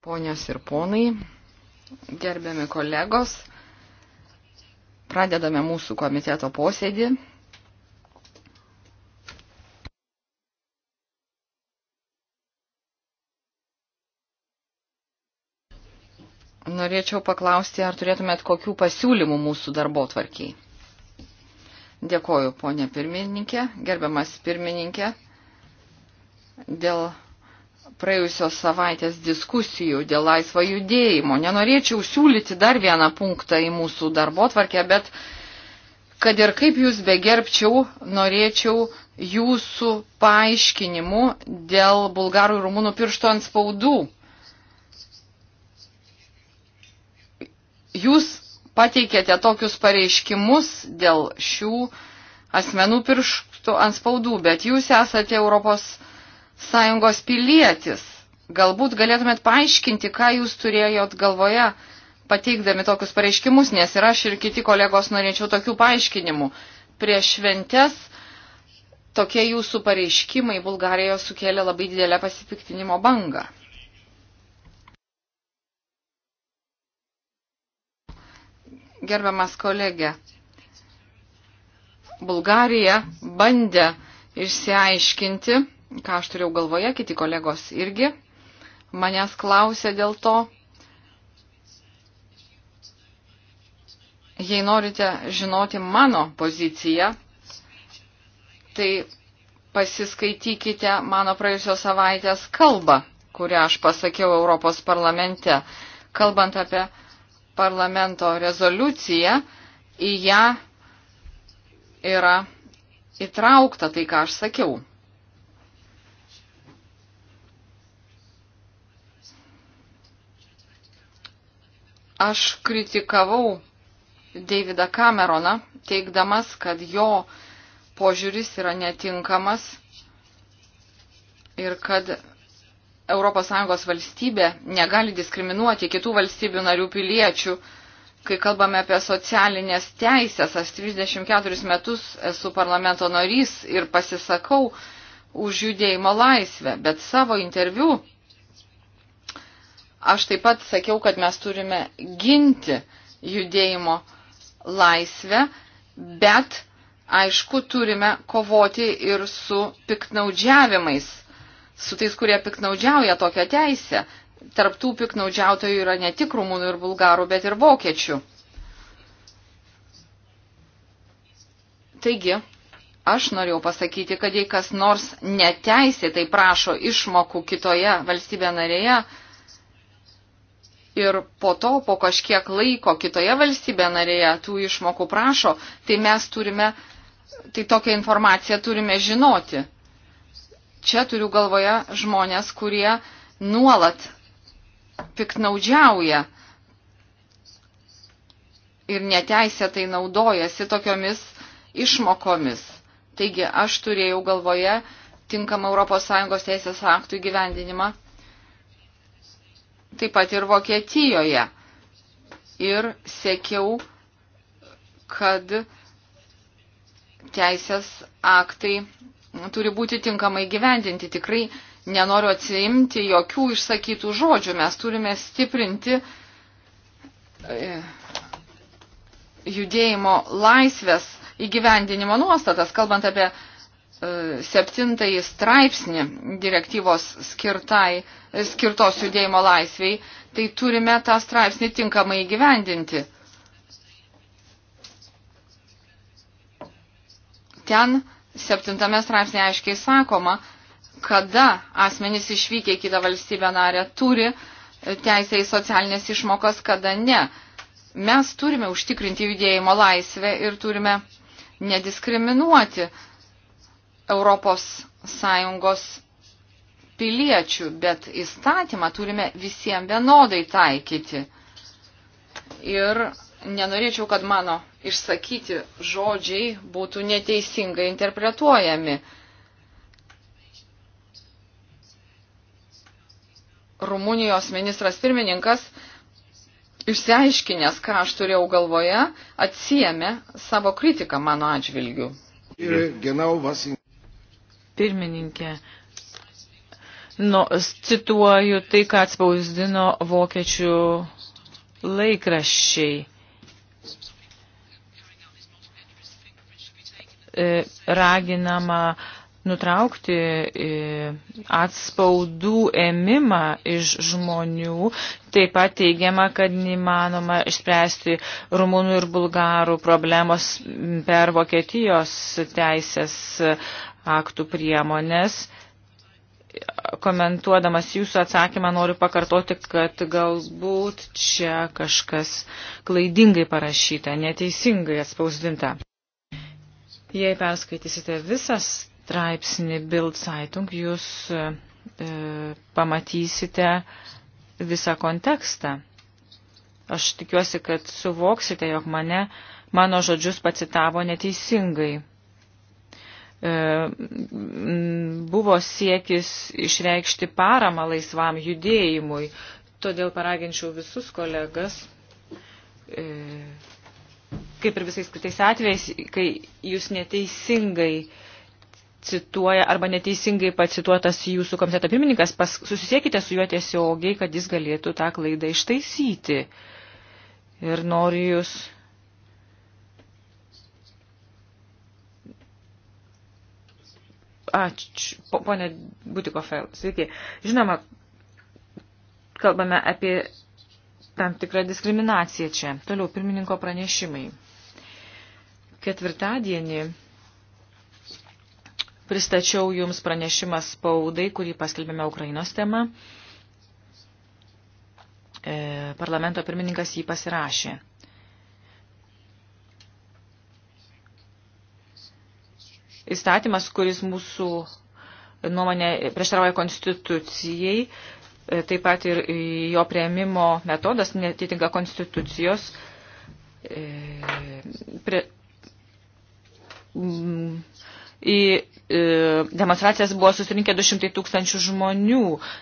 Ponios ir ponai, gerbiami kolegos, pradedame mūsų komiteto posėdį. Norėčiau paklausti, ar turėtumėt kokių pasiūlymų mūsų darbo tvarkiai. Dėkoju, ponė pirmininkė, gerbiamas pirmininkė dėl praėjusios savaitės diskusijų dėl laisvo judėjimo. Nenorėčiau siūlyti dar vieną punktą į mūsų darbo tvarkę, bet kad ir kaip jūs begerbčiau, norėčiau jūsų paaiškinimų dėl bulgarų ir rumunų piršto ant spaudų. Jūs pateikėte tokius pareiškimus dėl šių asmenų pirštų ant spaudų, bet jūs esate Europos sąjungos pilietis. Galbūt galėtumėt paaiškinti, ką jūs turėjot galvoje, pateikdami tokius pareiškimus, nes ir aš ir kiti kolegos norėčiau tokių paaiškinimų. Prieš šventes tokie jūsų pareiškimai Bulgarijoje sukėlė labai didelę pasipiktinimo bangą. Gerbiamas kolegė, Bulgarija bandė išsiaiškinti, ką aš turėjau galvoje, kiti kolegos irgi manęs klausė dėl to. Jei norite žinoti mano poziciją, tai pasiskaitykite mano praėjusios savaitės kalbą, kurią aš pasakiau Europos parlamente. Kalbant apie parlamento rezoliuciją, į ją yra įtraukta tai, ką aš sakiau. Aš kritikavau Davidą Cameroną, teikdamas, kad jo požiūris yra netinkamas ir kad ES valstybė negali diskriminuoti kitų valstybių narių piliečių, kai kalbame apie socialinės teisės. Aš 34 metus esu parlamento narys ir pasisakau už judėjimo laisvę, bet savo interviu Aš taip pat sakiau, kad mes turime ginti judėjimo laisvę, bet aišku, turime kovoti ir su piknaudžiavimais, su tais, kurie piknaudžiauja tokią teisę. Tarptų piknaudžiautojų yra ne tik rumunų ir bulgarų, bet ir vokiečių. Taigi, aš norėjau pasakyti, kad jei kas nors neteisėtai prašo išmokų kitoje valstybė narėje, ir po to, po kažkiek laiko kitoje valstybė narėje tų išmokų prašo, tai mes turime, tai tokią informaciją turime žinoti. Čia turiu galvoje žmonės, kurie nuolat piknaudžiauja ir neteisėtai naudojasi tokiomis išmokomis. Taigi aš turėjau galvoje tinkamą ES teisės aktų įgyvendinimą taip pat ir Vokietijoje. Ir sėkiau, kad teisės aktai turi būti tinkamai gyvendinti. Tikrai nenoriu atsiimti jokių išsakytų žodžių. Mes turime stiprinti e, judėjimo laisvės įgyvendinimo nuostatas, kalbant apie septintąjį straipsnį direktyvos skirtai, skirtos judėjimo laisviai, tai turime tą straipsnį tinkamai įgyvendinti. Ten septintame straipsnė aiškiai sakoma, kada asmenys išvykę į kitą valstybę narę turi teisę į socialinės išmokas, kada ne. Mes turime užtikrinti judėjimo laisvę ir turime nediskriminuoti uh, ES piliečių, bet įstatymą turime visiems vienodai taikyti. Ir nenorėčiau, kad mano išsakyti žodžiai būtų neteisingai interpretuojami. Rumunijos ministras pirmininkas, išsiaiškinęs, ką aš turėjau galvoje, atsijėmė savo kritiką mano atžvilgiu. Genau, was pirmininkė. Nu, cituoju tai, ką atspausdino vokiečių laikraščiai. E, raginama nutraukti e, atspaudų ėmimą iš žmonių. Taip pat teigiama, kad neįmanoma išspręsti rumunų ir bulgarų problemos per Vokietijos teisės aktų priemonės. Komentuodamas jūsų atsakymą noriu pakartoti, kad galbūt čia kažkas klaidingai parašyta, neteisingai atspausdinta. Jei perskaitysite visą straipsnį Bild Zeitung, jūs e, pamatysite visą kontekstą. Aš tikiuosi, kad suvoksite, jog mane, mano žodžius pacitavo neteisingai. E, buvo siekis išreikšti paramą laisvam judėjimui. Todėl paraginčiau visus kolegas, e, kaip ir visais kitais atvejais, kai jūs neteisingai cituoja arba neteisingai pacituotas jūsų komiteto pirmininkas, pas, susisiekite su juo tiesiogiai, kad jis galėtų tą klaidą ištaisyti. Ir noriu jūs Ačiū, ponė Butikofel, sveiki. Žinoma, kalbame apie tam tikrą diskriminaciją čia. Toliau pirmininko pranešimai. Ketvirtadienį pristačiau Jums pranešimą spaudai, kurį paskelbėme Ukrainos temą. E, parlamento pirmininkas jį pasirašė. įstatymas, kuris mūsų nuomonė prieštarauja konstitucijai, e, taip pat ir jo prieimimo metodas netitinka konstitucijos. E, Pre, mm, į e, demonstracijas buvo susirinkę 200 tūkstančių žmonių,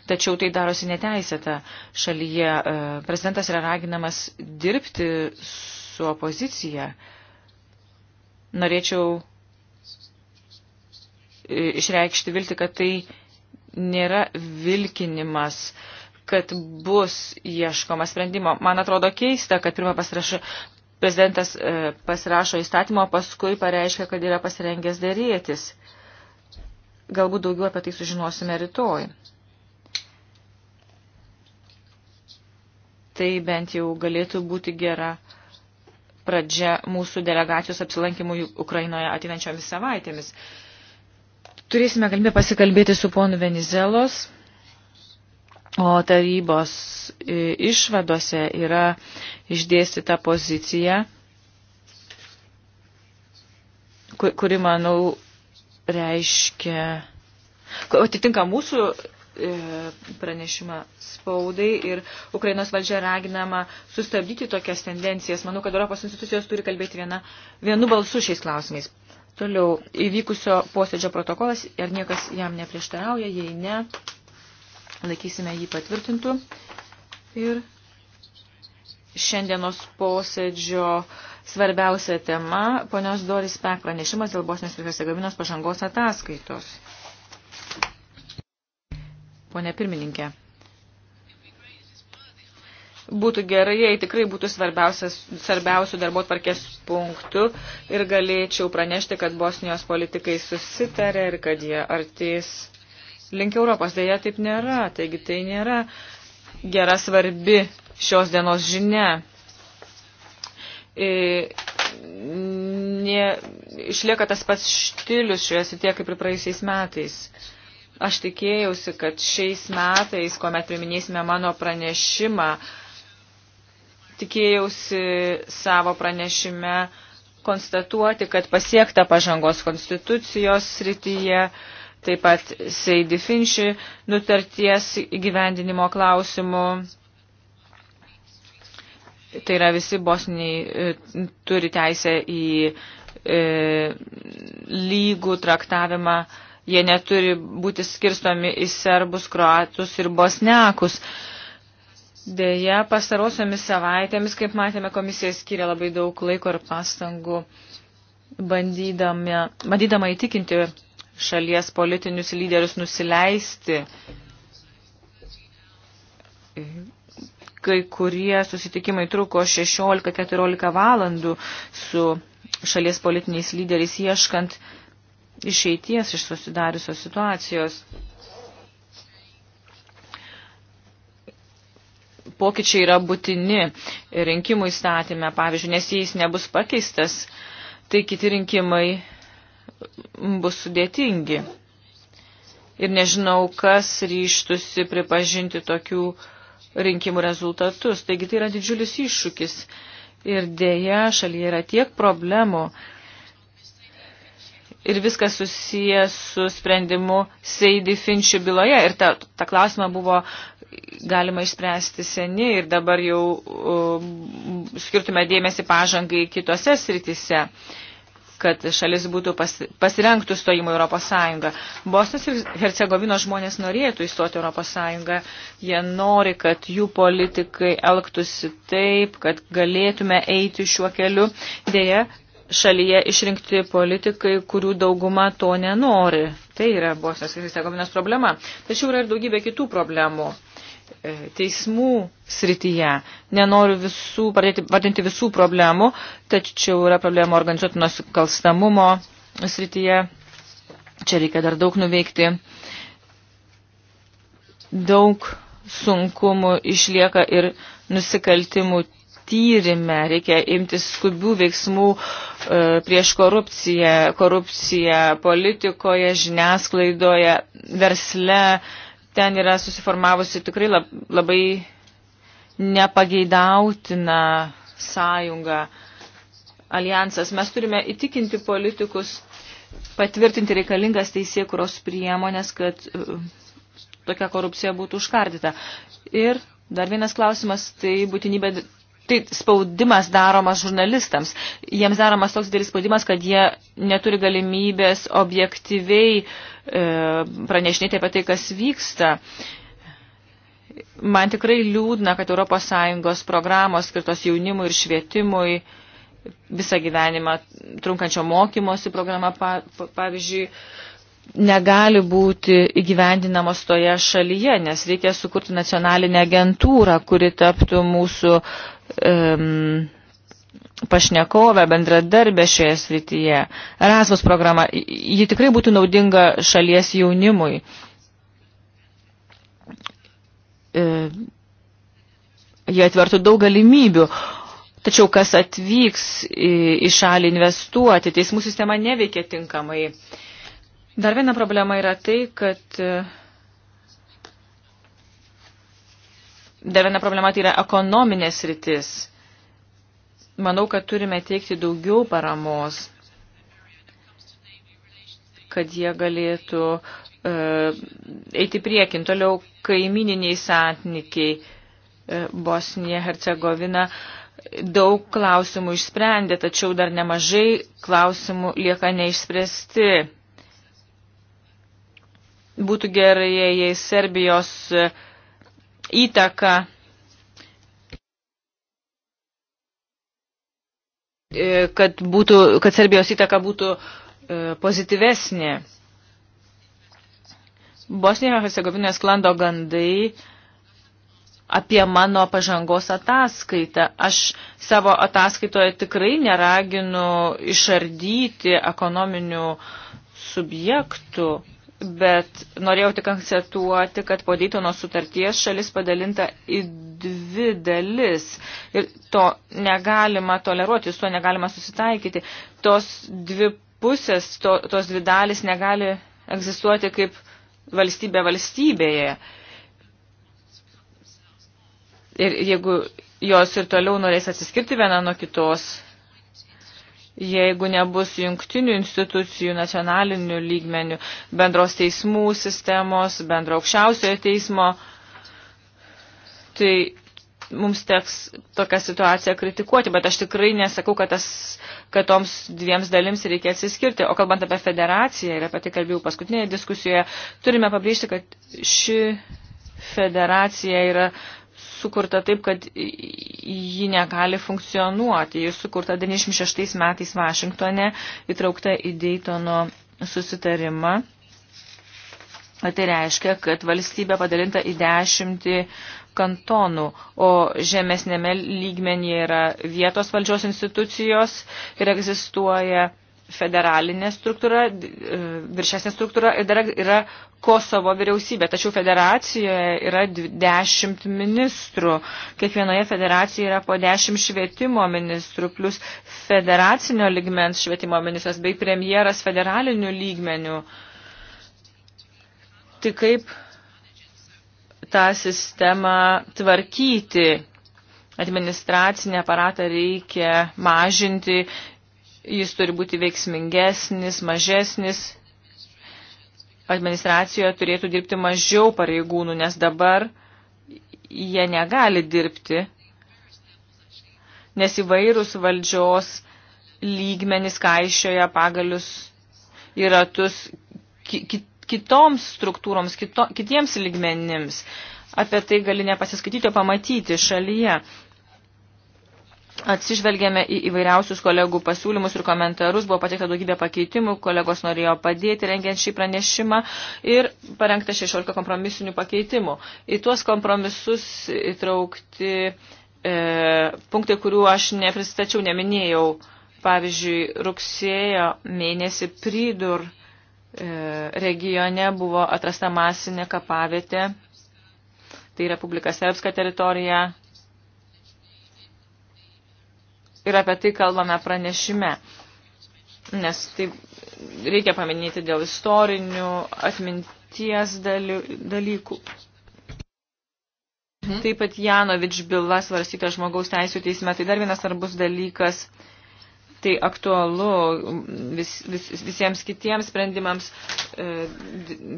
tačiau tai darosi neteisėta šalyje. Prezidentas yra raginamas dirbti su opozicija. Norėčiau išreikšti vilti, kad tai nėra vilkinimas kad bus ieškoma sprendimo. Man atrodo keista, kad pirmą pasirašą prezidentas e, pasirašo įstatymą, paskui pareiškia, kad yra pasirengęs dėrėtis. Galbūt daugiau apie tai sužinosime rytoj. Tai bent jau galėtų būti gera pradžia mūsų delegacijos apsilankimų Ukrainoje ateinančiomis savaitėmis turėsime galimybę pasikalbėti su ponu Venizelos, o tarybos e, išvadose yra išdėstyta pozicija, kuri, manau, reiškia, atitinka mūsų e, pranešimą spaudai ir Ukrainos valdžia raginama sustabdyti tokias tendencijas. Manau, kad Europos institucijos turi kalbėti viena, vienu balsu šiais klausimais. Toliau, įvykusio posėdžio protokolas, ar niekas jam neprieštarauja, jei ne, laikysime jį patvirtintų. Ir šiandienos posėdžio svarbiausia tema, ponios Doris Pek pranešimas dėl Bosnės ir Hercegovinos pažangos ataskaitos. Pone pirmininkė būtų gerai, jei tikrai būtų svarbiausių darbo tvarkės punktų ir galėčiau pranešti, kad Bosnijos politikai susitarė ir kad jie artės link Europos. Deja, taip nėra, taigi tai nėra gera svarbi šios dienos žinia. I, e, nė, išlieka tas pats štilius šioje srityje kaip ir praėjusiais metais. Aš tikėjausi, kad šiais metais, kuomet priminėsime mano pranešimą, uh, tikėjausi savo pranešime konstatuoti, kad pasiekta pažangos konstitucijos srityje, taip pat Seidi Finši nutarties gyvendinimo klausimų. Tai yra visi bosniai e, turi teisę į e, lygų traktavimą. Jie neturi būti skirstomi į serbus, kroatus ir bosnekus. E, Deja, pastarosiomis savaitėmis, kaip matėme, komisija skiria labai daug laiko ir pastangų bandydama, bandydama įtikinti šalies politinius lyderius nusileisti. Kai kurie susitikimai truko 16-14 valandų su šalies politiniais lyderiais ieškant išeities iš susidariusios situacijos. pokyčiai yra būtini rinkimų įstatymę, pavyzdžiui, nes jais nebus pakeistas, tai kiti rinkimai bus sudėtingi. Ir nežinau, kas ryštusi pripažinti tokių rinkimų rezultatus. Taigi tai yra didžiulis iššūkis. Ir dėja, šalyje yra tiek problemų. Ir viskas susijęs su sprendimu Seidi Finčių byloje. Ir ta, ta klausima buvo galima išspręsti seni ir dabar jau uh, skirtume dėmesį pažangai kitose sritise kad šalis būtų pas, pasirengtų stojimo Europos Sąjungą. Bosnijos ir Hercegovino žmonės norėtų įstoti Europos Sąjungą. Jie nori, kad jų politikai elgtųsi taip, kad galėtume eiti šiuo keliu. Deja, šalyje išrinkti politikai, kurių dauguma to nenori. Tai yra Bosnijos ir Hercegovinos problema. Tačiau yra ir daugybė kitų problemų. E, teismų srityje. Nenoriu visų, pradėti vardinti visų problemų, tačiau yra problemų organizuoti nusikalstamumo srityje. Čia reikia dar daug nuveikti. Daug sunkumų išlieka ir nusikaltimų tyrime. Reikia imtis skubių veiksmų e, prieš korupciją, korupciją politikoje, žiniasklaidoje, versle ten yra susiformavusi tikrai labai nepageidautina sąjunga, alijansas. Mes turime įtikinti politikus, patvirtinti reikalingas teisėkuros priemonės, kad e, tokia korupcija būtų užkardyta. Ir dar vienas klausimas, tai būtinybė tai spaudimas daromas žurnalistams. Jiems daromas toks didelis spaudimas, kad jie neturi galimybės objektyviai e, pranešinėti apie tai, kas vyksta. Man tikrai liūdna, kad ES programos skirtos jaunimui ir švietimui visą gyvenimą trunkančio mokymosi programa, pa, pa, pavyzdžiui, negali būti įgyvendinamos toje šalyje, nes reikia sukurti nacionalinę agentūrą, kuri taptų mūsų um, pašnekovę, bendradarbę šioje srityje. Erasmus programa, ji tikrai būtų naudinga šalies jaunimui. E, jie atvertų daug galimybių. Tačiau kas atvyks į, į šalį investuoti, teismų sistema neveikia tinkamai. Dar viena problema yra tai, kad e, Dar viena problema tai yra ekonominės rytis. Manau, kad turime teikti daugiau paramos, kad jie galėtų uh, eiti priekin. Toliau kaimininiai satnikiai uh, e, Bosnija, Hercegovina. Daug klausimų išsprendė, tačiau dar nemažai klausimų lieka neišspręsti būtų gerai, jei Serbijos e, įtaką e, kad, būtų, kad Serbijos įtaka būtų e, pozityvesnė. Bosnijoje Hercegovinoje sklando gandai apie mano pažangos ataskaitą. Aš savo ataskaitoje tikrai neraginu išardyti ekonominių subjektų bet norėjau tik akcentuoti, kad po Daytono sutarties šalis padalinta į dvi dalis ir to negalima toleruoti, su to negalima susitaikyti. Tos dvi pusės, to, tos dvi dalis negali egzistuoti kaip valstybė valstybėje. Ir jeigu jos ir toliau norės atsiskirti viena nuo kitos, jeigu nebus jungtinių institucijų nacionalinių lygmenių, bendros teismų sistemos, bendro aukščiausiojo teismo, tai mums teks tokią situaciją kritikuoti, bet aš tikrai nesakau, kad, tas, kad toms dviems dalims reikia atsiskirti. O kalbant apie federaciją ir apie tai kalbėjau paskutinėje diskusijoje, turime pabrėžti, kad ši federacija yra sukurta taip, kad ji negali funkcionuoti. Ji sukurta 96 metais Vašingtone, įtraukta į Daytono susitarimą. Tai reiškia, kad valstybė padalinta į dešimtį kantonų, o žemesnėme lygmenyje yra vietos valdžios institucijos ir egzistuoja federalinė struktūra, e, viršesnė struktūra ir dar yra Kosovo vyriausybė. Tačiau federacijoje yra dešimt ministrų. Kiekvienoje federacijoje yra po dešimt švietimo ministrų, plus federacinio ligmens švietimo ministras bei premjeras federalinių lygmenių. Tai kaip tą sistemą tvarkyti? Administracinį aparatą reikia mažinti jis turi būti veiksmingesnis, mažesnis. Administracijoje turėtų dirbti mažiau pareigūnų, nes dabar jie negali dirbti, nes įvairūs valdžios lygmenis kaišioja pagalius į ratus kitoms struktūroms, kito, kitiems lygmenims. Apie tai gali nepasiskaityti, o pamatyti šalyje. Atsižvelgėme į įvairiausius kolegų pasiūlymus ir komentarus, buvo pateikta daugybė pakeitimų, kolegos norėjo padėti rengiant šį pranešimą ir parengta 16 kompromisinių pakeitimų. Į tuos kompromisus įtraukti e, punktai, kurių aš nepristačiau, neminėjau. Pavyzdžiui, rugsėjo mėnesį pridur e, regione buvo atrasta masinė kapavietė, tai Republika Serbska teritorija ir apie tai kalbame pranešime. Nes tai reikia paminėti dėl istorinių atminties dalykų. Mhm. Taip pat Janovič byla svarstyta žmogaus teisų teisme. Tai dar vienas svarbus dalykas. Tai aktualu vis, vis, visiems kitiems sprendimams e,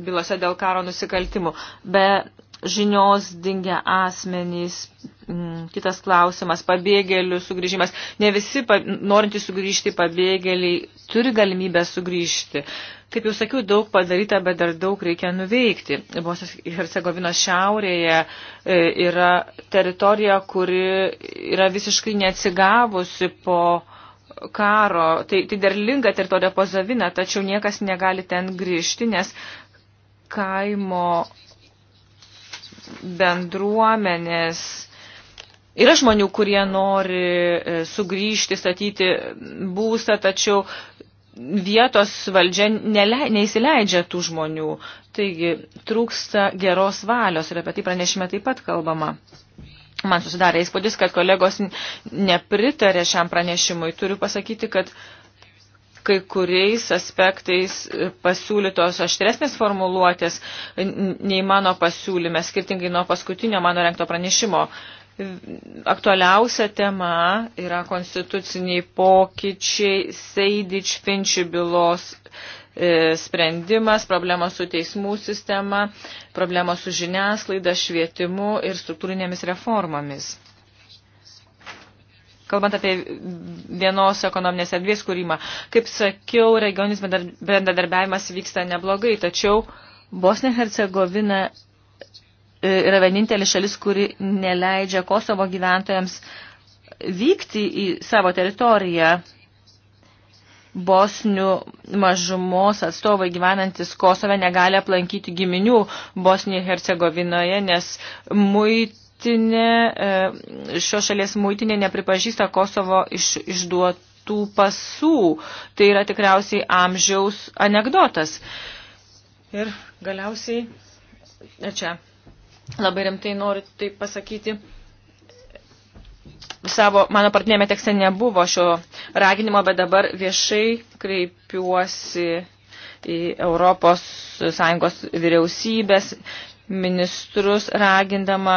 bylose dėl karo nusikaltimų. Be žinios dingę asmenys, Mm, kitas klausimas – pabėgėlių sugrįžimas. Ne visi pa, norintys sugrįžti pabėgėliai turi galimybę sugrįžti. Kaip jau sakiau, daug padaryta, bet dar daug reikia nuveikti. Bosnijos ir Hercegovinos šiaurėje e, yra teritorija, kuri yra visiškai neatsigavusi po karo. Tai, tai derlinga teritorija po Zavina, tačiau niekas negali ten grįžti, nes kaimo bendruomenės Yra žmonių, kurie nori e, sugrįžti, statyti būstą, tačiau vietos valdžia nelei, neįsileidžia tų žmonių. Taigi trūksta geros valios ir apie tai pranešime taip pat kalbama. Man susidarė įspūdis, kad kolegos nepritarė šiam pranešimui. Turiu pasakyti, kad kai kuriais aspektais e, pasiūlytos aštresnės formuluotės nei mano pasiūlyme, skirtingai nuo paskutinio mano renkto pranešimo aktualiausia tema yra konstituciniai pokyčiai Seidič Finči bylos e, sprendimas, problemos su teismų sistema, problemos su žiniasklaida, švietimu ir struktūrinėmis reformomis. Kalbant apie vienos ekonominės erdvės kūrimą, kaip sakiau, regioninis bendradarbiavimas vyksta neblogai, tačiau Bosnija Hercegovina E, yra vienintelis šalis, kuri neleidžia Kosovo gyventojams vykti į savo teritoriją. Bosnių mažumos atstovai gyvenantis Kosove negali aplankyti giminių Bosnijoje Hercegovinoje, nes muitinė, e, šio šalies muitinė nepripažįsta Kosovo iš, išduotų pasų. Tai yra tikriausiai amžiaus anegdotas. Ir galiausiai e, čia Labai rimtai noriu tai pasakyti. Savo, mano partinėme tekste nebuvo šio raginimo, bet dabar viešai kreipiuosi į Europos Sąjungos vyriausybės ministrus, ragindama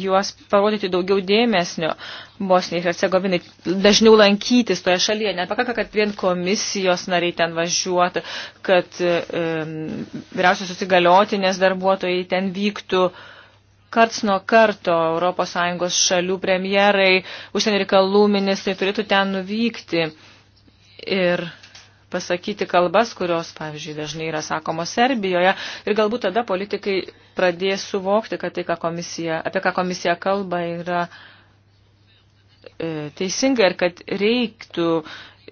juos parodyti daugiau dėmesnio Bosniai ir Hercegovinai, dažniau lankytis toje šalyje. Nepakaka, kad vien komisijos nariai ten važiuotų, kad e, vyriausios susigaliotinės darbuotojai ten vyktų. E, karts nuo karto ES šalių premjerai, užsienio reikalų ministrai turėtų ten nuvykti ir pasakyti kalbas, kurios, pavyzdžiui, dažnai yra sakomos Serbijoje. Ir galbūt tada politikai pradės suvokti, kad tai, ką komisija, apie ką komisija kalba, yra e, teisinga ir kad reiktų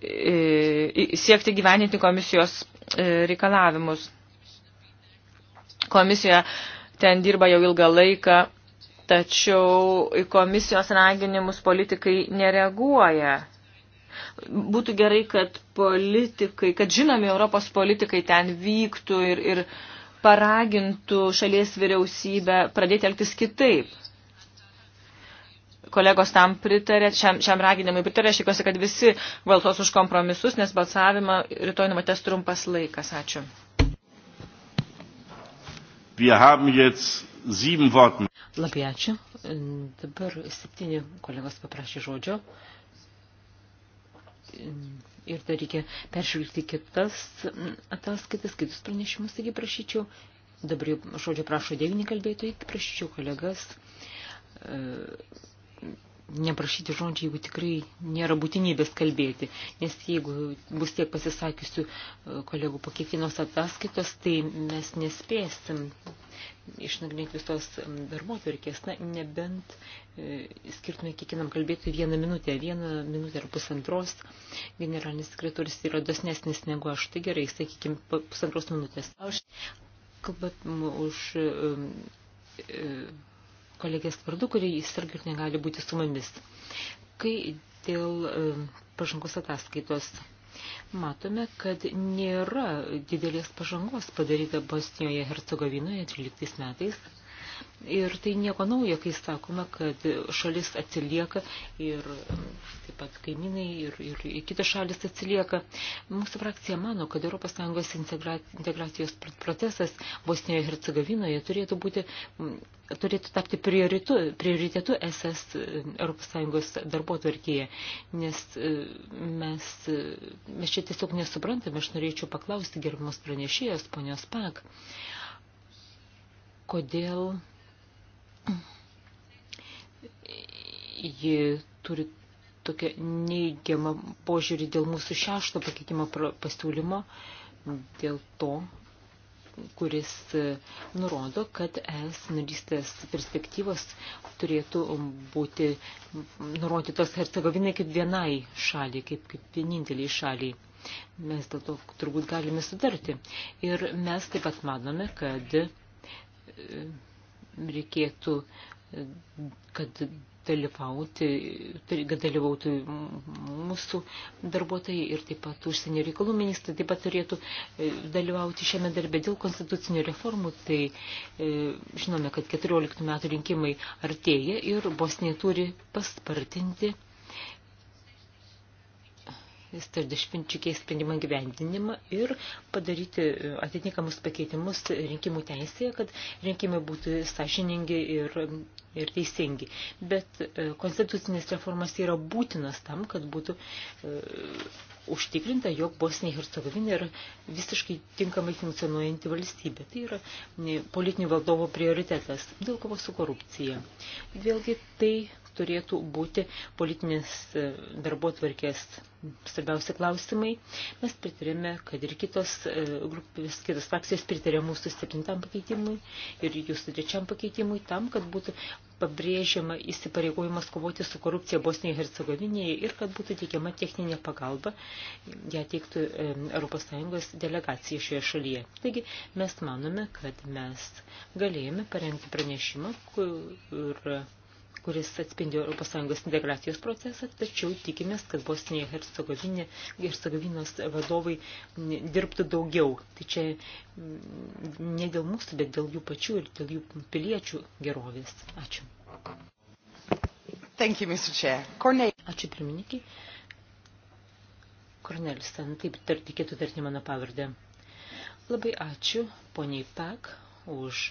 e, siekti gyveninti komisijos e, reikalavimus. Komisija ten dirba jau ilgą laiką, tačiau į komisijos raginimus politikai nereaguoja. Būtų gerai, kad politikai, kad žinomi Europos politikai ten vyktų ir, ir paragintų šalies vyriausybę pradėti elgtis kitaip. Kolegos tam pritarė, šiam, šiam raginimui pritarė, aš tikiuosi, kad visi valsos už kompromisus, nes balsavimą rytoj numatęs trumpas laikas. Ačiū. Wir haben jetzt sieben Worten. Labai ačiū. Dabar septyni kolegos paprašė žodžio. Ir dar reikia peržvelgti kitas ataskaitas, kitus pranešimus, taigi prašyčiau. Dabar žodžio prašo devyni kalbėtojai, prašyčiau kolegas neprašyti žodžiai, jeigu tikrai nėra būtinybės kalbėti. Nes jeigu bus tiek pasisakysiu e, kolegų po kiekvienos ataskaitos, tai mes nespėsim išnagrinėti visos darbo atvirkės, na, nebent e, skirtume kiekvienam kalbėti vieną minutę, vieną minutę ar pusantros. Generalinis sekretorius yra dosnesnis negu aš, tai gerai, sakykime, pusantros minutės. Aš kalbam už e, e, kolegės vardu, kurie įsirgiu ir negali būti su mumis. Kai dėl e, pažangos ataskaitos matome, kad nėra didelės pažangos padaryta Bosnijoje Hercegovinoje 13 metais Ir tai nieko naujo, kai sakoma, kad šalis atsilieka ir taip pat kaimynai ir, ir kitas šalis atsilieka. Mūsų frakcija mano, kad ES integracijos procesas Bosnijoje ir Hercegovinoje turėtų, būti, turėtų tapti prioritu, prioritetu SS ES darbo tvarkyje, nes e, mes, e, mes čia tiesiog nesuprantame. Aš norėčiau paklausti gerbimus pranešėjos, ponios Pak, kodėl Ji turi tokią neigiamą požiūrį dėl mūsų šešto pakeitimo pasiūlymo, dėl to, kuris e, nurodo, kad es narystės perspektyvos turėtų būti nurodytos Hercegovinai kaip vienai šaliai, kaip, kaip vieninteliai šaliai. Mes dėl to turbūt galime sudarti. Ir mes taip pat manome, kad e, reikėtų, kad dalyvauti, kad dalyvautų mūsų darbuotojai ir taip pat užsienio reikalų ministrai taip pat turėtų e, dalyvauti šiame darbe dėl konstitucinių reformų. Tai e, žinome, kad 14 metų rinkimai artėja ir Bosnija turi paspartinti stardišpinčiukės sprendimą gyvendinimą ir padaryti e, atitinkamus pakeitimus rinkimų teisėje, kad rinkimai būtų sąžiningi ir, ir teisingi. Bet e, konstitucinės reformas yra būtinas tam, kad būtų e, užtikrinta, jog Bosnija ir Hercegovina yra visiškai tinkamai funkcionuojanti valstybė. Tai yra politinių valdovo prioritetas dėl kovos su korupcija. Vėlgi tai turėtų būti politinės e, darbo tvarkės svarbiausi klausimai. Mes pritarėme, kad ir kitos e, grupės, kitos frakcijos pritarė mūsų septintam pakeitimui ir jūsų trečiam pakeitimui tam, kad būtų pabrėžiama įsipareigojimas kovoti su korupcija Bosnijoje Hercegovinėje ir kad būtų teikiama techninė pagalba, ją teiktų ES delegacija šioje šalyje. Taigi mes manome, kad mes galėjome parengti pranešimą, kur kuris atspindi ES integracijos procesą, tačiau tikimės, kad Bosnija Hercegovinos vadovai dirbtų daugiau. Tai čia mm, ne dėl mūsų, bet dėl jų pačių ir dėl jų piliečių gerovės. Ačiū. Thank you, Mr. Chair. Cornel. Ačiū pirmininkai. Kornelis, ten taip tarti, reikėtų tarti mano pavardę. Labai ačiū poniai Pak už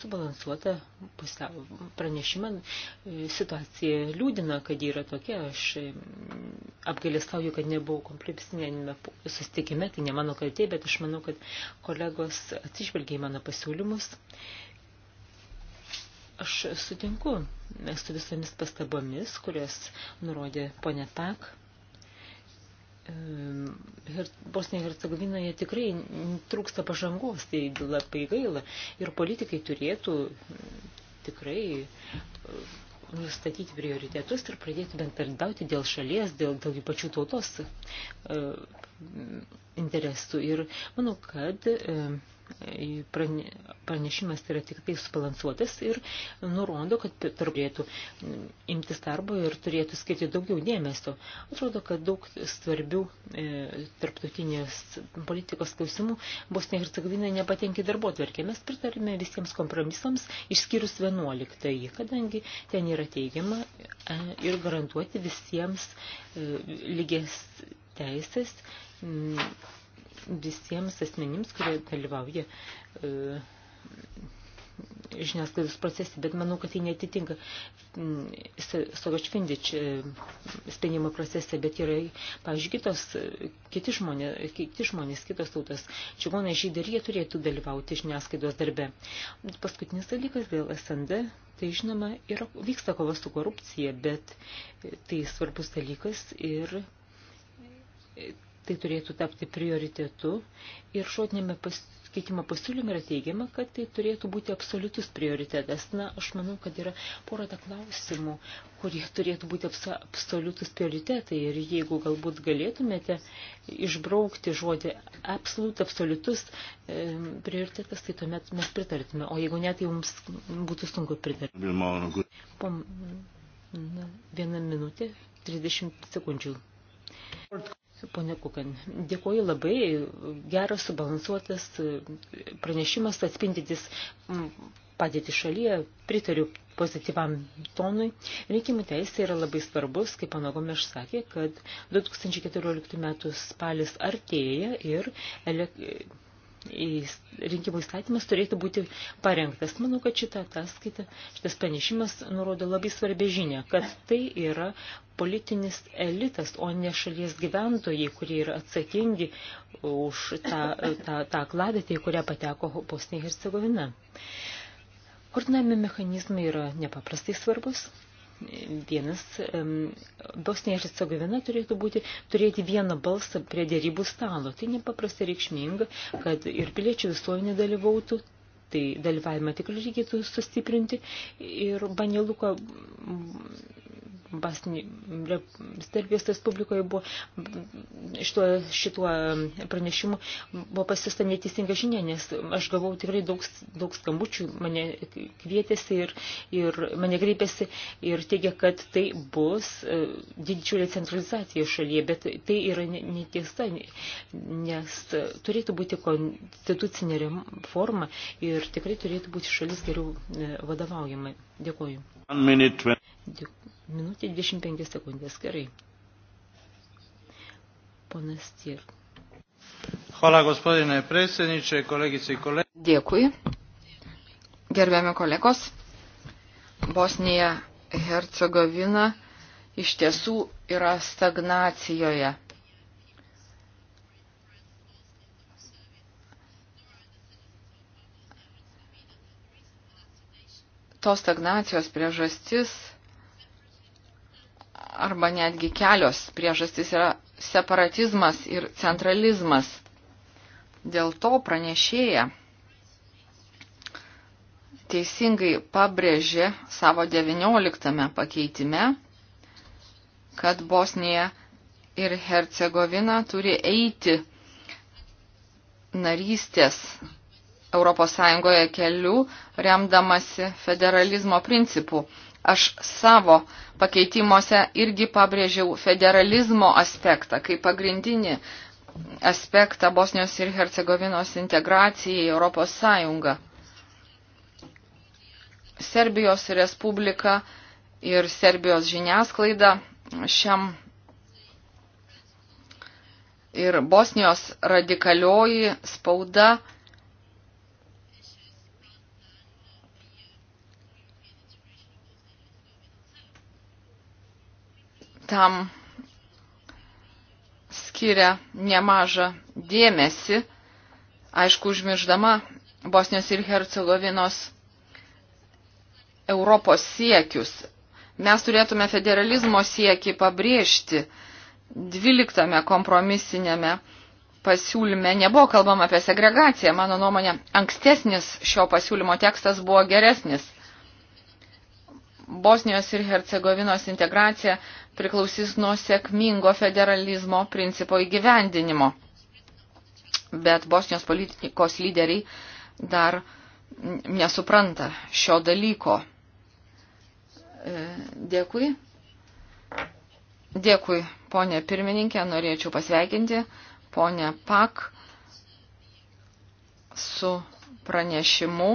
subalansuotą pusiau pranešimą. Situacija liūdina, kad yra tokia. Aš mm, apgailestauju, kad nebuvau kompromisinėme susitikime, tai ne mano kaltė, bet aš manau, kad kolegos atsižvelgia į mano pasiūlymus. Aš sutinku su visomis pastabomis, kurias nurodė ponė Tak Bosnijoje ir Hercegovinoje tikrai trūksta pažangos, tai labai gaila. Ir politikai turėtų tikrai nustatyti prioritetus ir pradėti bendradauti dėl šalies, dėl, dėl jų pačių tautos e, interesų. Ir manau, kad e, pranešimas yra tik tai subalansuotas ir nurodo, kad turėtų mm, imtis darbo ir turėtų skirti daugiau dėmesio. Atrodo, kad daug svarbių e, tarptautinės politikos klausimų Bosnija ir Cegvina nepatenki darbo tvarkė. Mes pritarime visiems kompromisams, išskyrus 11, kadangi ten yra teigiama e, ir garantuoti visiems e, lygės teisės. M, visiems asmenims, kurie dalyvauja e, žiniasklaidos procese, bet manau, kad tai netitinka Sogačvindič e, sprendimo procese, bet yra, pavyzdžiui, kitos, kiti, žmonė, kiti žmonės, kitos tautos, čigonai žydai ir jie turėtų dalyvauti žiniasklaidos darbe. Paskutinis dalykas dėl SND, tai žinoma, yra, vyksta kova su korupcija, bet e, tai svarbus dalykas ir tai turėtų tapti prioritetu ir šodinėme pasikeitimo pasiūlyme yra teigiama, kad tai turėtų būti absoliutus prioritetas. Na, aš manau, kad yra porada klausimų, kurie turėtų būti absoliutus prioritetai ir jeigu galbūt galėtumėte išbraukti žodį absolut, absoliutus e, prioritetas, tai tuomet mes pritartume, o jeigu ne, tai mums būtų sunku pritarti. Po, na, vieną minutę, 30 sekundžių. Pone Kukan, dėkuoju labai. Geras, subalansuotas pranešimas atspindintis padėti šalyje. Pritariu pozityvam tonui. Rinkimų teisė yra labai svarbus, kaip pana Gomeš sakė, kad 2014 metų spalis artėja ir ele rinkimų įstatymas turėtų būti parengtas. Manau, kad šitą ataskaitą, šitas pranešimas nurodo labai svarbę žinę, kad tai yra politinis elitas, o ne šalies gyventojai, kurie yra atsakingi už tą, tą, tą kladatį, į kurią pateko Bosnija ir Hercegovina. Koordinavimo mechanizmai yra nepaprastai svarbus Vienas, Bosnija ir Hercegovina turėtų būti, turėti vieną balsą prie dėrybų stalo. Tai nepaprastai reikšminga, kad ir piliečių visuomenė dalyvautų, tai dalyvavimą tikrai reikėtų sustiprinti. Ir Baneluko Basni, Serbijos Respublikoje buvo šituo, šituo pranešimu buvo pasista neteisinga žinia, nes aš gavau tikrai daug, daug skambučių, mane kvietėsi ir, ir mane greipėsi ir teigia, kad tai bus e, didžiulė centralizacija šalyje, bet tai yra netiesa, nes turėtų būti konstitucinė reforma ir tikrai turėtų būti šalis geriau e, vadovaujama. Dėkuoju minutė 25 sekundės. Gerai. Ponas Tir. Hvala, gospodine predsjedniče, kolegice i kolege. Dėkui. Gerbiami kolegos, Bosnija Hercegovina iš tiesų yra stagnacijoje. Tos stagnacijos priežastis arba netgi kelios priežastys yra separatizmas ir centralizmas. Dėl to pranešėja teisingai pabrėžė savo 19 pakeitime, kad Bosnija ir Hercegovina turi eiti narystės ES keliu, remdamasi federalizmo principų. Aš savo pakeitimuose irgi pabrėžiau federalizmo aspektą kaip pagrindinį aspektą Bosnijos ir Hercegovinos integracijai į Europos Sąjungą. Serbijos Respublika ir Serbijos žiniasklaida šiam ir Bosnijos radikalioji spauda tam skiria nemažą dėmesį, aišku, užmirždama Bosnijos ir Hercegovinos Europos siekius. Mes turėtume federalizmo siekį pabrėžti 12 kompromisinėme pasiūlyme nebuvo kalbama apie segregaciją. Mano nuomonė, ankstesnis šio pasiūlymo tekstas buvo geresnis. Bosnijos ir Hercegovinos integracija priklausys nuo sėkmingo federalizmo principo įgyvendinimo. Bet Bosnijos politikos lyderiai dar nesupranta šio dalyko. E, dėkui. Dėkui, ponė pirmininkė, norėčiau pasveikinti ponę Pak su pranešimu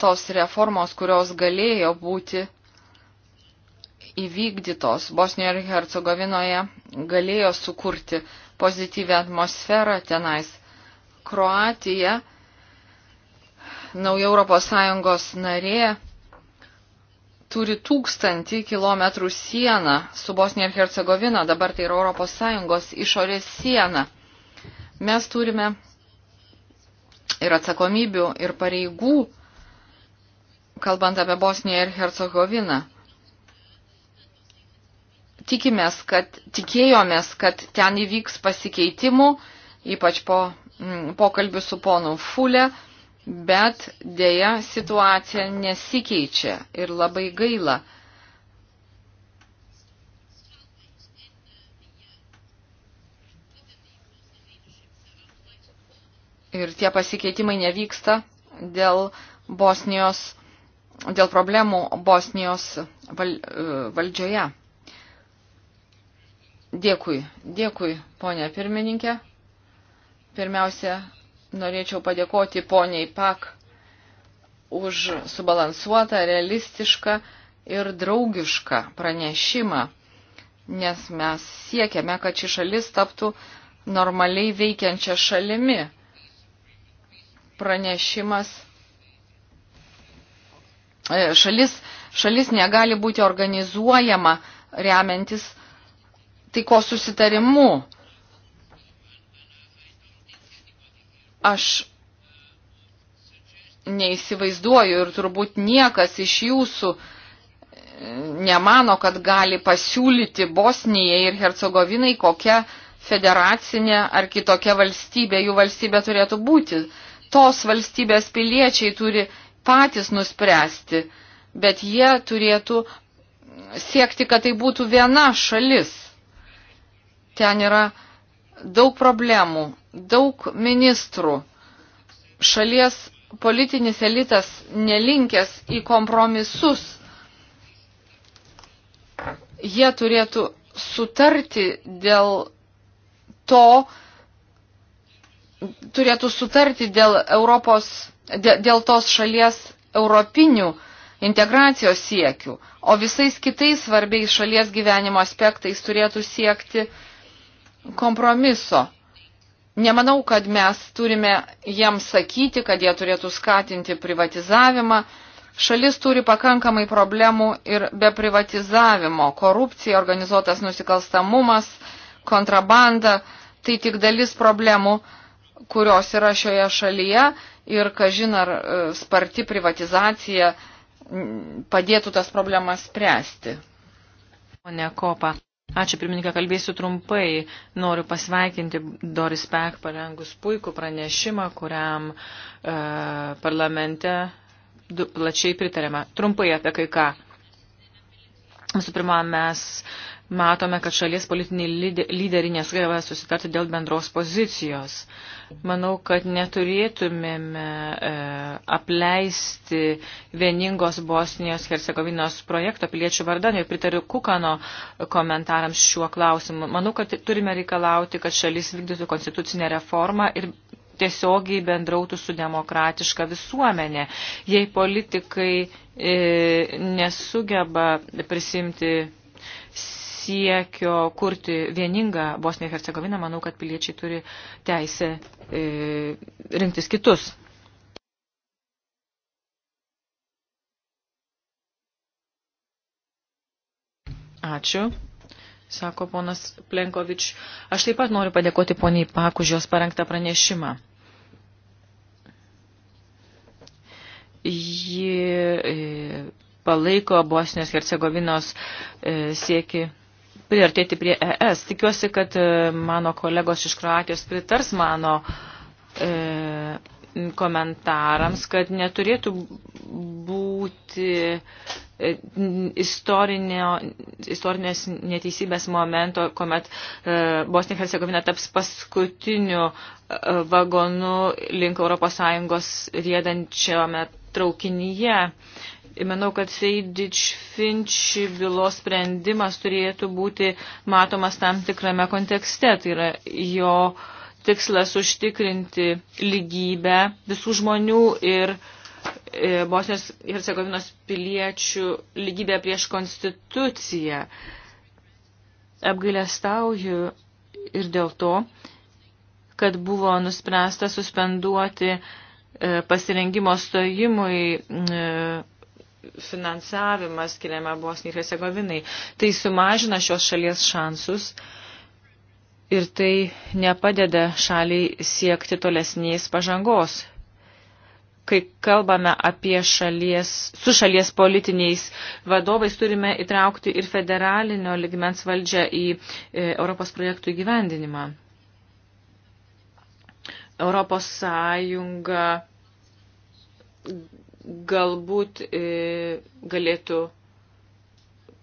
tos reformos, kurios galėjo būti įvykdytos Bosnijoje ir Hercegovinoje, galėjo sukurti pozityvę atmosferą tenais. Kroatija, nauja ES narė, turi tūkstantį kilometrų sieną su Bosnija ir Hercegovina, dabar tai yra ES išorės siena. Mes turime ir atsakomybių, ir pareigų kalbant apie Bosniją ir Hercegoviną. Tikimės, kad, tikėjomės, kad ten įvyks pasikeitimų, ypač po m, mm, pokalbių su ponu Fulė, bet dėja situacija nesikeičia ir labai gaila. Ir tie pasikeitimai nevyksta dėl Bosnijos dėl problemų Bosnijos val, e, valdžioje. Dėkui, dėkui, ponė pirmininkė. Pirmiausia, norėčiau padėkoti poniai Pak už subalansuotą, realistišką ir draugišką pranešimą, nes mes siekiame, kad ši šalis taptų normaliai veikiančia šalimi. Pranešimas E, šalis, šalis negali būti organizuojama remiantis taiko susitarimu. Aš neįsivaizduoju ir turbūt niekas iš jūsų e, nemano, kad gali pasiūlyti Bosnijai ir Hercegovinai, kokia federacinė ar kitokia valstybė, jų valstybė turėtų būti. Tos valstybės piliečiai turi patys nuspręsti, bet jie turėtų siekti, kad tai būtų viena šalis. Ten yra daug problemų, daug ministrų. Šalies politinis elitas nelinkęs į kompromisus. Jie turėtų sutarti dėl to, turėtų sutarti dėl, Europos, dėl tos šalies europinių integracijos siekių, o visais kitais svarbiais šalies gyvenimo aspektais turėtų siekti kompromiso. Nemanau, kad mes turime jiems sakyti, kad jie turėtų skatinti privatizavimą. Šalis turi pakankamai problemų ir be privatizavimo. Korupcija, organizuotas nusikalstamumas, kontrabanda – tai tik dalis problemų, kurios yra šioje šalyje ir, kažin, ar e, sparti privatizacija padėtų tas problemas spręsti. Pone Kopa, ačiū pirmininką, kalbėsiu trumpai. Noriu pasveikinti Doris Pek parengus puikų pranešimą, kuriam e, parlamente plačiai pritarėme. Trumpai apie kai ką. Visų pirma, mes matome, kad šalies politiniai lyderiai nesugeba susitarti dėl bendros pozicijos. Manau, kad neturėtumėme e, apleisti vieningos Bosnijos Hercegovinos projekto piliečių vardan ir pritariu Kukano komentarams šiuo klausimu. Manau, kad turime reikalauti, kad šalis vykdytų konstitucinę reformą ir tiesiogiai bendrautų su demokratiška visuomenė. Jei politikai e, nesugeba prisimti siekio kurti vieningą Bosniją Hercegoviną, manau, kad piliečiai turi teisę e, rinktis kitus. Ačiū, sako ponas Plenkovič. Aš taip pat noriu padėkoti poniai Pak už jos parengtą pranešimą. Ji... E, palaiko Bosnijos Hercegovinos e, sieki priartėti prie ES. Tikiuosi, kad e, mano kolegos iš Kroatijos pritars mano e, komentarams, kad neturėtų būti e, istorinio, istorinės neteisybės momento, kuomet e, Bosnija Hercegovina taps paskutiniu e, vagonu link ES riedančiame traukinyje. Manau, kad Seidič Finči bylos sprendimas turėtų būti matomas tam tikrame kontekste. Tai yra jo tikslas užtikrinti lygybę visų žmonių ir e, Bosnijos ir Hercegovinos piliečių lygybę prieš konstituciją. Apgailestauju ir dėl to, kad buvo nuspręsta suspenduoti e, pasirengimo stojimui e, finansavimas skiriame Bosnijai ir Hercegovinai. Tai sumažina šios šalies šansus ir tai nepadeda šaliai siekti tolesnės pažangos. Kai kalbame apie šalies, su šalies politiniais vadovais, turime įtraukti ir federalinio ligmens valdžią į e, Europos projektų įgyvendinimą. Europos Sąjunga galbūt e, galėtų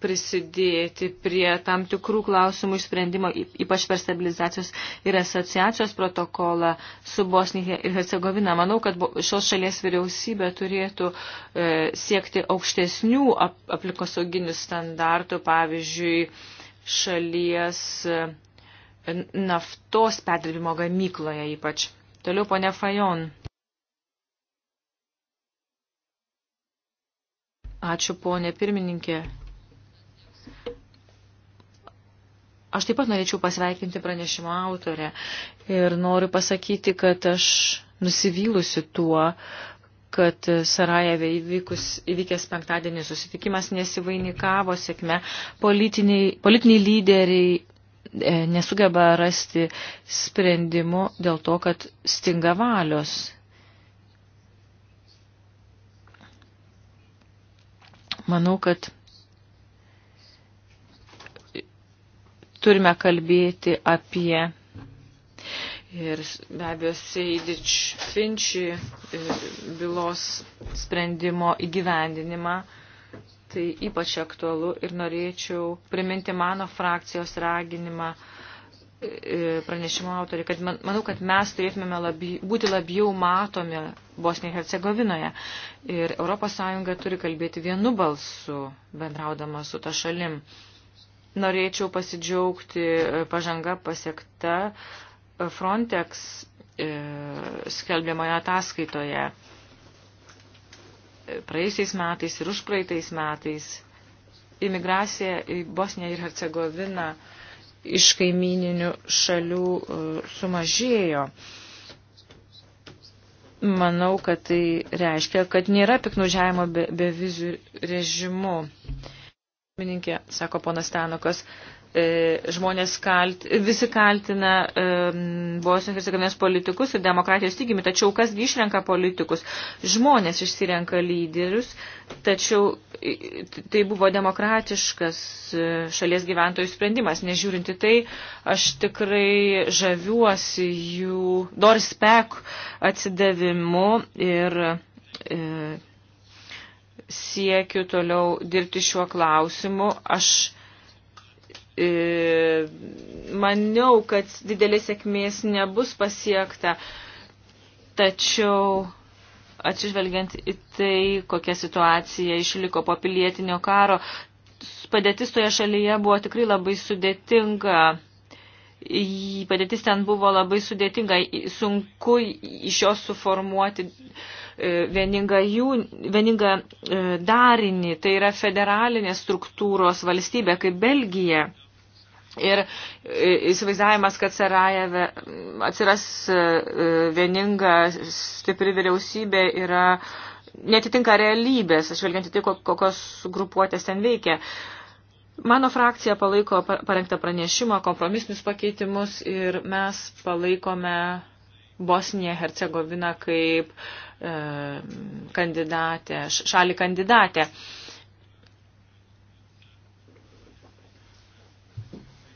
prisidėti prie tam tikrų klausimų išsprendimo, ypač per stabilizacijos ir asociacijos protokolą su Bosnija ir Hercegovina. Manau, kad šios šalies vyriausybė turėtų e, siekti aukštesnių ap aplikosauginių standartų, pavyzdžiui, šalies e, naftos perdirbimo gamykloje ypač. Toliau, ponia Fajon. Ačiū, ponė pirmininkė. Aš taip pat norėčiau pasveikinti pranešimo autorę ir noriu pasakyti, kad aš nusivylusi tuo, kad Sarajeve įvykus, įvykęs penktadienį susitikimas nesivainikavo sėkme. Politiniai, politiniai lyderiai e, nesugeba rasti sprendimų dėl to, kad stinga valios. Manau, kad turime kalbėti apie ir be abejo Seidič Finči e, bylos sprendimo įgyvendinimą. Tai ypač aktualu ir norėčiau priminti mano frakcijos raginimą E, pranešimo autoriai, kad man, manau, kad mes turėtume labi, būti labiau matomi Bosnijoje Hercegovinoje. Ir ES turi kalbėti vienu balsu, bendraudama su ta šalim. Norėčiau pasidžiaugti e, pažanga pasiekta e, Frontex e, skelbiamoje ataskaitoje praeisiais metais ir užpraeitais metais. Imigracija į Bosniją ir Hercegoviną e, iš kaimininių šalių e, sumažėjo. Manau, kad tai reiškia, kad nėra piknužiavimo be, be vizų režimu. Mininkė, sako ponas Tenokas, E, žmonės kalt, visi kaltina um, e, Bosnijos ir Hercegovinos politikus ir demokratijos tygimi, tačiau kasgi išrenka politikus? Žmonės išsirenka lyderius, tačiau tai buvo demokratiškas e, šalies gyventojų sprendimas. Nežiūrinti tai, aš tikrai žaviuosi jų dorspek atsidavimu ir e, siekiu toliau dirbti šiuo klausimu. Aš E, maniau, kad didelės sėkmės nebus pasiekta, tačiau atsižvelgiant į tai, kokia situacija išliko po pilietinio karo, padėtis toje šalyje buvo tikrai labai sudėtinga. Padėtis ten buvo labai sudėtinga, sunku iš jos suformuoti e, vieningą, jų, vieningą e, darinį, tai yra federalinės struktūros valstybė kaip Belgija. Ir e, įsivaizdavimas, kad Sarajeve atsiras e, e, vieninga stipri vyriausybė yra netitinka realybės, ašvelgiant į tai, kokios grupuotės ten veikia. Mano frakcija palaiko parengtą pranešimą, kompromisinius pakeitimus ir mes palaikome Bosniją Hercegoviną kaip e, kandidatę, šalį kandidatę. E,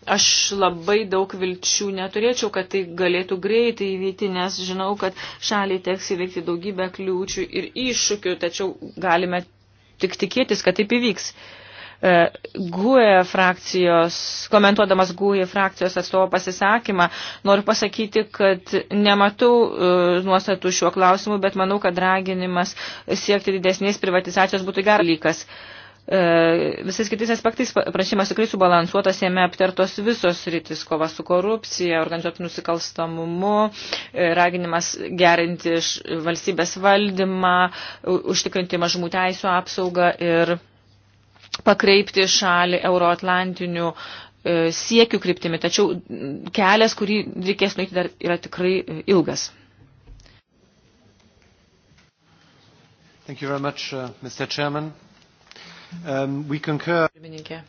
Aš labai daug vilčių neturėčiau, kad tai galėtų greitai įvykti, nes žinau, kad šaliai teks įveikti daugybę kliūčių ir iššūkių, tačiau galime tik tikėtis, kad taip įvyks. E, GUE frakcijos, komentuodamas GUE frakcijos atstovo pasisakymą, noriu pasakyti, kad nematau e, nuostatų šiuo klausimu, bet manau, kad raginimas siekti didesnės privatizacijos būtų geras dalykas. Uh, E, visais kitais aspektais prašymas tikrai subalansuotas, jame aptartos visos rytis, kova su korupcija, organizuotų nusikalstamumu, e, raginimas gerinti valstybės valdymą, užtikrinti mažumų teisų apsaugą ir pakreipti šalį euroatlantinių e, siekių kryptimi, tačiau kelias, kurį reikės nueiti, dar yra tikrai ilgas. Thank you very much, uh, Mr. Chairman. Um, concur... Pirmininkė.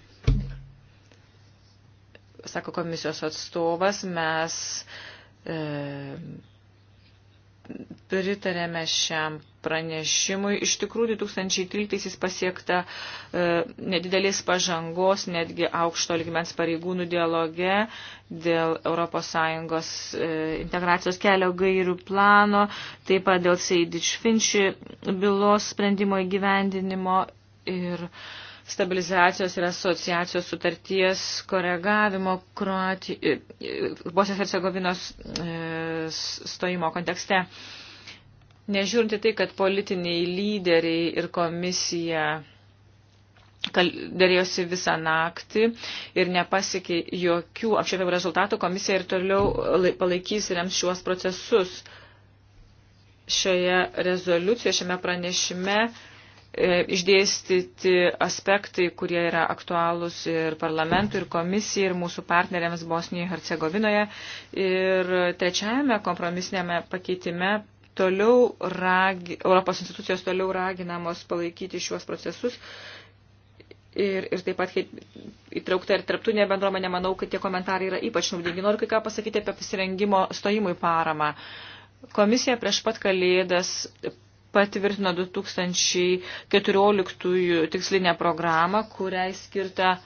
Sako komisijos atstovas, mes e, pritarėme šiam pranešimui. Iš tikrųjų, 2013 pasiekta e, nedidelės pažangos, netgi aukšto ligmens pareigūnų dialoge dėl ES e, integracijos kelio gairių plano, taip pat dėl Seidič Finči bylos sprendimo įgyvendinimo ir stabilizacijos ir asociacijos sutarties koregavimo Bosnijos Hercegovinos e, stojimo kontekste. Nežiūrinti tai, kad politiniai lyderiai ir komisija dėrėjosi visą naktį ir nepasikė jokių apšėpimų rezultatų, komisija ir toliau palaikys ir rems šiuos procesus. Šioje rezoliucijoje, šiame pranešime E, išdėstyti aspektai, kurie yra aktualūs ir parlamentui, ir komisijai, ir mūsų partneriams Bosnijoje ir Hercegovinoje. Ir trečiajame kompromisinėme pakeitime toliau ragi, Europos institucijos toliau raginamos palaikyti šiuos procesus. Ir, ir taip pat įtraukta ir tarptautinė bendruomenė, manau, kad tie komentarai yra ypač naudingi. Noriu kai ką pasakyti apie pasirengimo stojimui paramą. Komisija prieš pat kalėdas patvirtino 2014 tikslinę programą, kuriai skirta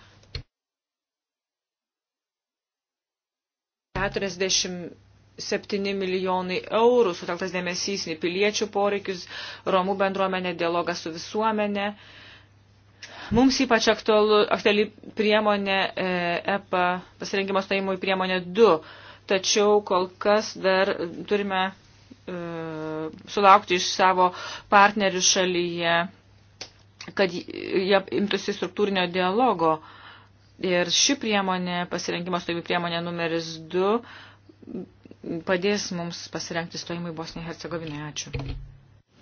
47 milijonai eurų, sutelktas dėmesys į piliečių poreikius, Romų bendruomenė, dialogą su visuomenė. Mums ypač aktualu, aktuali priemonė EPA e pasirengimo stojimui priemonė 2, tačiau kol kas dar turime e, sulaukti iš savo partnerių šalyje, kad jie imtųsi struktūrinio dialogo. Ir ši priemonė, pasirinkimo stojimų priemonė numeris 2, padės mums pasirengti stojimui Bosniai Hercegovinai. Ačiū.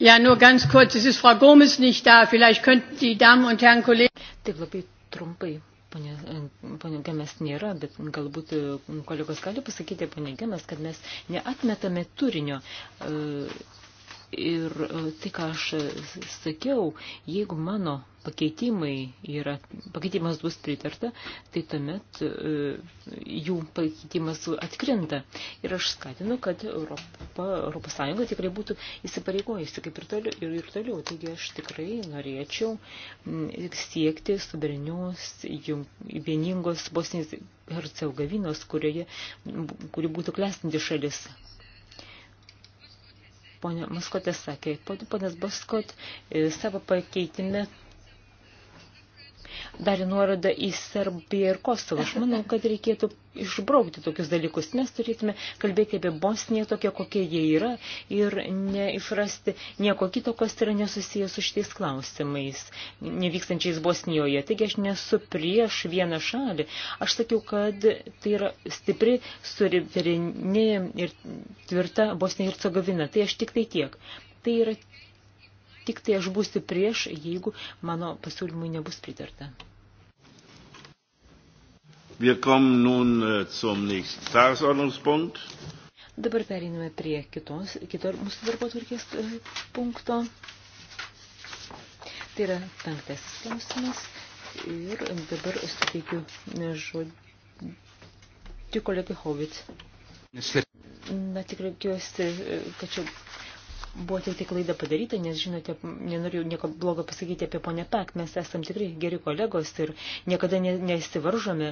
Ja, nur ganz kurz, es ist Frau Gomes nicht da, vielleicht könnten die Damen und Herren Kollegen. Taip labai trumpai. Ponė, ponė Gemes nėra, bet galbūt e, kolegos gali pasakyti, ponė Gemes, kad mes neatmetame turinio. E, Ir e, tai, ką aš e, sakiau, jeigu mano pakeitimai yra, pakeitimas bus pritarta, tai tuomet e, jų pakeitimas atkrinta. Ir aš skatinu, kad Europa, Europos Sąjunga tikrai būtų įsipareigojusi kaip ir toliau. Ir, ir toliau. Taigi aš tikrai norėčiau siekti suverenios, vieningos Bosnijos Hercegovinos, kuri būtų klestinti šalis ponė Maskotė sakė. Ponas Baskot e, savo pakeitime darė nuorodą į Serbiją ir Kosovą. Aš manau, kad reikėtų išbraukti tokius dalykus. Mes turėtume kalbėti apie Bosniją tokią, kokie jie yra ir neišrasti nieko kito, kas yra nesusijęs su šitais klausimais, nevykstančiais Bosnijoje. Taigi aš nesu prieš vieną šalį. Aš sakiau, kad tai yra stipri, suvereni ir tvirta Bosnija ir Cegovina. Tai aš tik tai tiek. Tai yra tik tai aš būsiu prieš, jeigu mano pasiūlymui nebus pritarta. Wir kommen nun äh, zum nächsten Tagesordnungspunkt. Dabar periname prie kitos, kito mūsų darbo tvarkės e, punkto. Tai yra penktasis klausimas. Ir dabar suteikiu e, žodį kolegai Hovit. Na, tikrai tikiuosi, e, kad čia buvo tik tai klaida padaryta, nes, žinote, nenoriu nieko blogo pasakyti apie ponę Pak, mes esam tikrai geri kolegos ir niekada nesivaržome,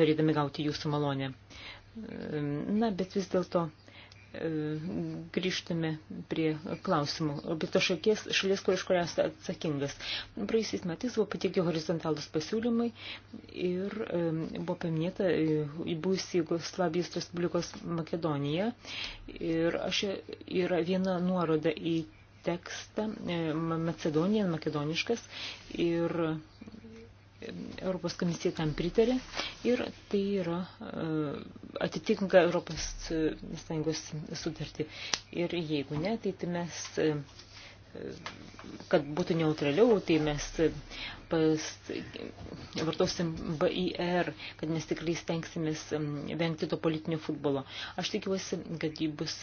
norėdami gauti jūsų malonę. Na, bet vis dėlto grįžtame prie klausimų. Bet to šalies, šalies kur iš kurios atsakingas. Praėjusiais metais buvo patikė horizontalus pasiūlymai ir buvo paminėta e, buvusi Jugoslavijos Respublikos Makedonija. Ir aš e, yra viena nuoroda į tekstą e, Macedonija, makedoniškas ir Europos komisija tam pritarė ir tai yra e, atitinka Europos Sąjungos sutartį. Ir jeigu ne, tai, tai mes e, kad būtų neutraliau, tai mes pas, vartosim BIR, kad mes tikrai stengsimės vengti to politinio futbolo. Aš tikiuosi, kad jį bus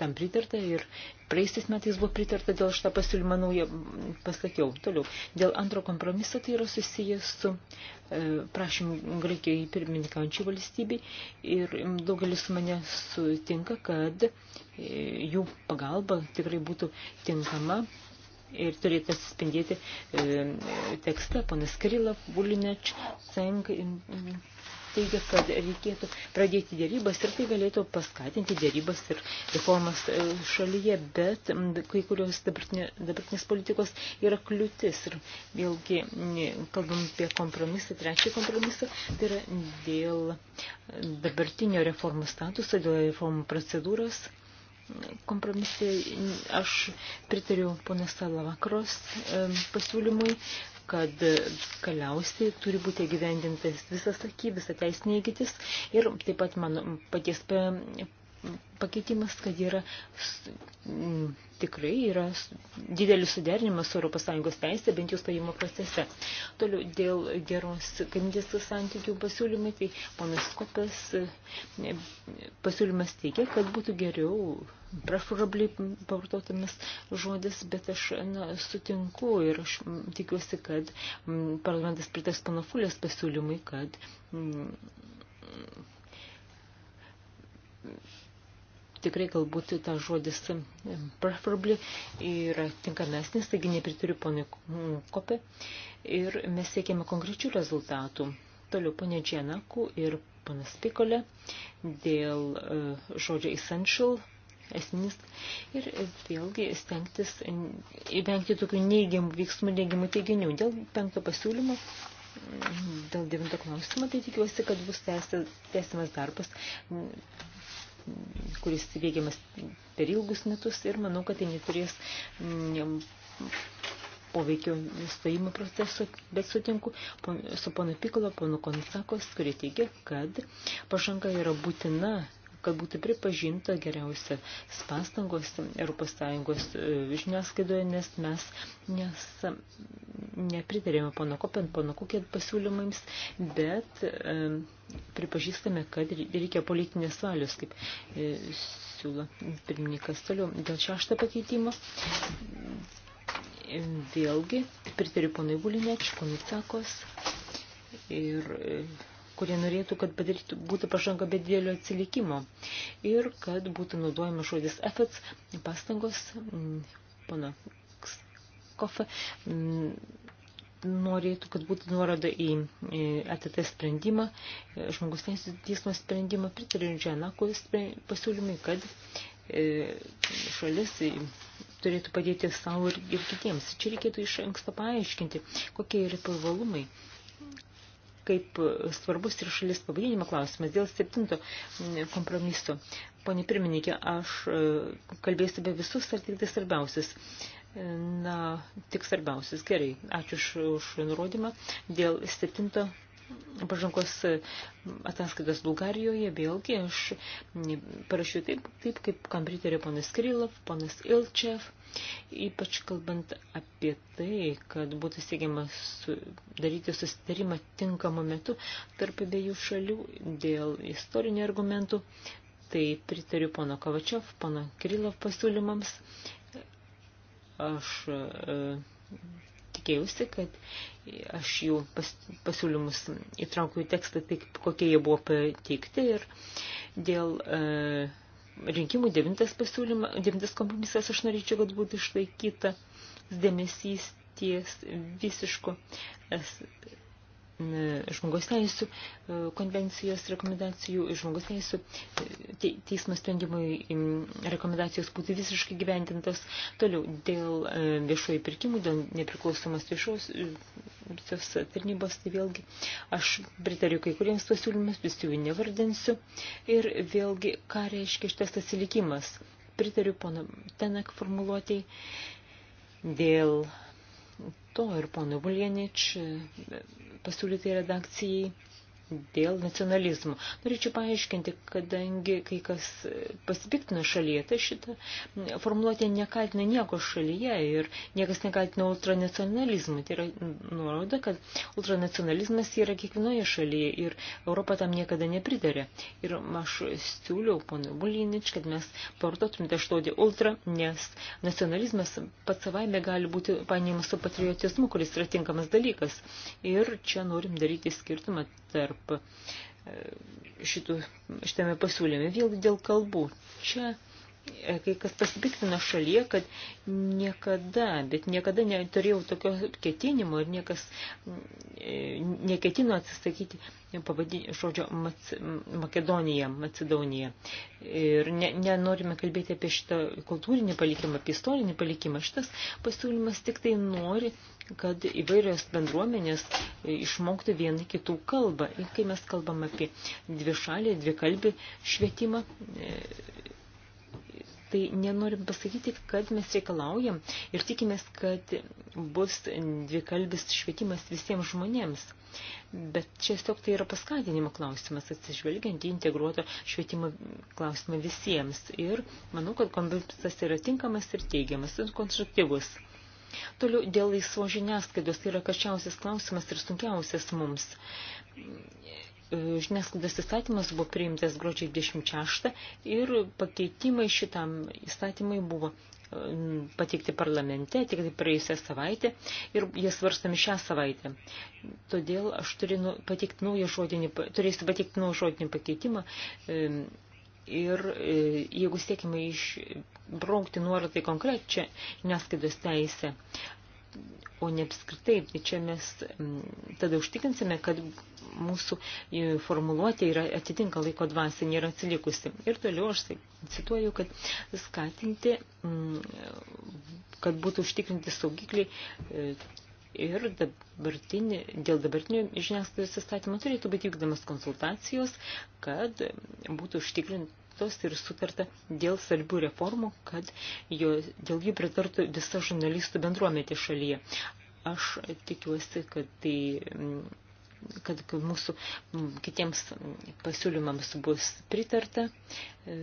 tam pritarta ir praeistis metais buvo pritarta dėl šitą pasiūlymą naują, pasakiau. Toliau, dėl antro kompromiso tai yra susijęs su e, prašymu Graikijai pirmininkaujančiai valstybei ir daugelis su mane sutinka, kad jų pagalba tikrai būtų tinkama ir turėtų atsispindėti e, tekste. Panas Kirila Vulineč Ceng teigia, kad reikėtų pradėti dėrybas ir tai galėtų paskatinti dėrybas ir reformas e, šalyje, bet kai kurios dabartinė, dabartinės politikos yra kliūtis. Ir vėlgi, kalbam apie kompromisą, trečią kompromisą, tai yra dėl dabartinio reformų statuso, dėl reformų procedūros kompromisė aš pritariu ponas Salavakros pasiūlymui, kad galiausiai turi būti gyvendintas visas akį, visa teisinė įgytis ir taip pat mano paties pakeitimas, kad yra m, tikrai yra didelis suderinimas su ES teisė, bent jau stojimo procese. Toliau dėl geros kaimynės santykių pasiūlymai, tai ponas Kopas e, pasiūlymas teigia, kad būtų geriau preferably pavartotamas žodis, bet aš na, sutinku ir aš tikiuosi, kad m, parlamentas pritars panafulės pasiūlymui, kad m, tikrai galbūt tas žodis preferably yra tinkamesnis, taigi nepritariu ponui Kopė. Ir mes siekėme konkrečių rezultatų. Toliau ponė Džianaku ir ponas Pikolė dėl e, žodžio essential esminis ir vėlgi stengtis įvengti tokių neigiamų veiksmų, neigiamų teiginių. Dėl penkto pasiūlymo dėl devinto klausimo, tai tikiuosi, kad bus tęsiamas darbas kuris veikiamas per ilgus metus ir manau, kad tai neturės mm, poveikio stojimo proceso, bet sutinku su pono Pikolo, pono Konsakos, kurie teigia, kad pažanga yra būtina kad būtų pripažinta geriausia pastangos Europos Sąjungos e, žiniasklaidoje, nes mes nes, nepritarėme pono Kopen, pono Kukėt pasiūlymams, bet e, pripažįstame, kad reikia politinės valios, kaip e, siūlo pirmininkas toliau. Dėl šešto pakeitimo e, vėlgi pritariu ponai Gulinėč, ponai Cakos ir e, kurie norėtų, kad padarytų, būtų pažanga be didelio atsilikimo ir kad būtų naudojamas žodis efforts, pastangos, mm, pana Kofa, mm, norėtų, kad būtų nuoroda į ATT sprendimą, žmogus teisų teismo sprendimą, pritarinčia Anako pasiūlymai, kad e, šalis turėtų padėti savo ir, ir kitiems. Čia reikėtų iš anksto paaiškinti, kokie yra privalumai kaip svarbus ir šalis pavadinimo klausimas dėl septinto kompromiso. Pone pirmininkė, aš e, kalbėsiu apie visus ar tik tai svarbiausius. E, na, tik svarbiausius. Gerai, ačiū už, už nurodymą. Dėl septinto pažangos e, ataskaitas Bulgarijoje, vėlgi aš parašiau taip, taip kaip kam pritarė ponas Krylov, ponas Ilčev, ypač kalbant apie tai, kad būtų siekiama daryti susitarimą tinkamu metu tarp abiejų šalių dėl istorinių argumentų, tai pritariu pono Kovačiov, pono Krylov pasiūlymams. Aš e, tikėjausi, kad aš jų pas, pasiūlymus įtraukiu į tekstą, taip kokie jie buvo pateikti ir dėl e, rinkimų devintas pasiūlymas, devintas kompromisas aš norėčiau, kad būtų išlaikyta dėmesys ties visiško es, E, žmogaus teisų e, konvencijos rekomendacijų, žmogaus teisų e, teismo sprendimui rekomendacijos būtų visiškai gyventintos. Toliau, dėl viešojų pirkimų, dėl nepriklausomos viešos tarnybos, tai vėlgi aš pritariu kai kuriems pasiūlymus, visų jų nevardinsiu. Ir vėlgi, ką reiškia šitas atsilikimas. Pritariu pono Tenek formuluotėjai dėl to ir pono Vulienič e, pasiūlyti redakcijai dėl nacionalizmo. Norėčiau paaiškinti, kadangi kai kas pasipiktina šalyje, tai šitą formuluotę nekaltina nieko šalyje ir niekas nekaltina ultranacionalizmą. Tai yra nuoroda, kad ultranacionalizmas yra kiekvienoje šalyje ir Europa tam niekada nepritarė. Ir aš siūliau, ponui Bulinič, kad mes pavartotume tą žodį ultra, nes nacionalizmas pats savaime gali būti painimas su patriotizmu, kuris yra tinkamas dalykas. Ir čia norim daryti skirtumą tarp e, šitų, šitame pasiūlyme. Vėl dėl kalbų. Čia e, kai kas pasipiktina šalyje, kad niekada, bet niekada neturėjau tokio ketinimo ir niekas e, neketino atsisakyti žodžio mac, Makedonija, Macedonija. Ir ne, nenorime kalbėti apie šitą kultūrinį palikimą, apie istorinį palikimą. Šitas pasiūlymas tik tai nori kad įvairios bendruomenės išmoktų vieną kitų kalbą. Ir kai mes kalbam apie dvišalį, dvikalbį švietimą, e, tai nenorim pasakyti, kad mes reikalaujam ir tikimės, kad bus dvikalbis švietimas visiems žmonėms. Bet tiesiog tai yra paskatinimo klausimas, atsižvelgiant į integruoto švietimo klausimą visiems. Ir manau, kad kompromisas yra tinkamas ir teigiamas ir konstruktyvus. Toliau dėl laisvo žiniasklaidos tai yra kačiausias klausimas ir sunkiausias mums. Žiniasklaidos įstatymas buvo priimtas gruodžiai 26 ir pakeitimai šitam įstatymai buvo pateikti parlamente tik tai praėjusią savaitę ir jie svarstami šią savaitę. Todėl aš turiu nu, pateikti naują žodinį, turėsiu pateikti naują žodinį pakeitimą. E, ir e, jeigu siekime išbraukti nuorodą į konkrečią žiniasklaidos teisę, o ne apskritai, tai čia mes tada užtikrinsime, kad mūsų e, formuluotė yra atitinka laiko dvasė, nėra atsilikusi. Ir toliau aš tai cituoju, kad skatinti, kad būtų užtikrinti saugikliai e, ir dabartinį, dėl dabartinio žiniasklaidos įstatymo turėtų būti vykdamas konsultacijos, kad būtų užtikrinti pakeistos ir sutarta dėl svarbių reformų, kad jo, dėl jų pritartų visa žurnalistų bendruometė šalyje. Aš tikiuosi, kad tai kad mūsų kitiems pasiūlymams bus pritarta e,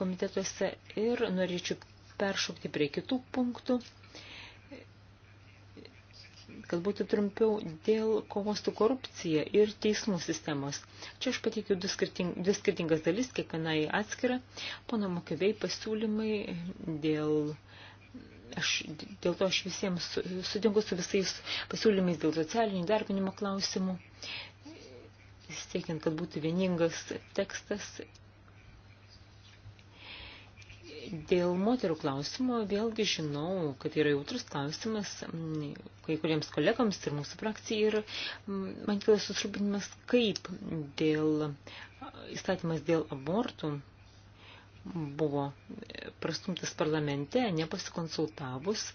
komitetuose ir norėčiau peršokti prie kitų punktų kad būtų trumpiau dėl kovos su korupcija ir teismų sistemos. Čia aš pateikiu du, skirting, du skirtingas dalis, kiekvienai atskira. Pono Mokėvei pasiūlymai dėl aš, dėl to aš visiems sutinku su visais pasiūlymais dėl socialinių darbinimo klausimų, siekiant, kad būtų vieningas tekstas Dėl moterų klausimo vėlgi žinau, kad yra jautrus klausimas kai kuriems kolegams ir mūsų frakcijai ir man kila susirūpinimas, kaip dėl įstatymas dėl abortų buvo prastumtas parlamente, nepasikonsultavus.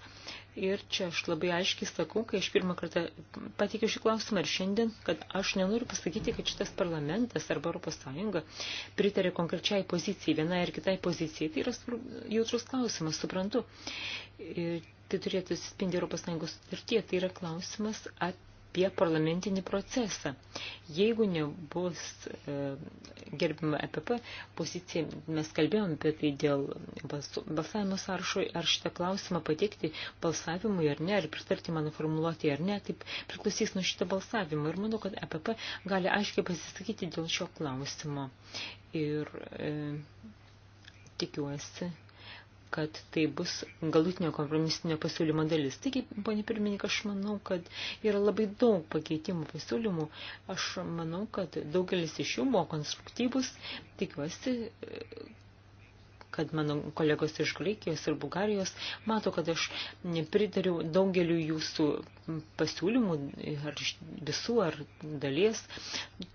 Ir čia aš labai aiškiai sakau, kai aš pirmą kartą pateikiau šį klausimą ir šiandien, kad aš nenoriu pasakyti, kad šitas parlamentas arba Europos Sąjunga pritarė konkrečiai pozicijai, vienai ar kitai pozicijai. Tai yra jautrus klausimas, suprantu. Ir tai turėtų atsispindi Europos Sąjungos sutartie. Tai yra klausimas apie apie parlamentinį procesą. Jeigu nebus e, gerbima EPP pozicija, mes kalbėjom apie tai dėl balsavimo sąrašo, ar šitą klausimą pateikti balsavimui ar ne, ar pritarti mano formuluoti ar ne, taip priklausys nuo šito balsavimo. Ir manau, kad EPP gali aiškiai pasisakyti dėl šio klausimo. Ir e, tikiuosi kad tai bus galutinio kompromisinio pasiūlymo dalis. Taigi, ponė pirmininkė, aš manau, kad yra labai daug pakeitimų pasiūlymų. Aš manau, kad daugelis iš jų buvo konstruktyvus. Tikiuosi, kad mano kolegos iš Graikijos ir Bulgarijos mato, kad aš pritariu daugeliu jūsų pasiūlymų, ar visų, ar dalies,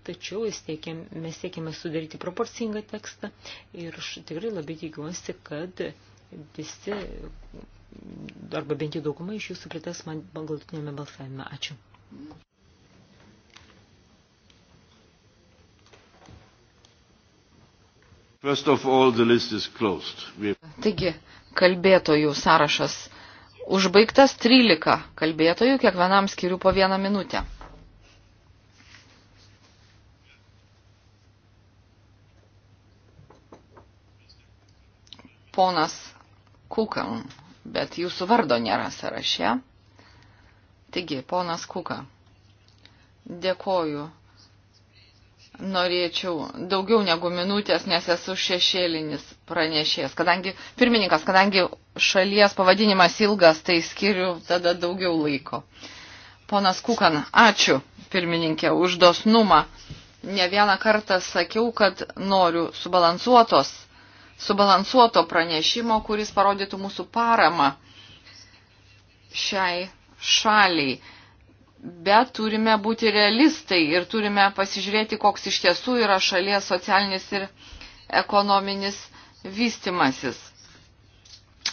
tačiau siekėm, mes siekėme sudaryti proporcingą tekstą ir aš tikrai labai tikiuosi, kad visi, arba bent jau dauguma iš jūsų pritars man galutinėme balsavime. Ačiū. First of all, the list is closed. We... Taigi, kalbėtojų sąrašas užbaigtas 13 kalbėtojų, kiekvienam skiriu po vieną minutę. Ponas Kukan, bet jūsų vardo nėra sąraše. Taigi, ponas Kuka, dėkoju. Norėčiau daugiau negu minutės, nes esu šešėlinis pranešėjas. Kadangi, pirmininkas, kadangi šalies pavadinimas ilgas, tai skiriu tada daugiau laiko. Ponas Kukan, ačiū, pirmininkė, už dosnumą. Ne vieną kartą sakiau, kad noriu subalansuotos subalansuoto pranešimo, kuris parodytų mūsų paramą šiai šaliai. Bet turime būti realistai ir turime pasižiūrėti, koks iš tiesų yra šalies socialinis ir ekonominis vystimasis.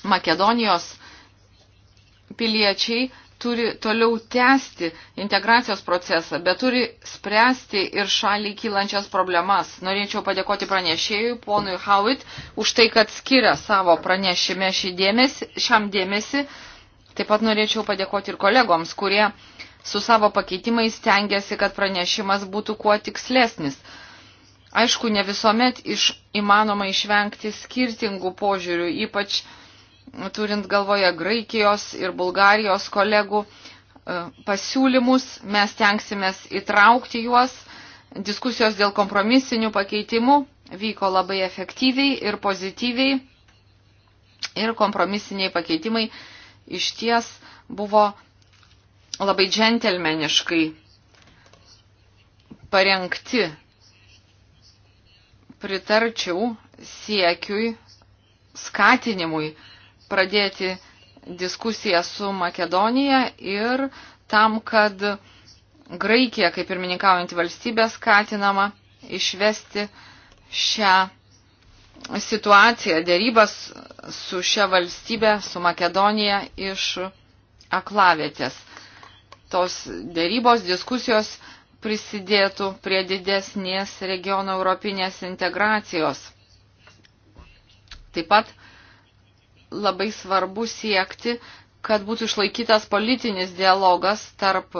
Makedonijos piliečiai turi toliau tęsti integracijos procesą, bet turi spręsti ir šaliai kylančias problemas. Norėčiau padėkoti pranešėjui, ponui Howitt, už tai, kad skiria savo pranešime dėmesį, šiam dėmesį. Taip pat norėčiau padėkoti ir kolegoms, kurie su savo pakeitimais tengiasi, kad pranešimas būtų kuo tikslesnis. Aišku, ne visuomet iš, įmanoma išvengti skirtingų požiūrių, ypač uh, turint galvoje Graikijos ir Bulgarijos kolegų e, pasiūlymus, mes tenksimės įtraukti juos. Diskusijos dėl kompromisinių pakeitimų vyko labai efektyviai ir pozityviai ir kompromisiniai pakeitimai iš ties buvo labai džentelmeniškai parengti. Pritarčiau siekiui, skatinimui pradėti diskusiją su Makedonija ir tam, kad Graikija, kaip ir mininkaujant valstybė, skatinama išvesti šią situaciją, dėrybas su šia valstybė, su Makedonija iš aklavietės. Tos dėrybos, diskusijos prisidėtų prie didesnės regiono europinės integracijos. Taip pat labai svarbu siekti, kad būtų išlaikytas politinis dialogas tarp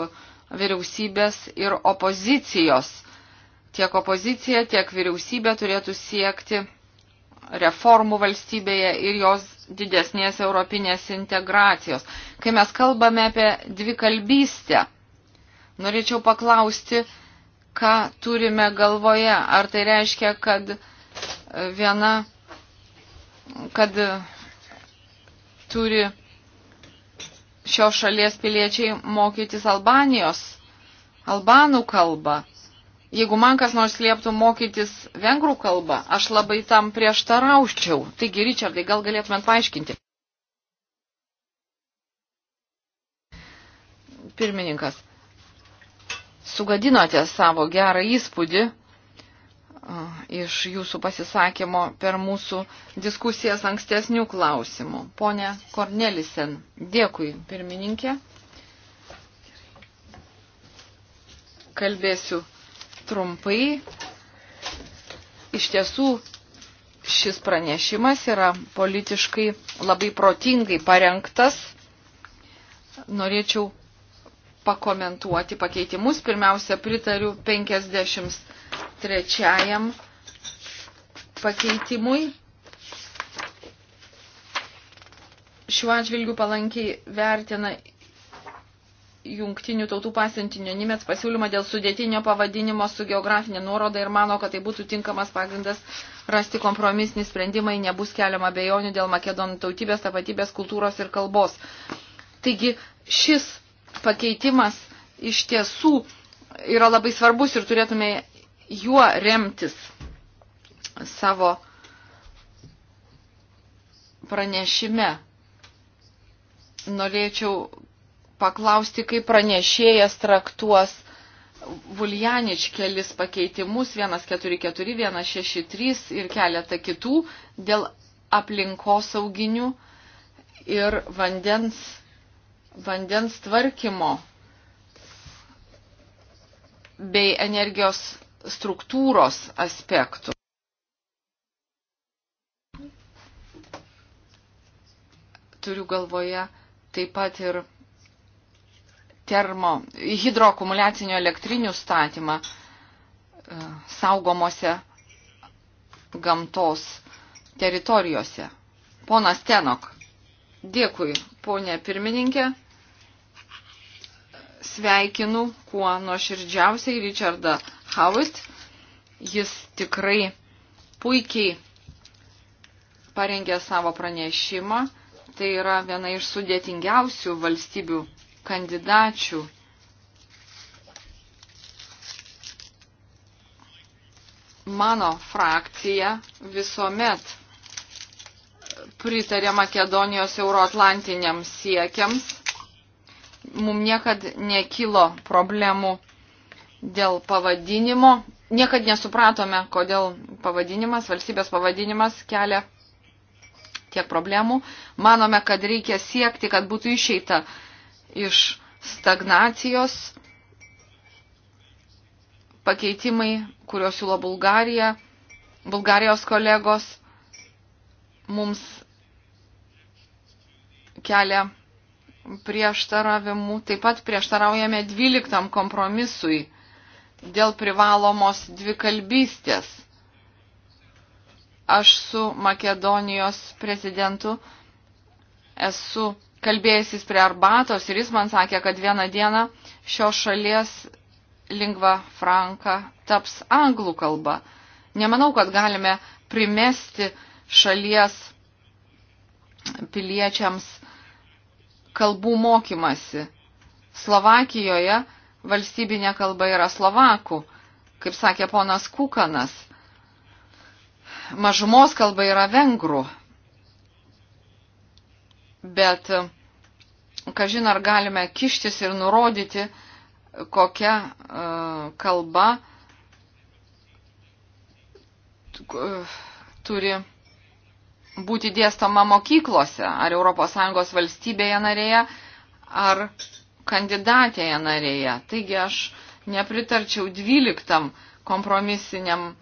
vyriausybės ir opozicijos. Tiek opozicija, tiek vyriausybė turėtų siekti reformų valstybėje ir jos didesnės europinės integracijos. Kai mes kalbame apie dvikalbystę, norėčiau paklausti, ką turime galvoje. Ar tai reiškia, kad viena, kad turi šios šalies piliečiai mokytis Albanijos, albanų kalbą. Jeigu man kas nors lieptų mokytis vengrų kalbą, aš labai tam prieštarauščiau. Taigi, Ričardai, gal galėtumėt paaiškinti? Pirmininkas, sugadinote savo gerą įspūdį iš jūsų pasisakymo per mūsų diskusijas ankstesnių klausimų. Pone Kornelisen, dėkui, pirmininkė. Kalbėsiu trumpai. Iš tiesų, šis pranešimas yra politiškai labai protingai parengtas. Norėčiau pakomentuoti pakeitimus. Pirmiausia, pritariu 50 trečiajam pakeitimui. Šiuo atžvilgiu palankiai vertina jungtinių tautų pasiuntinio Nimets pasiūlymą dėl sudėtinio pavadinimo su geografinė nuoroda ir mano, kad tai būtų tinkamas pagrindas rasti kompromisinį sprendimą, nebus keliama bejonių dėl makedonų tautybės, tapatybės, kultūros ir kalbos. Taigi šis pakeitimas iš tiesų yra labai svarbus ir turėtume juo remtis savo pranešime. Norėčiau paklausti, kaip pranešėjas traktuos Vuljanič kelis pakeitimus 144, 163 ir keletą kitų dėl aplinkosauginių ir vandens, vandens tvarkymo bei energijos struktūros aspektų. Turiu galvoje taip pat ir termo, hidroakumuliacinių elektrinių statymą e, saugomose gamtos teritorijose. Ponas Tenok, dėkui, ponė pirmininkė sveikinu kuo nuoširdžiausiai Richardą Howitt. Jis tikrai puikiai parengė savo pranešimą. Tai yra viena iš sudėtingiausių valstybių kandidačių. Mano frakcija visuomet pritarė Makedonijos euroatlantiniams siekiams. Mums niekad nekilo problemų dėl pavadinimo. Niekad nesupratome, kodėl pavadinimas, valstybės pavadinimas kelia tiek problemų. Manome, kad reikia siekti, kad būtų išeita iš stagnacijos pakeitimai, kuriuos siūlo Bulgarija, Bulgarijos kolegos mums kelia prieštaravimų. Taip pat prieštaraujame 12 kompromisui dėl privalomos dvikalbystės. Aš su Makedonijos prezidentu esu kalbėjęsis prie arbatos ir jis man sakė, kad vieną dieną šios šalies lingva franka taps anglų kalba. Nemanau, kad galime primesti šalies piliečiams kalbų mokymasi. Slovakijoje valstybinė kalba yra slovakų, kaip sakė ponas Kukanas. Mažumos kalba yra vengrų. Bet, kažin ar galime kištis ir nurodyti, kokia uh, kalba uh, turi būti dėstama mokyklose, ar ES valstybėje narėje, ar uh, kandidatėje narėje. Taigi aš nepritarčiau 12 kompromisiniam e,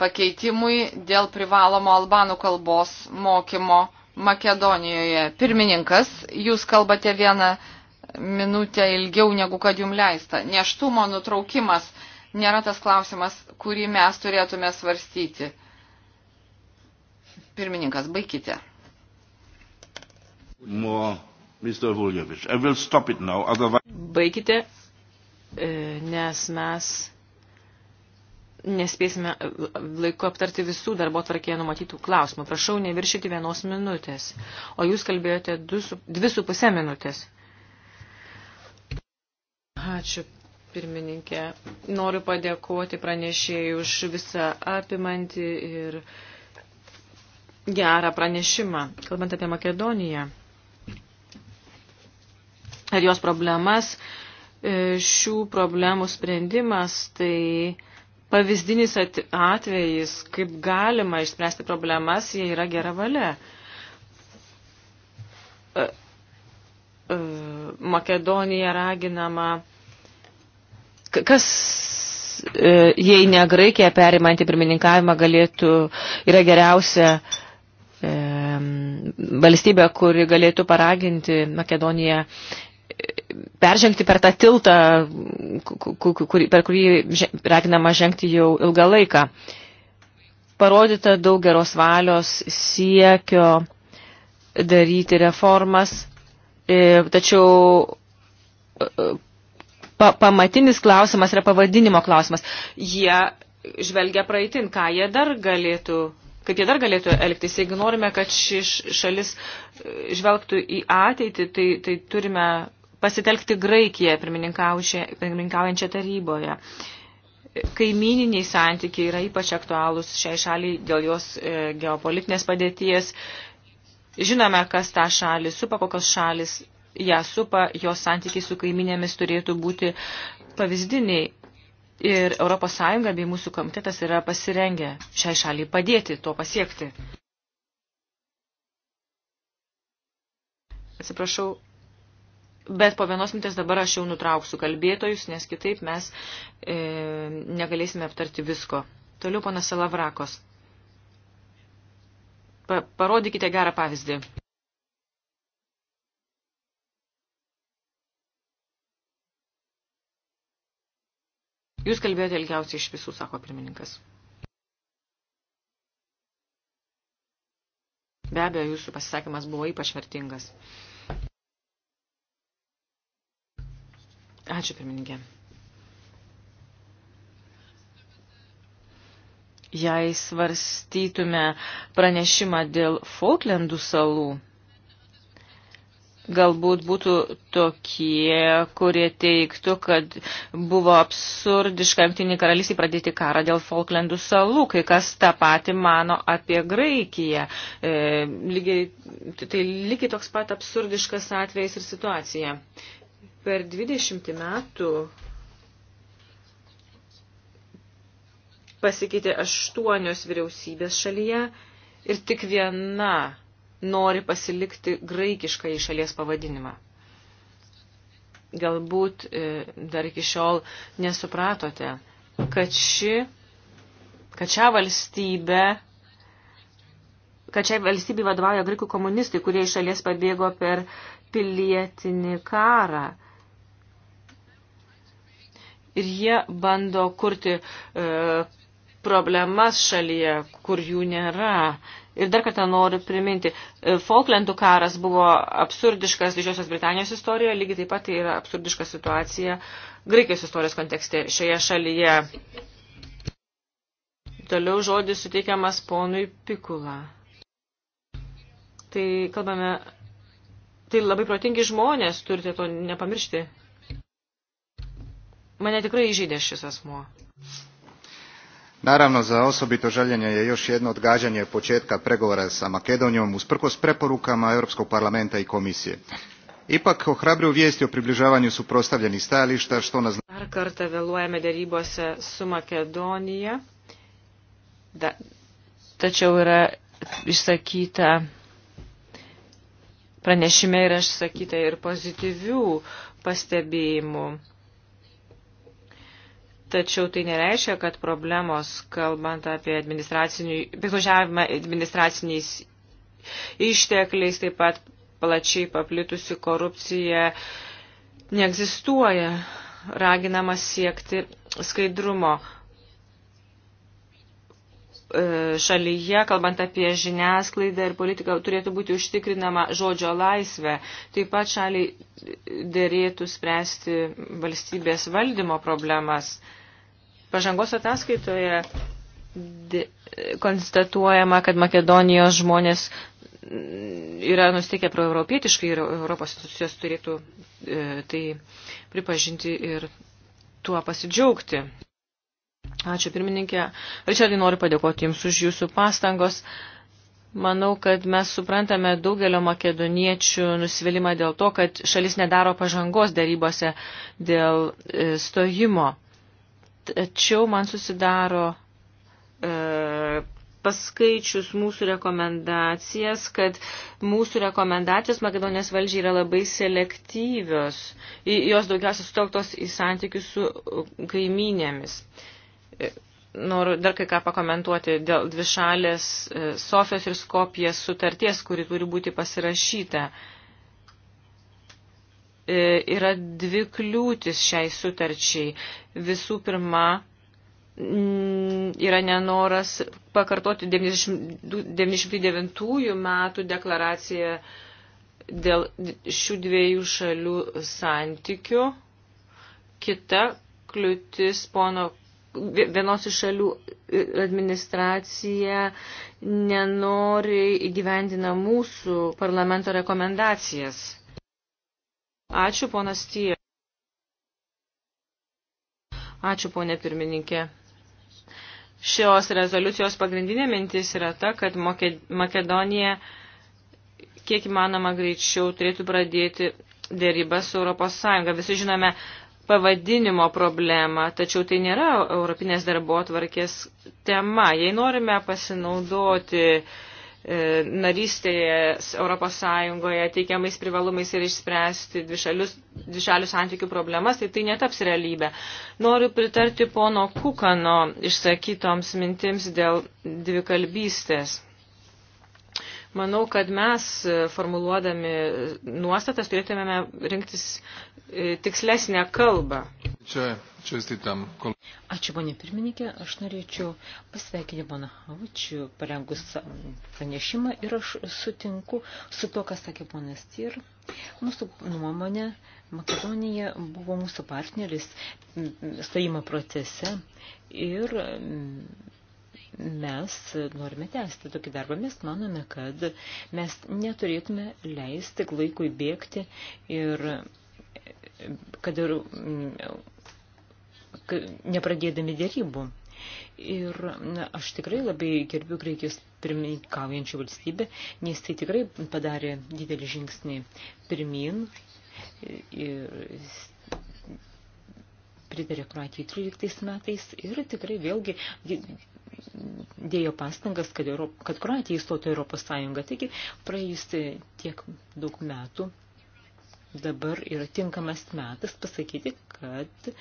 pakeitimui dėl privalomo albanų kalbos mokymo Makedonijoje. Pirmininkas, jūs kalbate vieną minutę ilgiau negu kad jum leista. Neštumo nutraukimas nėra tas klausimas, kurį mes turėtume svarstyti. Pirmininkas, baikite. More Mr. Vuljevič. I will stop it now, otherwise... Baikite, e, nes mes nespėsime e, laiku aptarti visų darbo tvarkėje numatytų klausimų. Prašau neviršyti vienos minutės, o jūs kalbėjote du su, dvi su pusę minutės. Ačiū, pirmininkė. Noriu padėkoti pranešėjai už visą apimantį ir gerą pranešimą. Kalbant apie Makedoniją, ir jos problemas. E, šių problemų sprendimas tai pavyzdinis atvejis, kaip galima išspręsti problemas, jei yra gera valia. E, e, Makedonija raginama, kas jei ne Graikija perimantį pirmininkavimą galėtų, yra geriausia e, valstybė, kuri galėtų paraginti Makedoniją peržengti per tą tiltą, kur, per kurį raginama žengti jau ilgą laiką. Parodyta daug geros valios siekio daryti reformas, e, tačiau e, e, pa, pamatinis klausimas yra pavadinimo klausimas. Jie žvelgia praeitin, ką jie dar galėtų kaip jie dar galėtų elgtis. Jeigu norime, kad ši šalis žvelgtų į ateitį, tai, tai turime pasitelkti Graikiją pirmininkaujančią taryboje. Kaimininiai santykiai yra ypač aktualūs šiai šaliai dėl jos e, geopolitinės padėties. Žinome, kas tą šalį supa, kokios šalis ją supa, jos santykiai su kaiminėmis turėtų būti pavyzdiniai. Ir ES bei mūsų komitetas yra pasirengę šiai šaliai padėti to pasiekti. Atsiprašau, Bet po vienos mintės dabar aš jau nutrauksiu kalbėtojus, nes kitaip mes e, negalėsime aptarti visko. Toliau ponas Salavrakos. Pa, parodykite gerą pavyzdį. Jūs kalbėjote ilgiausiai iš visų, sako pirmininkas. Be abejo, jūsų pasisakymas buvo ypač vertingas. Ačiū, pirmininkė. Jei svarstytume pranešimą dėl Falklandų salų, galbūt būtų tokie, kurie teiktų, kad buvo absurdiška jungtinį karalystį pradėti karą dėl Falklandų salų, kai kas tą patį mano apie Graikiją. E, lygiai, tai lygiai toks pat absurdiškas atvejais ir situacija per 20 metų pasikeitė aštuonios vyriausybės šalyje ir tik viena nori pasilikti graikišką į šalies pavadinimą. Galbūt e, dar iki šiol nesupratote, kad ši, kad šią valstybę kad šiai valstybei vadovauja graikų komunistai, kurie iš šalies pabėgo per pilietinį karą ir jie bando kurti e, problemas šalyje, kur jų nėra. Ir dar kartą noriu priminti, e, Falklandų karas buvo absurdiškas Didžiosios Britanijos istorijoje, lygiai taip pat tai yra absurdiška situacija Graikijos istorijos kontekste šioje šalyje. Toliau žodis suteikiamas ponui Pikula. Tai kalbame, tai labai protingi žmonės, turite to nepamiršti. Mane tikrai įžeidė šis asmo. Naravno, za osobito žaljenje je još jedno odgađanje početka pregovora sa Makedonijom usprkos preporukama Europskog parlamenta i komisije. Ipak ohrabruju vijesti o približavanju suprotstavljenih stajališta, što nas... Dar kartą vėluojame dėrybose su Makedonija, da, tačiau yra išsakyta pranešime yra išsakyta ir pozityvių pastebėjimų Tačiau tai nereiškia, kad problemos, kalbant apie piknaudžiavimą administraciniais ištekliais, taip pat plačiai paplitusi korupcija, neegzistuoja. Raginama siekti skaidrumo e, šalyje, kalbant apie žiniasklaidą ir politiką, turėtų būti užtikrinama žodžio laisvė. Taip pat šaliai dėrėtų spręsti valstybės valdymo problemas. Pažangos ataskaitoje konstatuojama, kad Makedonijos žmonės yra nusteikę proeuropietiškai ir Europos institucijos turėtų e, tai pripažinti ir tuo pasidžiaugti. Ačiū pirmininkė. Richardai, noriu padėkoti Jums už Jūsų pastangos. Manau, kad mes suprantame daugelio makedoniečių nusivylimą dėl to, kad šalis nedaro pažangos darybose dėl e, stojimo. Tačiau man susidaro e, paskaičius mūsų rekomendacijas, kad mūsų rekomendacijos Makedonijos valdžiai yra labai selektyvios. Jos daugiausia sutelktos į santykius su kaimynėmis. E, noriu dar kai ką pakomentuoti dėl dvišalės e, Sofijos ir Skopijos sutarties, kuri turi būti pasirašyta. E, E, yra dvi kliūtis šiai sutarčiai. Visų pirma, yra nenoras pakartoti 99 metų deklaraciją dėl šių dviejų šalių santykių. Kita kliūtis pono vienos iš šalių e, administracija nenori įgyvendina mūsų parlamento rekomendacijas Ačiū, ponas Tyja. Ačiū, ponė pirmininkė. Šios rezoliucijos pagrindinė mintis yra ta, kad Makedonija kiek įmanoma greičiau turėtų pradėti dėrybą su Europos Sąjunga. Visi žinome pavadinimo problemą, tačiau tai nėra Europinės darbo tvarkės tema. Jei norime pasinaudoti uh, E, narystėje Europos Sąjungoje teikiamais privalumais ir išspręsti dvišalius, dvišalių santykių problemas, tai tai netaps realybė. Noriu pritarti pono Kukano išsakytoms mintims dėl dvikalbystės. Manau, kad mes e, formuluodami nuostatas turėtumėme rinktis e, tikslesnę kalbą. Čia, čia stitam. Kol... Ačiū, ponė pirmininkė. Aš norėčiau pasveikinti poną Havučių parengus pranešimą ir aš sutinku su to, kas sakė ponas Tyr. Mūsų nuomonė, Makedonija buvo mūsų partneris stojimo procese ir mes norime tęsti tokį darbą. Mes manome, kad mes neturėtume leisti laikui bėgti ir kad ir mm, nepradėdami dėrybų. Ir na, aš tikrai labai gerbiu Graikijos pirmininkaujančią valstybę, nes tai tikrai padarė didelį žingsnį pirmin ir pritarė Kroatijai 13 metais ir tikrai vėlgi dėjo pastangas, kad, Europ, kad Kroatija įstotų Europos Sąjungą. Taigi praėjusi tiek daug metų dabar yra tinkamas metas pasakyti, kad e,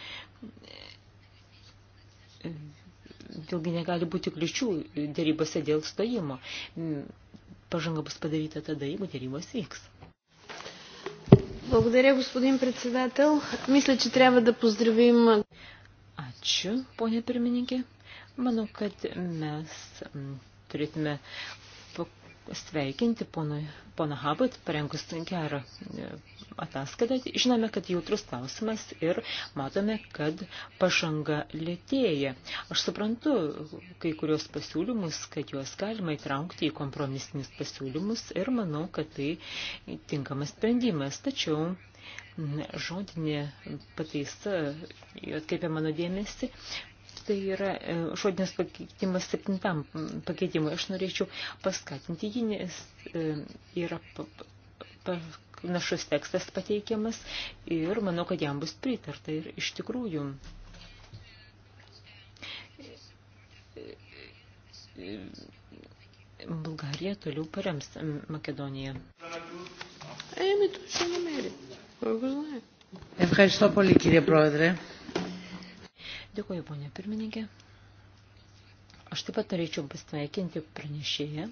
vėlgi negali būti kliučių dėrybose dėl stojimo. Pažanga bus padaryta tada, jeigu dėrybos vyks. Благодаря, господин председател. Мисля, че трябва да поздравим... Ačiū, ponė pirmininkė. Manau, kad mes turėtume sveikinti poną Habat, parengus gerą e, ataskaitą. Žinome, kad jautrus klausimas ir matome, kad pažanga lėtėja. Aš suprantu kai kurios pasiūlymus, kad juos galima įtraukti į kompromisinius pasiūlymus ir manau, kad tai tinkamas sprendimas. Tačiau žodinė pataisa atkreipia mano dėmesį, tai yra e, žodinis pakeitimas septintam pakeitimui. Aš norėčiau paskatinti jį, nes e, yra našus tekstas pateikiamas ir manau, kad jam bus pritarta ir iš tikrųjų. Bulgarija toliau parems Makedoniją. Ευχαριστώ πολύ κύριε Πρόεδρε. Dėkuoju, ponė pirmininkė. Aš taip pat norėčiau pasveikinti pranešėją.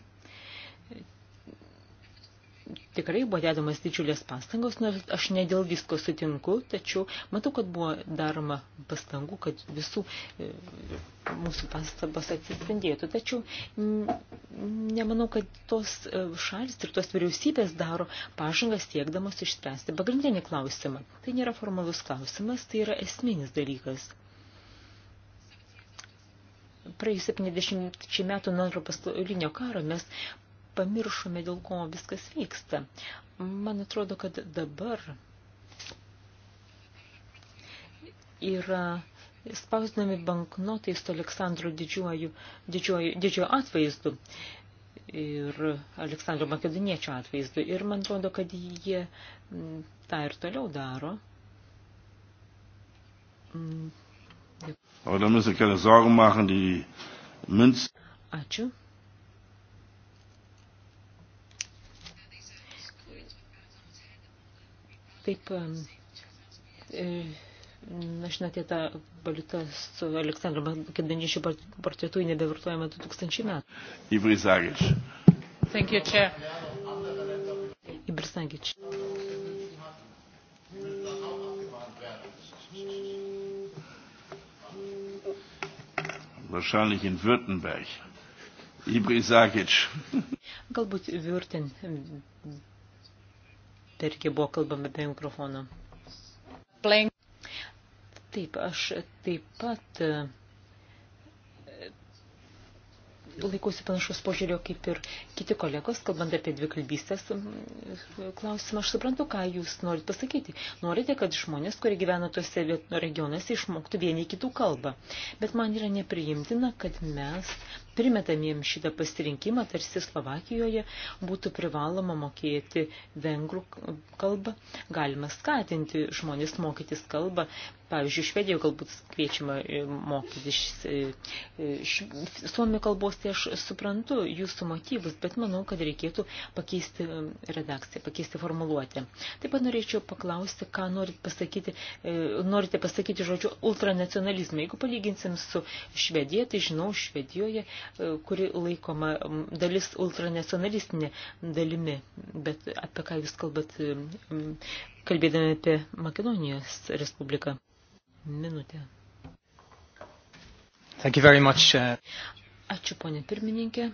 Tikrai buvo dedamas didžiulės pastangos, nors aš ne dėl visko sutinku, tačiau matau, kad buvo daroma pastangų, kad visų e, mūsų pastabas atsispindėtų. Tačiau nemanau, kad tos e, šalis ir tos vyriausybės daro pažangas siekdamas išspręsti pagrindinį klausimą. Tai nėra formalus klausimas, tai yra esminis dalykas praėjus 70 metų nuo antro pasaulinio karo mes pamiršome, dėl ko viskas vyksta. Man atrodo, kad dabar yra spausdinami banknotai su Aleksandro didžiuoju, didžiuoju, didžiuoju atvaizdu ir Aleksandro Makedoniečio atvaizdu. Ir man atrodo, kad jie mm, tą ir toliau daro. Mm. Aber da müssen Sie keine Sorgen machen, die Münz. Ačiū. Taip, e, na, žinote, ta valiuta su Aleksandru Makedonijiečiu portretu nebevartojama 2000 metų. Ibris Agič. Thank you, Chair. Ibris Agič. wahrscheinlich in Württemberg. Ibrisagic. Galbūt Würten. Perkė buvo kalbama be mikrofono. Plank. Taip, aš taip pat laikosi panašus požiūrio kaip ir kiti kolegos, kalbant apie dvikalbystės klausimą. Aš suprantu, ką jūs norite pasakyti. Norite, kad žmonės, kurie gyvena tuose regionuose, išmoktų vieni kitų kalbą. Bet man yra nepriimtina, kad mes primetamiems šitą pasirinkimą, tarsi Slovakijoje būtų privaloma mokėti vengrų kalbą. Galima skatinti žmonės mokytis kalbą. Pavyzdžiui, Švedijoje galbūt kviečiama e, mokytis e, e, suomių kalbos, tai aš suprantu jūsų motyvus, bet manau, kad reikėtų pakeisti redakciją, pakeisti formuluotę. Taip pat norėčiau paklausti, ką norit pasakyti, norite pasakyti žodžiu ultranacionalizmą. Jeigu palyginsim su Švedija, tai žinau, Švedijoje E, kuri laikoma dalis ultranacionalistinė dalimi, bet apie ką jūs kalbat, e, kalbėdami apie Makedonijos Respubliką. Minutė. Thank you very much. Uh, Ačiū, ponė pirmininkė.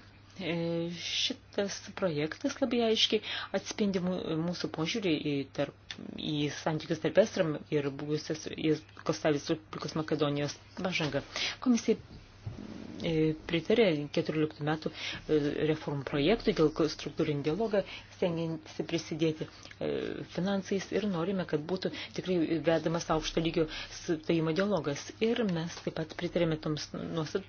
E, šitas projektas labai aiškiai atspindi mūsų požiūrį į, tarp, į santykius tarp Esram ir buvusios Kostavis Republikos Makedonijos pažangą. Komisija E, pritarė 14 metų e, reformų projektui dėl struktūrinį dialogą, stengiasi prisidėti e, finansais ir norime, kad būtų tikrai vedamas aukšto lygio stojimo dialogas. Ir mes taip pat pritarėme toms nuosat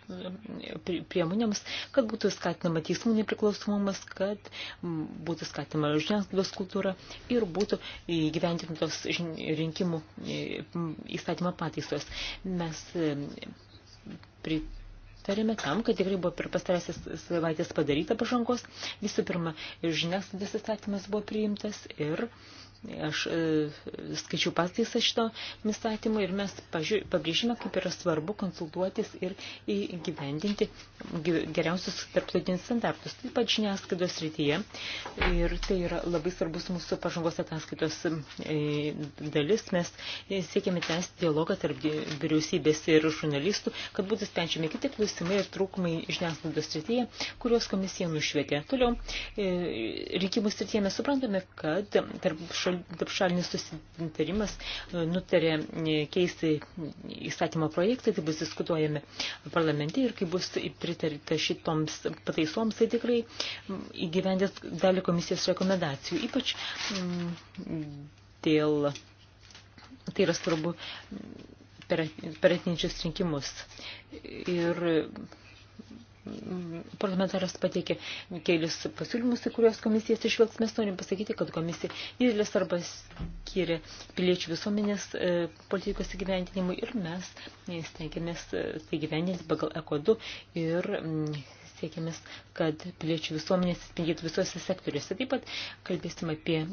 priemonėms, kad būtų skatinama teismų nepriklausomumas, kad būtų skatinama žiniasklaidos kultūra ir būtų įgyventintos rinkimų įstatymo pataisos. Mes prit pritarėme tam, kad tikrai buvo per pastarasis savaitės padaryta pažangos. Visų pirma, žiniasklaidos įstatymas buvo priimtas ir Aš e, skaičiu pataisą šito įstatymo ir mes pabrėžime, kaip yra svarbu konsultuotis ir įgyvendinti geriausius tarptautinius standartus, taip pat žiniasklaidos rytyje. Ir tai yra labai svarbus mūsų pažangos ataskaitos e, dalis. Mes siekiame tęsti dialogą tarp vyriausybės ir žurnalistų, kad būtų sprendžiami kiti klausimai ir trūkumai žiniasklaidos rytyje, kuriuos komisija nušvietė. Toliau, e, rinkimų srityje mes suprantame, kad tarp tarpšalinis susitarimas e, nutarė e, keisti įstatymo projektą, tai bus diskutuojami parlamente ir kai bus pritarta šitoms pataisoms, tai tikrai įgyvendės dalį komisijos rekomendacijų, ypač dėl, tai yra svarbu per, per atinčius rinkimus. Ir parlamentaras pateikė kelius pasiūlymus, į kuriuos komisijas išvelgs. Mes norim pasakyti, kad komisija didelė arba skiria piliečių visuomenės e, politikos įgyvendinimui ir mes e, stengiamės e, tai gyveninti pagal ECO2 ir siekiamės, kad piliečių visuomenės atspindėtų visuose sektoriuose. Taip pat kalbėsim apie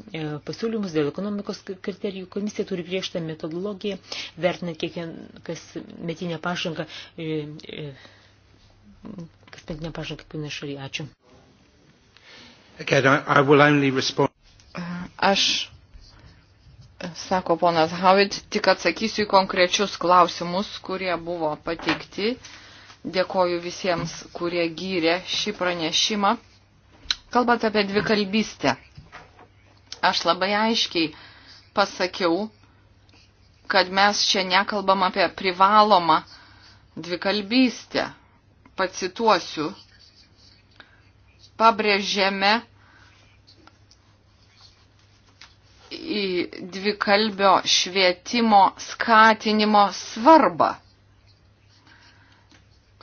pasiūlymus dėl ekonomikos kriterijų. Komisija turi griežtą metodologiją, vertinant kiekvieną metinę pažangą kasmetinę pažangą kiekvienai šalyje. Ačiū. Again, I, I will only respond. Aš, sako ponas Havid, tik atsakysiu į konkrečius klausimus, kurie buvo pateikti. Dėkoju visiems, kurie gyrė šį pranešimą. Kalbant apie dvikalbystę, aš labai aiškiai pasakiau, kad mes čia nekalbam apie privalomą dvikalbystę pacituosiu, pabrėžėme į dvikalbio švietimo skatinimo svarbą,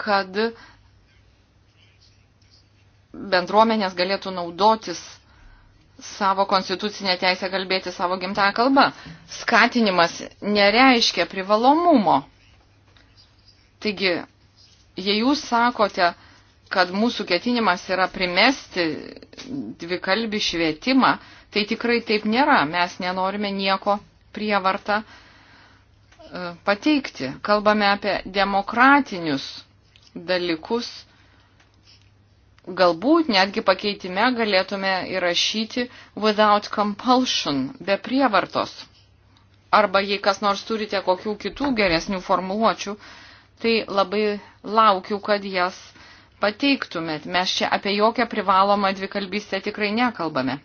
kad bendruomenės galėtų naudotis savo konstitucinę teisę kalbėti savo gimtąją kalbą. Skatinimas nereiškia privalomumo. Taigi Jei jūs sakote, kad mūsų ketinimas yra primesti dvikalbį švietimą, tai tikrai taip nėra. Mes nenorime nieko prievarta e, pateikti. Kalbame apie demokratinius dalykus. Galbūt netgi pakeitime galėtume įrašyti without compulsion, be prievartos. Arba jei kas nors turite kokių kitų geresnių formuluočių, uh, tai labai laukiu, kad jas pateiktumėt. Mes čia apie jokią privalomą dvikalbystę tikrai nekalbame.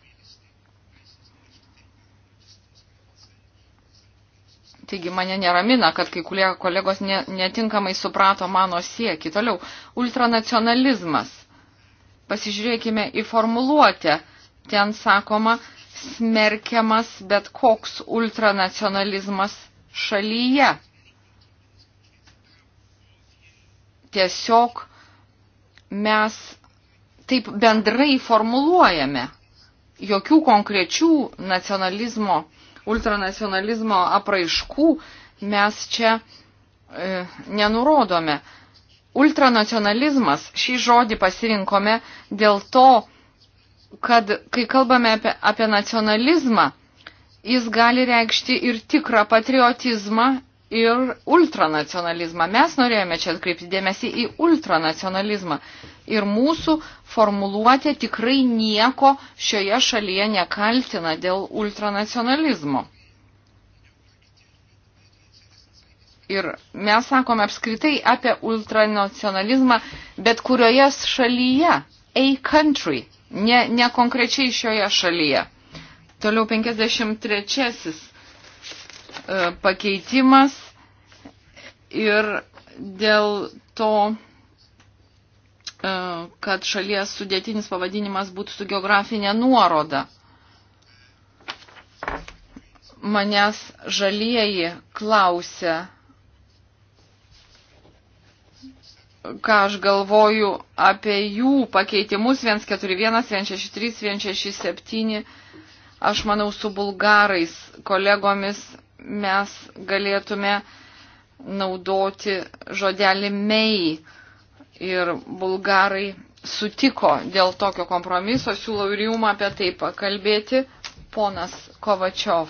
Taigi mane neramina, kad kai kurie kolegos ne, netinkamai suprato mano siekį. Toliau, ultranacionalizmas. Pasižiūrėkime į formuluotę. Ten sakoma, smerkiamas bet koks ultranacionalizmas šalyje. tiesiog mes taip bendrai formuluojame. Jokių konkrečių nacionalizmo, ultranacionalizmo apraiškų mes čia e, nenurodome. Ultranacionalizmas, šį žodį pasirinkome dėl to, kad kai kalbame apie, apie nacionalizmą, jis gali reikšti ir tikrą patriotizmą, ir ultranacionalizmą. Mes norėjome čia atkreipti dėmesį į ultranacionalizmą. Ir mūsų formuluotė tikrai nieko šioje šalyje nekaltina dėl ultranacionalizmo. Ir mes sakome apskritai apie ultranacionalizmą bet kurioje šalyje, a country, ne, ne konkrečiai šioje šalyje. Toliau 53 E, pakeitimas ir dėl to, e, kad šalies sudėtinis pavadinimas būtų su geografinė nuoroda. Manęs žalieji klausia, ką aš galvoju apie jų pakeitimus 141, 163, 167. Aš manau, su bulgarais kolegomis mes galėtume naudoti žodelį mei. Ir bulgarai sutiko dėl tokio kompromiso, siūlau ir jum apie tai pakalbėti, ponas Kovačiov.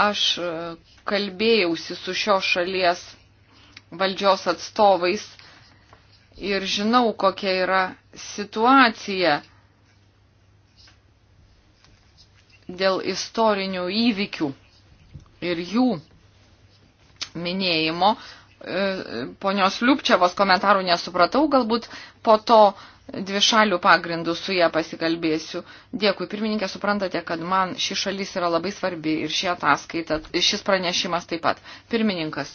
Aš kalbėjausi su šios šalies valdžios atstovais ir žinau, kokia yra situacija dėl istorinių įvykių ir jų minėjimo. E, ponios Liupčiavos komentarų nesupratau, galbūt po to dvišalių pagrindų su ją pasikalbėsiu. Dėkui, pirmininkė, suprantate, kad man ši šalis yra labai svarbi ir ši ataskaita, šis pranešimas taip pat. Pirmininkas,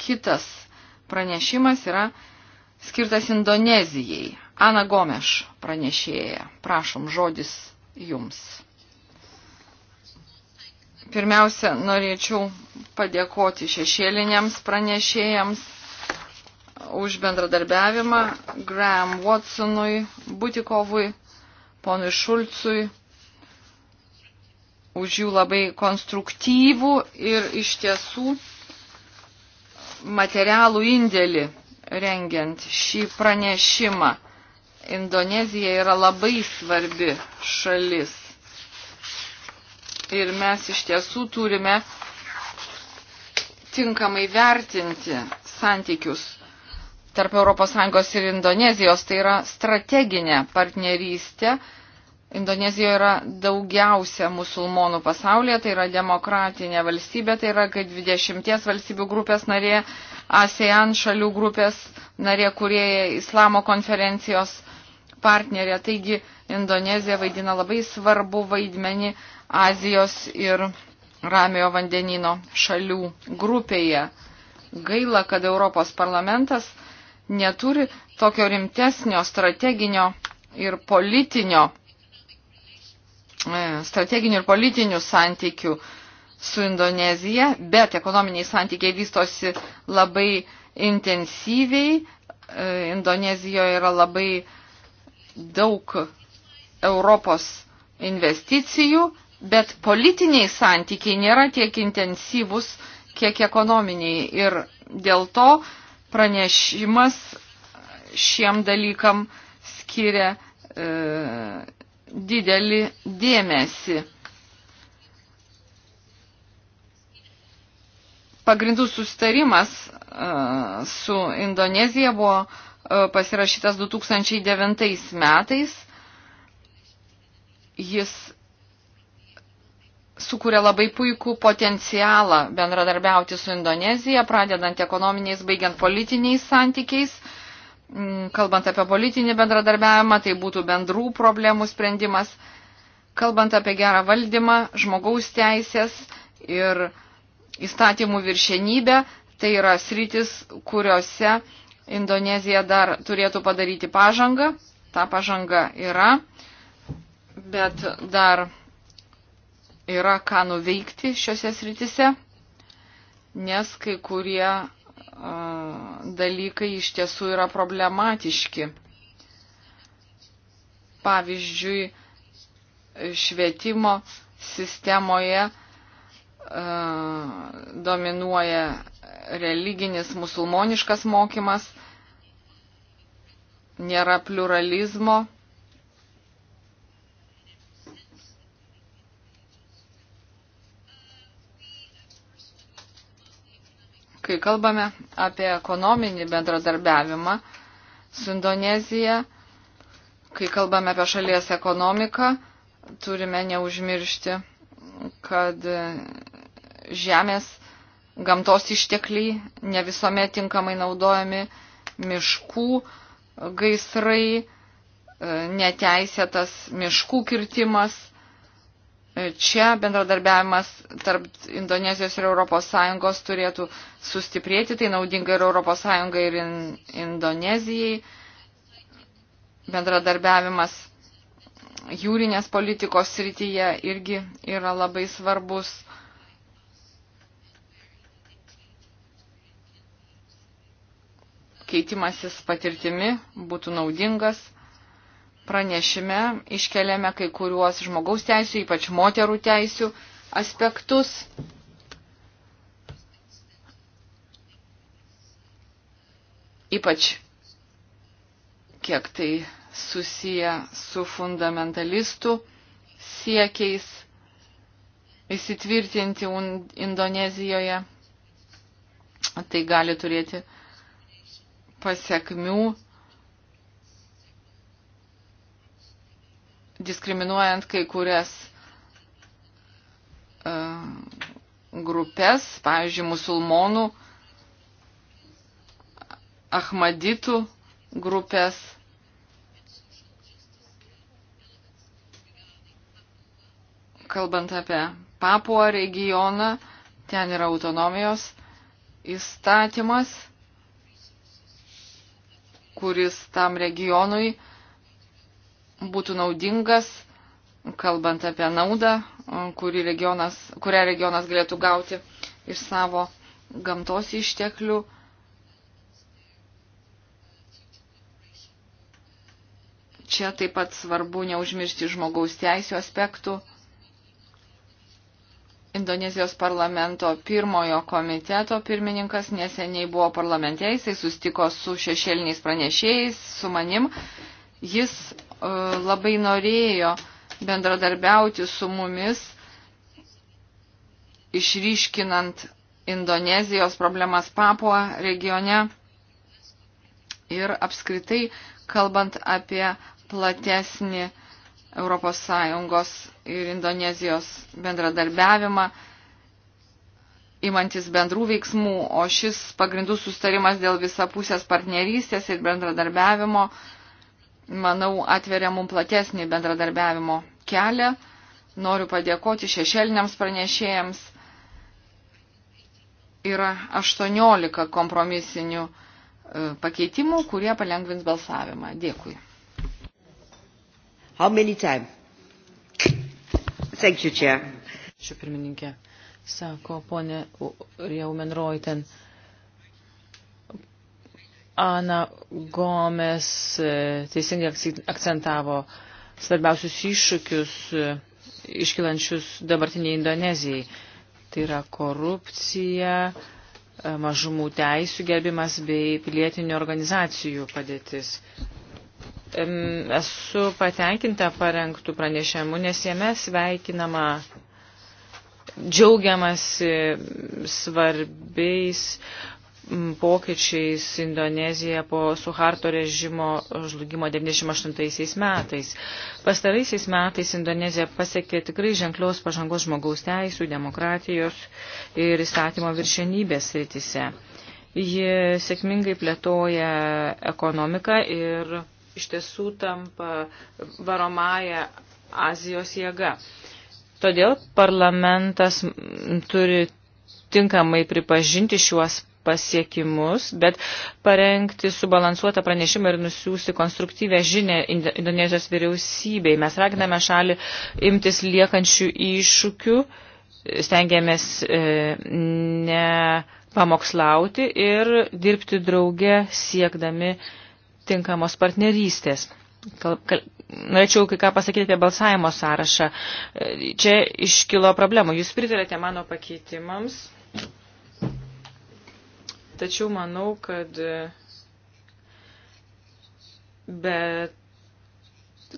kitas pranešimas yra skirtas Indonezijai. Ana Gomeš pranešėja. Prašom, žodis jums. Pirmiausia, norėčiau padėkoti šešėliniams pranešėjams už bendradarbiavimą Graham Watsonui, Butikovui, ponui Šulcui, už jų labai konstruktyvų ir iš tiesų materialų indėlį rengiant šį pranešimą. Indonezija yra labai svarbi šalis ir mes iš tiesų turime tinkamai vertinti santykius tarp ES ir Indonezijos. Tai yra strateginė partnerystė. Indonezijoje yra daugiausia musulmonų pasaulyje, tai yra demokratinė valstybė, tai yra kaip 20 valstybių grupės narė, ASEAN šalių grupės narė, kurie Islamo konferencijos partnerė. Taigi Indonezija vaidina labai svarbu vaidmenį Azijos ir Ramiojo vandenino šalių grupėje. Gaila, kad Europos parlamentas neturi tokio rimtesnio strateginio ir politinio e, strateginių ir politinių santykių su Indonezija, bet ekonominiai santykiai vystosi labai intensyviai. E, Indonezijoje yra labai daug Europos investicijų, bet politiniai santykiai nėra tiek intensyvus, kiek ekonominiai. Ir dėl to pranešimas šiem dalykam skiria e, didelį dėmesį. Pagrindų sustarimas e, su Indonezija buvo E, pasirašytas 2009 metais. Jis sukuria labai puikų potencialą bendradarbiauti su Indonezija, pradedant ekonominiais, baigiant politiniais santykiais. Mm, kalbant apie politinį bendradarbiavimą, tai būtų bendrų problemų sprendimas. Kalbant apie gerą valdymą, žmogaus teisės ir įstatymų viršenybę, tai yra sritis, kuriuose uh, Indonezija dar turėtų padaryti pažangą, ta pažanga yra, bet dar yra ką nuveikti šiuose sritise, nes kai kurie uh, dalykai iš tiesų yra problematiški. Pavyzdžiui, švietimo sistemoje uh, dominuoja religinis musulmoniškas mokymas, nėra pluralizmo. Kai kalbame apie ekonominį bendradarbiavimą su Indonezija, kai kalbame apie šalies ekonomiką, turime neužmiršti, kad žemės gamtos ištekliai ne visuomet tinkamai naudojami, miškų gaisrai, e, neteisėtas miškų kirtimas. E, čia bendradarbiavimas tarp Indonezijos ir ES turėtų sustiprėti, tai naudinga ir ES ir in, Indonezijai. Bendradarbiavimas jūrinės politikos srityje irgi yra labai svarbus keitimasis patirtimi būtų naudingas. Pranešime iškeliame kai kuriuos žmogaus teisų, ypač moterų teisų aspektus. Ypač kiek tai susiję su fundamentalistų siekiais įsitvirtinti Indonezijoje. Tai gali turėti pasiekmių diskriminuojant kai kurias e, grupės, pavyzdžiui, musulmonų, ahmaditų grupės. Kalbant apie Papuo regioną, ten yra autonomijos įstatymas kuris tam regionui būtų naudingas, kalbant apie naudą, regionas, kurią regionas galėtų gauti iš savo gamtos išteklių. Čia taip pat svarbu neužmiršti žmogaus teisų aspektų. Indonezijos parlamento pirmojo komiteto pirmininkas neseniai buvo parlamente, jisai sustiko su šešėliniais pranešėjais, su manim. Jis uh, labai norėjo bendradarbiauti su mumis, išryškinant Indonezijos problemas Papua regione ir apskritai kalbant apie platesnį uh, ES ir Indonezijos bendradarbiavimą, imantis bendrų veiksmų, o šis pagrindų sustarimas dėl visapusės partnerystės ir bendradarbiavimo, manau, atveria mums platesnį bendradarbiavimo kelią. Noriu padėkoti šešėliniams pranešėjams. Yra 18 kompromisinių e, pakeitimų, kurie palengvins balsavimą. Dėkui. How many times? Thank you, Chair. Ačiū pirmininkė. Sako ponė Riaumen Reuten. Ana Gomes e, teisingai akcentavo svarbiausius iššūkius e, iškilančius dabartiniai Indonezijai. Tai yra korupcija, e, mažumų teisų gerbimas bei pilietinių organizacijų padėtis esu patenkinta parengtų pranešimų, nes jame sveikinama džiaugiamasi svarbiais pokyčiais Indonezija po Suharto režimo žlugimo 98 metais. Pastaraisiais metais Indonezija pasiekė tikrai ženklios pažangos žmogaus teisų, demokratijos ir įstatymo viršenybės rytise. Ji sėkmingai plėtoja ekonomiką ir iš tiesų tampa varomąją Azijos jėga. Todėl parlamentas turi tinkamai pripažinti šiuos pasiekimus, bet parengti subalansuotą pranešimą ir nusiųsti konstruktyvę žinę Indonezijos vyriausybei. Mes raginame šalį imtis liekančių iššūkių, stengiamės e, ne pamokslauti ir dirbti drauge siekdami tinkamos partnerystės. Kal, kal, norėčiau kai ką pasakyti apie balsavimo sąrašą. Čia iškilo problemų. Jūs pritarėte mano pakeitimams, tačiau manau, kad bet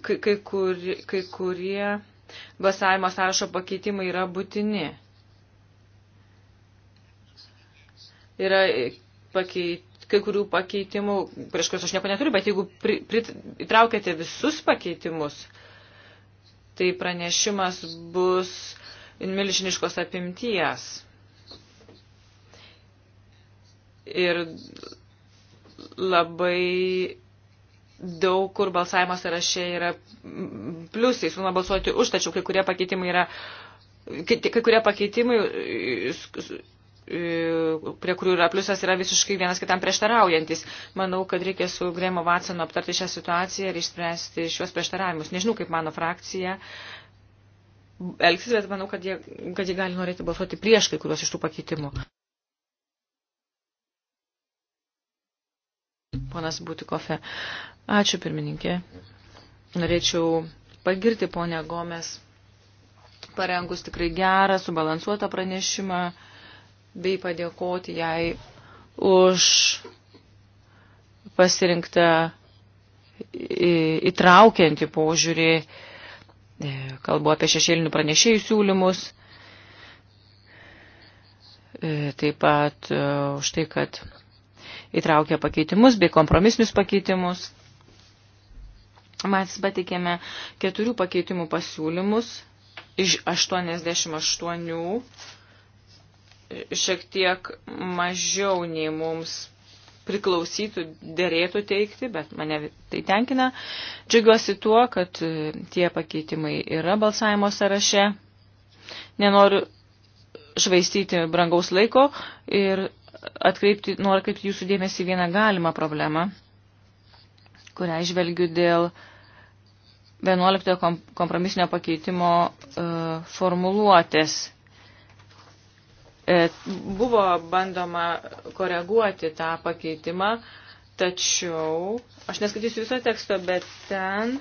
kai, kai, kur, kai kurie balsavimo sąrašo pakeitimai yra būtini. Yra e, pakeit kai kurių pakeitimų, prieš kuriuos aš nieko neturiu, bet jeigu pri, pri, įtraukėte visus pakeitimus, tai pranešimas bus milžiniškos apimties. Ir labai daug kur balsavimo sąraše yra pliusai, siūloma balsuoti už, tačiau kai kurie pakeitimai yra, kai, kai kurie pakeitimai E, prie kurių yra pliusas, yra visiškai vienas kitam prieštaraujantis. Manau, kad reikia su Grėmo Vatsonu aptarti šią situaciją ir išspręsti šios prieštaravimus. Nežinau, kaip mano frakcija elgsis, bet manau, kad jie, kad jie gali norėti balsuoti prieš kai kuriuos iš tų pakeitimų. Ponas Būtikofe. Ačiū, pirmininkė. Norėčiau pagirti ponę Gomes parengus tikrai gerą, subalansuotą pranešimą bei padėkoti jai už pasirinktą įtraukiantį požiūrį, e, kalbu apie šešėlinių pranešėjų siūlymus, e, taip pat e, už tai, kad įtraukia pakeitimus bei kompromisinius pakeitimus. Mes pateikėme keturių pakeitimų pasiūlymus iš 88 šiek tiek mažiau nei mums priklausytų, dėrėtų teikti, bet mane tai tenkina. Džiugiuosi tuo, kad e, tie pakeitimai yra balsavimo sąraše. Nenoriu švaistyti brangaus laiko ir atkreipti, noriu atkreipti jūsų dėmesį vieną galimą problemą, kurią išvelgiu dėl 11 kompromisinio pakeitimo uh, formuluotės E, buvo bandoma koreguoti tą pakeitimą, tačiau, aš neskaitysiu viso teksto, bet ten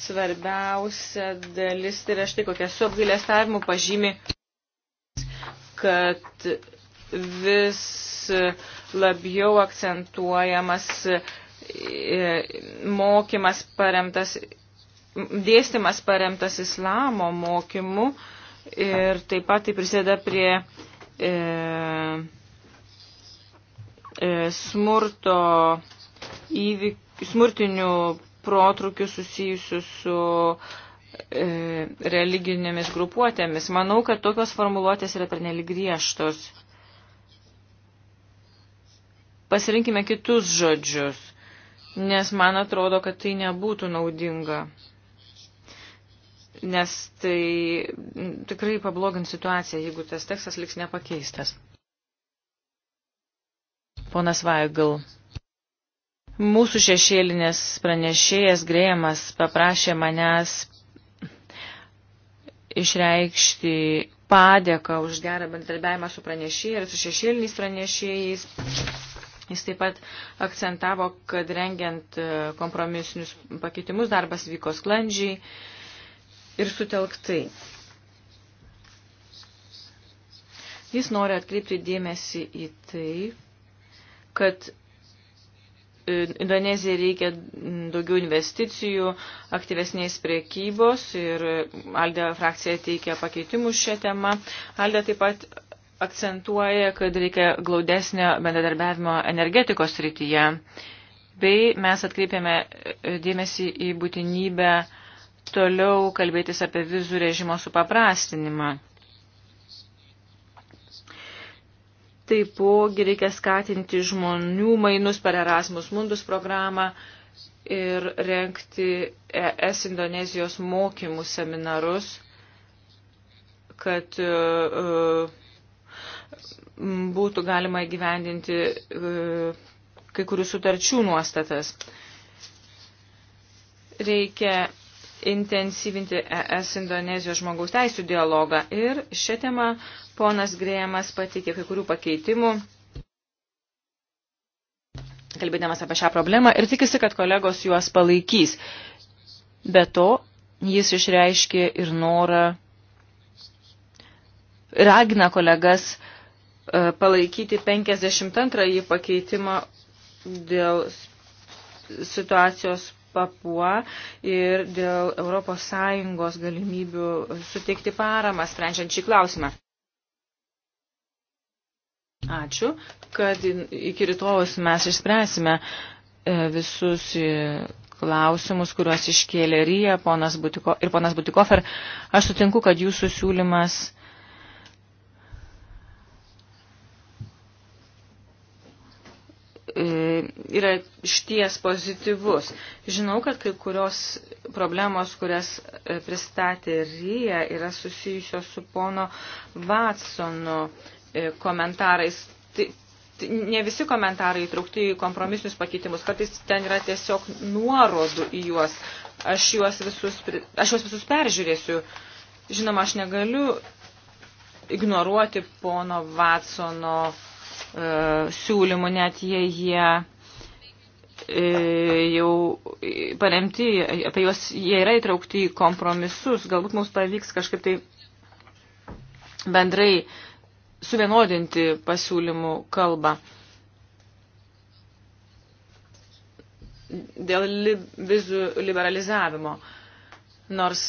svarbiausia dalis tai yra štai kokia su apgailestavimu pažymi, kad vis labiau akcentuojamas e, mokymas paremtas, dėstymas paremtas islamo mokymu ir taip pat tai prisėda prie e, e, smurto įvykių, smurtinių protrukių susijusių su e, religinėmis grupuotėmis. Manau, kad tokios formuluotės yra pernelyg griežtos. Pasirinkime kitus žodžius, nes man atrodo, kad tai nebūtų naudinga nes tai tikrai pablogins situaciją, jeigu tas tekstas liks nepakeistas. Ponas Vaigal. Mūsų šešėlinės pranešėjas Grėjamas paprašė manęs išreikšti padėką už gerą bendradarbiavimą su pranešėjai ir su šešėliniais pranešėjais. Jis taip pat akcentavo, kad rengiant kompromisinius pakeitimus darbas vyko sklandžiai ir sutelktai. Jis nori atkreipti dėmesį į tai, kad e, Indonezijai reikia daugiau investicijų, aktyvesnės priekybos ir Aldė frakcija teikia pakeitimus šią temą. Aldė taip pat akcentuoja, kad reikia glaudesnio bendradarbiavimo energetikos rytyje. Bei mes atkreipiame e, dėmesį į būtinybę uh, toliau kalbėtis apie vizų režimo supaprastinimą. Taipogi reikia skatinti žmonių mainus per Erasmus Mundus programą ir renkti ES Indonezijos mokymų seminarus, kad e, e, būtų galima įgyvendinti e, kai kurių sutarčių nuostatas. Reikia intensyvinti ES Indonezijos žmogaus teisų dialogą. Ir šią temą ponas Grėjamas patikė kai kurių pakeitimų, kalbėdamas apie šią problemą ir tikisi, kad kolegos juos palaikys. Be to, jis išreiškė ir norą, ragina kolegas e, palaikyti 52 pakeitimą dėl situacijos Papua ir dėl ES galimybių suteikti paramą sprendžiant šį klausimą. Ačiū, kad iki rytojus mes išspręsime e, visus e, klausimus, kuriuos iškėlė Rija ponas Butiko, ir ponas Butikofer. Aš sutinku, kad jūsų siūlymas E, yra šties pozityvus. Žinau, kad kai kurios problemos, kurias e, pristatė Ryja, yra susijusios su pono Vatsono e, komentarais. Tai, tai ne visi komentarai įtraukti į kompromisinius pakeitimus, kartais ten yra tiesiog nuorodų į juos. Aš juos visus, aš juos visus peržiūrėsiu. Žinoma, aš negaliu ignoruoti pono Vatsono uh, E, siūlymų, net jei jie e, jau paremti, apie juos jie yra įtraukti į kompromisus. Galbūt mums pavyks kažkaip tai bendrai suvienodinti pasiūlymų kalbą. Dėl li vizų liberalizavimo, nors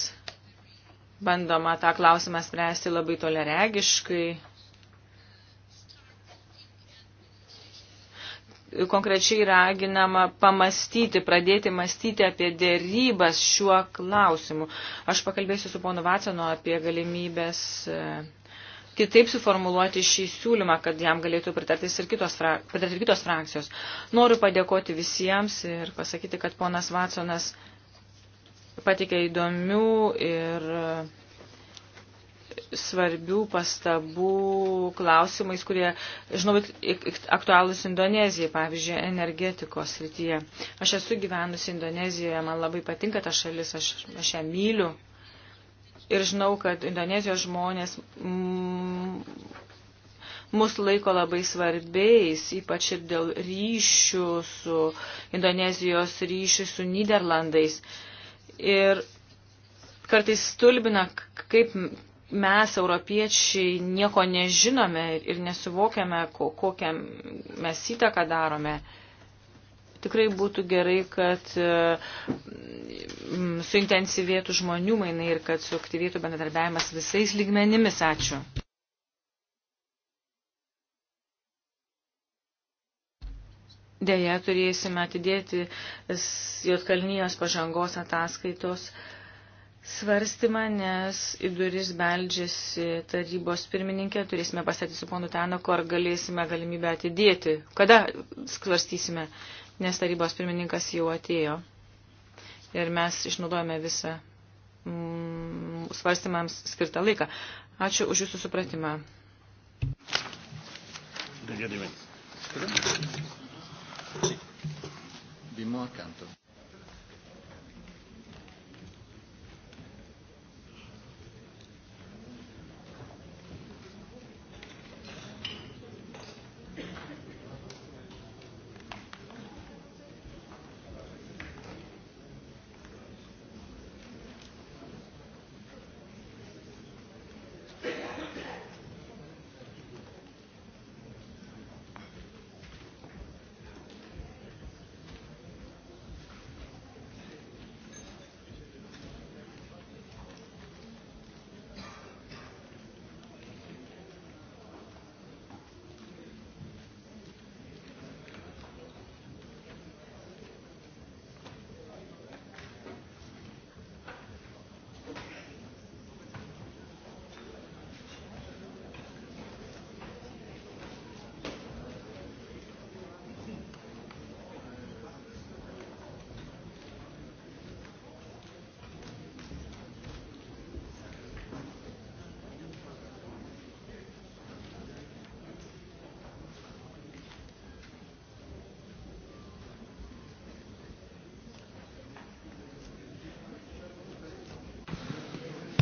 bandoma tą klausimą spręsti labai toleregiškai, konkrečiai raginama pamastyti, pradėti mąstyti apie dėrybas šiuo klausimu. Aš pakalbėsiu su ponu Vacino apie galimybės e, kitaip suformuluoti šį siūlymą, kad jam galėtų pritarti ir kitos, pritarti ir kitos frakcijos. Noriu padėkoti visiems ir pasakyti, kad ponas Vaconas patikė įdomių ir svarbių pastabų klausimais, kurie, žinau, aktualūs Indonezijai, pavyzdžiui, energetikos srityje. Aš esu gyvenusi Indonezijoje, man labai patinka ta šalis, aš, aš ją myliu. Ir žinau, kad Indonezijos žmonės mm, mus laiko labai svarbiais, ypač ir dėl ryšių su Indonezijos ryšių su Niderlandais. Ir kartais stulbina, kaip mes, europiečiai, nieko nežinome ir nesuvokiame, kokią mes įtaką darome. Tikrai būtų gerai, kad mm, suintensyvėtų žmonių mainai ir kad suaktyvėtų bendradarbiavimas visais lygmenimis. Ačiū. Deja, turėsime atidėti Jotkalnyjos pažangos ataskaitos svarstymą, nes į duris beldžiasi tarybos pirmininkė, turėsime pasakyti su ponu Tenoku, ar galėsime galimybę atidėti, kada svarstysime, nes tarybos pirmininkas jau atėjo. Ir mes išnaudojame visą mm, svarstymams skirtą laiką. Ačiū už jūsų supratimą. Di mo accanto.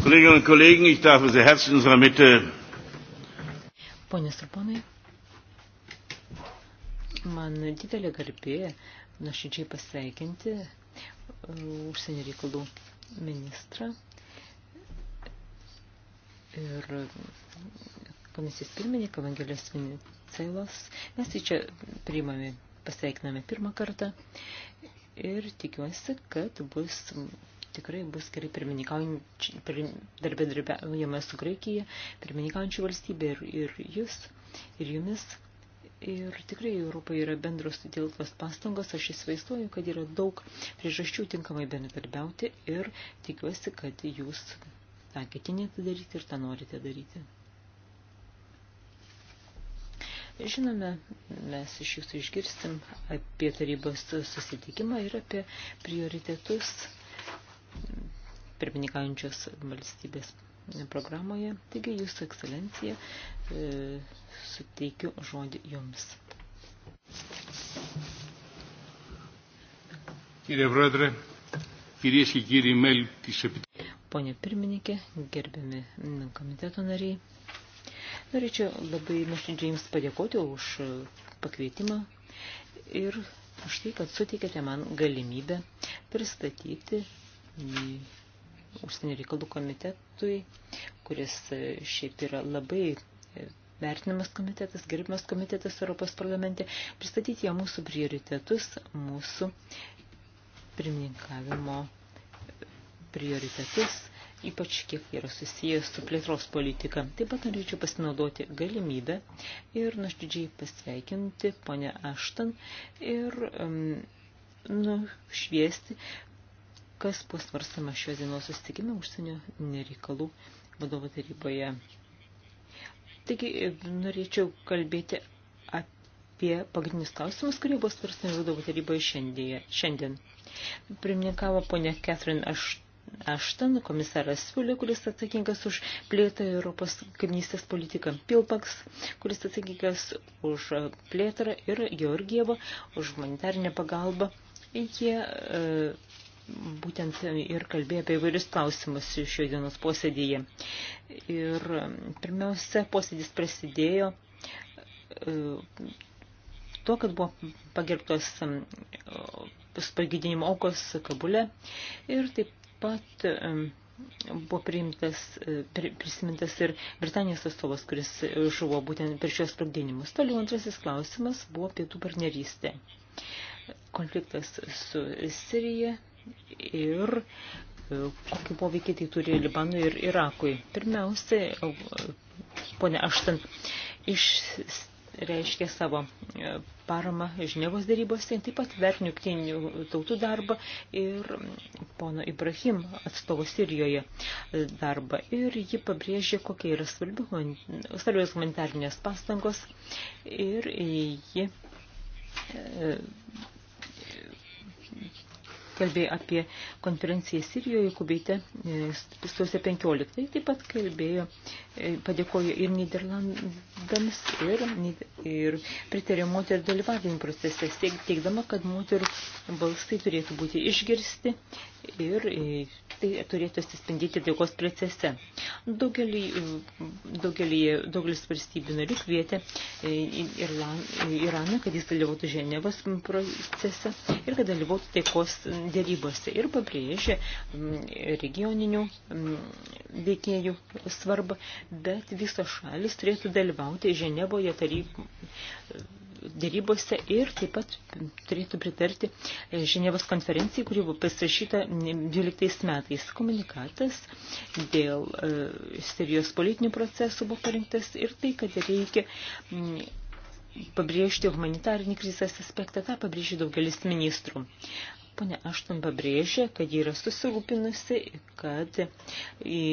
Kolleginnen und Kollegen, ich darf Sie herzlich in unserer Mitte. Ponios ir ponai, man didelė garbė nuoširdžiai pasveikinti uh, užsienio reikalų ministrą ir komisijos pirmininką Evangelijos Vinicailos. Mes jį čia priimame, pasveikiname pirmą kartą ir tikiuosi, kad bus tikrai bus gerai darbedarbiaujama su Graikija, pirmininkaujančių valstybė ir, ir jūs, ir jumis. Ir tikrai Europoje yra bendros sudėltos pastangos, aš įsivaizduoju, kad yra daug priežasčių tinkamai bendradarbiauti ir tikiuosi, kad jūs tą ketinėte daryti ir tą norite daryti. Žinome, mes iš jūsų išgirstim apie tarybos susitikimą ir apie prioritetus pirmininkaujančios valstybės programoje. Taigi, Jūsų ekscelencija, e, suteikiu žodį Jums. Pone pirmininkė, gerbiami komiteto nariai, norėčiau labai nuoširdžiai Jums padėkoti už pakvietimą ir už tai, kad suteikėte man galimybę pristatyti užsienio reikalų komitetui, kuris e, šiaip yra labai e, vertinamas komitetas, gerbimas komitetas Europos parlamente, pristatyti jie mūsų prioritetus, mūsų pirmininkavimo prioritetus, ypač kiek yra susijęs su plėtros politika. Taip pat norėčiau pasinaudoti galimybę ir nuoširdžiai pasveikinti ponę Aštan ir um, nušviesti, kas bus svarstama šios dienos susitikime užsienio nereikalų vadovo taryboje. Taigi, norėčiau kalbėti apie pagrindinius klausimus, kurie buvo svarstami vadovo taryboje šiandien. Pirmininkavo ponia Catherine Ashton. Ašten, komisaras Siūlė, kuris atsakingas už plėtą Europos kaimynystės politiką, Pilpaks, kuris atsakingas už plėtrą ir Georgieva už humanitarinę pagalbą. Jie e, būtent ir kalbėjo apie įvairius klausimus šio dienos posėdėje. Ir um, pirmiausia, posėdis prasidėjo uh, tuo, kad buvo pagerbtos um, spagydinimo aukos Kabule ir taip pat um, buvo priimtas, uh, prisimintas ir Britanijos atstovas, kuris žuvo būtent per šios sprogdinimus. Toliau antrasis klausimas buvo pietų partnerystė. Konfliktas su Sirija ir e, kokį poveikį tai turi Libanui ir Irakui. Pirmiausia, ponė Aštan išreiškė savo e, paramą Žinevos darybose, taip pat vertinių knyginių tautų darbą ir pono Ibrahim atstovo Sirijoje darbą. Ir ji pabrėžė, kokie yra svarbios humanitarinės pastangos ir ji e, kalbėjo apie konferenciją Sirijoje, Kubeite, e, sausio 15. Taip pat kalbėjo, e, padėkojo ir Niderlandams, ir, ir pritarė moterų dalyvavimų procese, teikdama, kad moterų balsai turėtų būti išgirsti ir e, tai turėtų atsispindėti taikos procese. Daugelį, e, daugelį, daugelis valstybių narių kvietė e, Iraną, kad jis dalyvautų Ženevos procese ir kad dalyvautų taikos dėrybose ir pabrėžė regioninių veikėjų svarbą, bet visos šalis turėtų dalyvauti Ženevoje taryb, dėrybose ir taip pat turėtų pritarti e, Ženevos konferencijai, kuri buvo pasirašyta 12 metais. Komunikatas dėl e, Sirijos politinių procesų buvo parinktas ir tai, kad reikia pabrėžti humanitarinį krizės aspektą, tą pabrėžė daugelis ministrų. Pone Ašton pabrėžė, kad ji yra susirūpinusi, kad į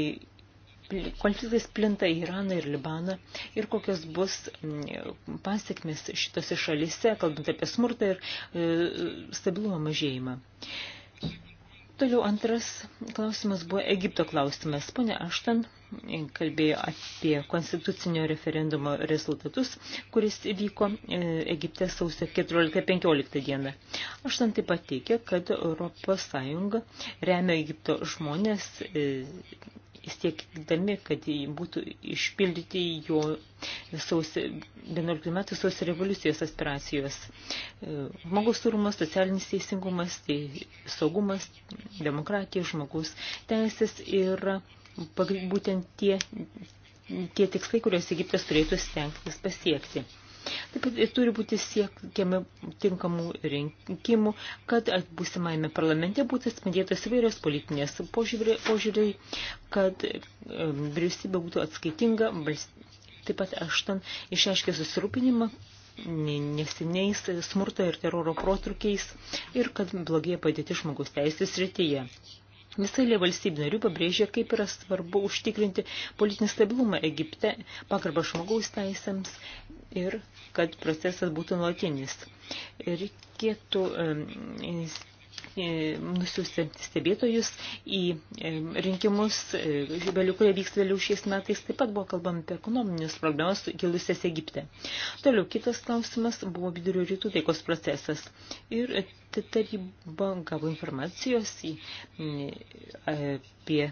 konfliktais plinta į Iraną ir Libaną ir kokios bus mm, pasiekmes šitose šalise, kalbant apie smurtą ir e, stabilumo mažėjimą. Toliau antras klausimas buvo Egipto klausimas. Pone Aštan e, kalbėjo apie konstitucinio referendumo rezultatus, kuris vyko e, Egipte sausio 14-15 dieną. Aštan taip pat teikia, kad Europos Sąjunga remia Egipto žmonės siekdami, kad būtų išpildyti jo sausio, 11 metų sausio revoliucijos aspiracijos. E, žmogaus turumas, socialinis teisingumas, tai saugumas, demokratija, žmogus teisės ir būtent tie, tie tikslai, kuriuos Egiptas turėtų stengtis pasiekti. Taip pat turi būti siekiami tinkamų rinkimų, kad būsimajame parlamente būtų atspindėtos įvairios politinės požiūriai, kad vyriausybė būtų atskaitinga. Taip pat aš ten išreiškė susirūpinimą nesiniais smurto ir teroro protrukiais ir kad blogėja padėti žmogus teisės rytyje. Visai lė valstybių narių pabrėžė, kaip yra svarbu užtikrinti politinį stabilumą Egipte, pagarbą žmogaus teisėms ir kad procesas būtų nuolatinis. Reikėtų nusiųsti stebėtojus į rinkimus, vėliau, e, kurie vyks vėliau šiais metais, taip pat buvo kalbama apie ekonominius problemas kilusias Egipte. Toliau kitas klausimas buvo vidurio rytų taikos procesas. Ir taryba gavo informacijos į, e, apie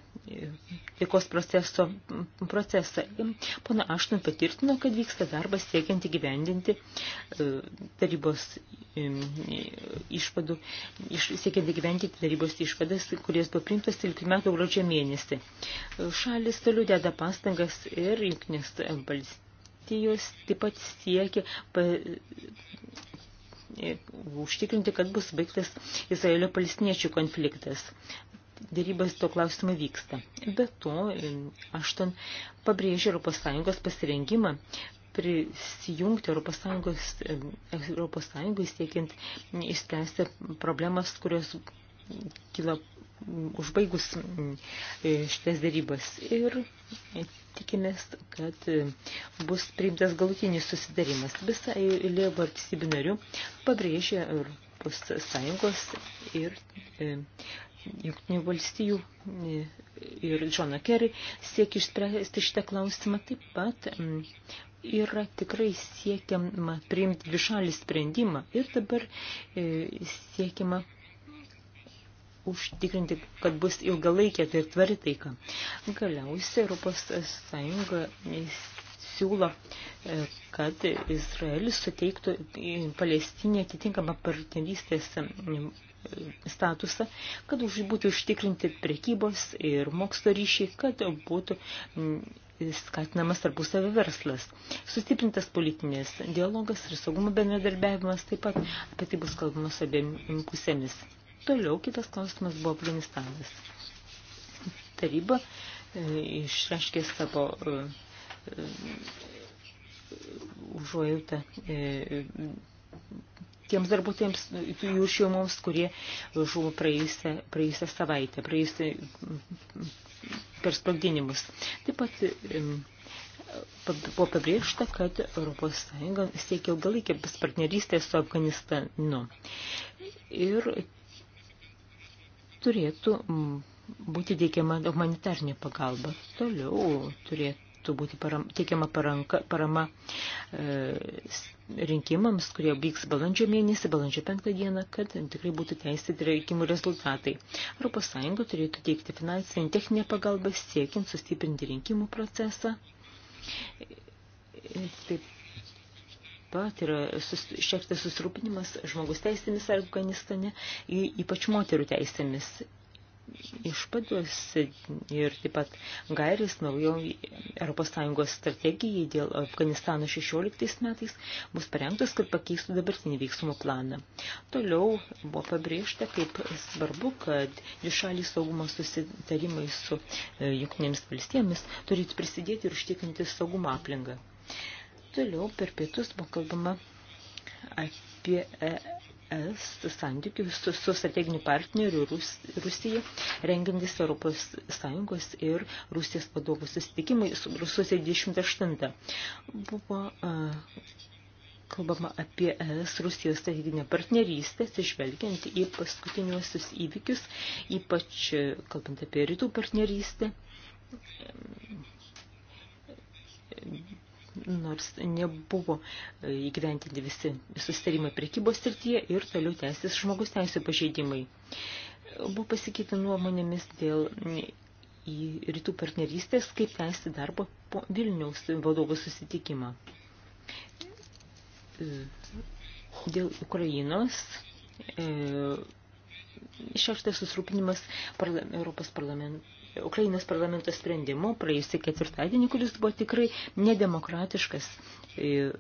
taikos proceso procesą. Pana Aštun patvirtino, kad vyksta darbas siekiant įgyvendinti e, tarybos išvadų, iš, siekiant įgyvendinti tarybos išvadas, kurios buvo priimtas 13 metų gruodžio mėnesį. Šalis toliau deda pastangas ir jungtinės valstijos taip pat siekia pa, e, užtikrinti, kad bus baigtas Izraelio palestiniečių konfliktas dėrybas to klausimą vyksta. Be to, Ašton pabrėžė Europos Sąjungos pasirengimą prisijungti Europos Sąjungos, Europos Sąjungos siekiant išspręsti problemas, kurios kyla užbaigus šitas darybas. Ir tikimės, kad bus priimtas galutinis susidarimas. Visa eilė valstybių narių pabrėžė Europos Sąjungos ir e, Junktinių valstijų e, ir Džono Kerry siekia išspręsti šitą klausimą taip pat mm, yra tikrai siekiama priimti dvišalį sprendimą ir dabar e, siekiama užtikrinti, kad bus ilgalaikė tai tvari taika. Galiausiai Europos Sąjunga e, siūlo, kad Izraelis suteiktų Palestinė atitinkamą partnerystės statusą, kad būtų užtikrinti prekybos ir mokslo ryšiai, kad būtų mm, skatinamas tarpusavio verslas. Sustiprintas politinės dialogas ir saugumo bendradarbiavimas taip pat apie tai bus kalbama su abiem pusėmis. Toliau kitas klausimas buvo Afganistanas. Taryba e, išreiškė savo e, e, užuojautą e, tiems darbuotojams, jų šeimoms, kurie žuvo praėjusią, praėjusią savaitę, praėjusią mm, per sprogdinimus. Taip pat buvo pabrėžta, kad ES siekia ilgalaikės partnerystės su Afganistanu ir turėtų mm, būti teikiama humanitarnė pagalba. Toliau turėtų būti param, teikiama paranka, parama e, rinkimams, kurie vyks balandžio mėnesį, balandžio penktą dieną, kad tikrai būtų teisėti rinkimų rezultatai. Europos Sąjunga turėtų teikti finansinį techninę pagalbą siekiant sustiprinti rinkimų procesą. Taip pat yra sus, šiek tiek susirūpinimas žmogus teisėmis Afganistane, ypač moterų teisėmis išvados ir taip pat gairės naujo ES strategijai dėl Afganistano 16 metais bus parengtos, kad pakeistų dabartinį veiksmų planą. Toliau buvo pabrėžta, kaip svarbu, kad dvišaliai saugumo susitarimai su e, jungtinėmis valstybėmis turėtų prisidėti ir užtikrinti saugumo aplinką. Toliau per pietus buvo kalbama apie e, ES santykių su, su strateginiu partneriu Rus, Rusija, rengintis Europos Sąjungos ir Rusijos vadovų susitikimai su Rusija 28. Buvo uh, kalbama apie ES Rusijos strateginę partnerystę, atsižvelgiant į paskutiniuosius įvykius, ypač kalbant apie rytų partnerystę. Um, nors nebuvo e, įgyventinti visi susitarimai prekybos srityje ir toliau tęsis žmogus teisų pažeidimai. Buvo pasikeita nuomonėmis dėl į rytų partnerystės, kaip tęsti darbo po Vilniaus vadovų susitikimą. E, dėl Ukrainos e, šeštas susirūpinimas parla, Europos parlamento Ukrainos parlamento sprendimu praėjusį ketvirtadienį, kuris buvo tikrai nedemokratiškas, e,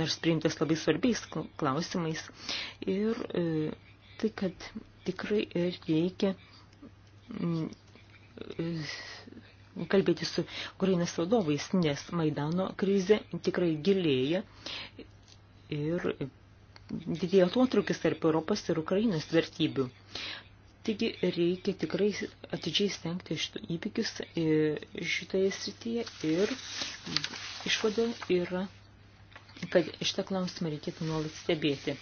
nors priimtas labai svarbiais klausimais. Ir e, tai, kad tikrai reikia e, kalbėti su Ukrainos vadovais, nes Maidano krizė tikrai gilėja ir didėja atotrukis tarp Europos ir Ukrainos vertybių. Taigi reikia tikrai atidžiai stengti šitų įvykius e, šitoje srityje ir išvada yra, kad šitą klausimą reikėtų nuolat stebėti.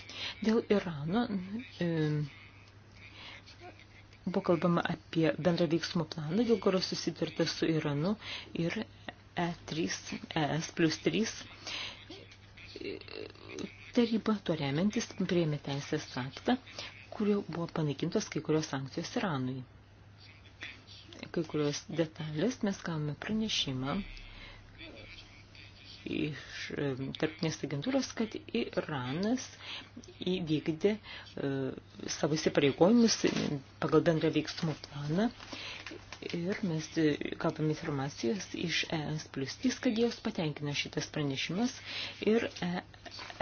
Dėl Irano e, buvo kalbama apie bendrą veiksmų planą, dėl kurio susitarta su Iranu ir E3, ES plus 3 e, taryba tuo remiantis priėmė teisės aktą, kurio buvo panaikintos kai kurios sankcijos Iranui. Kai kurios detalės mes gavome pranešimą iš tarptinės agentūros, kad Iranas įvykdė e, savo įsipareigojimus pagal bendrą veiksmų planą ir mes e, gavome informacijos iš ES plus 3, kad jos patenkina šitas pranešimas ir e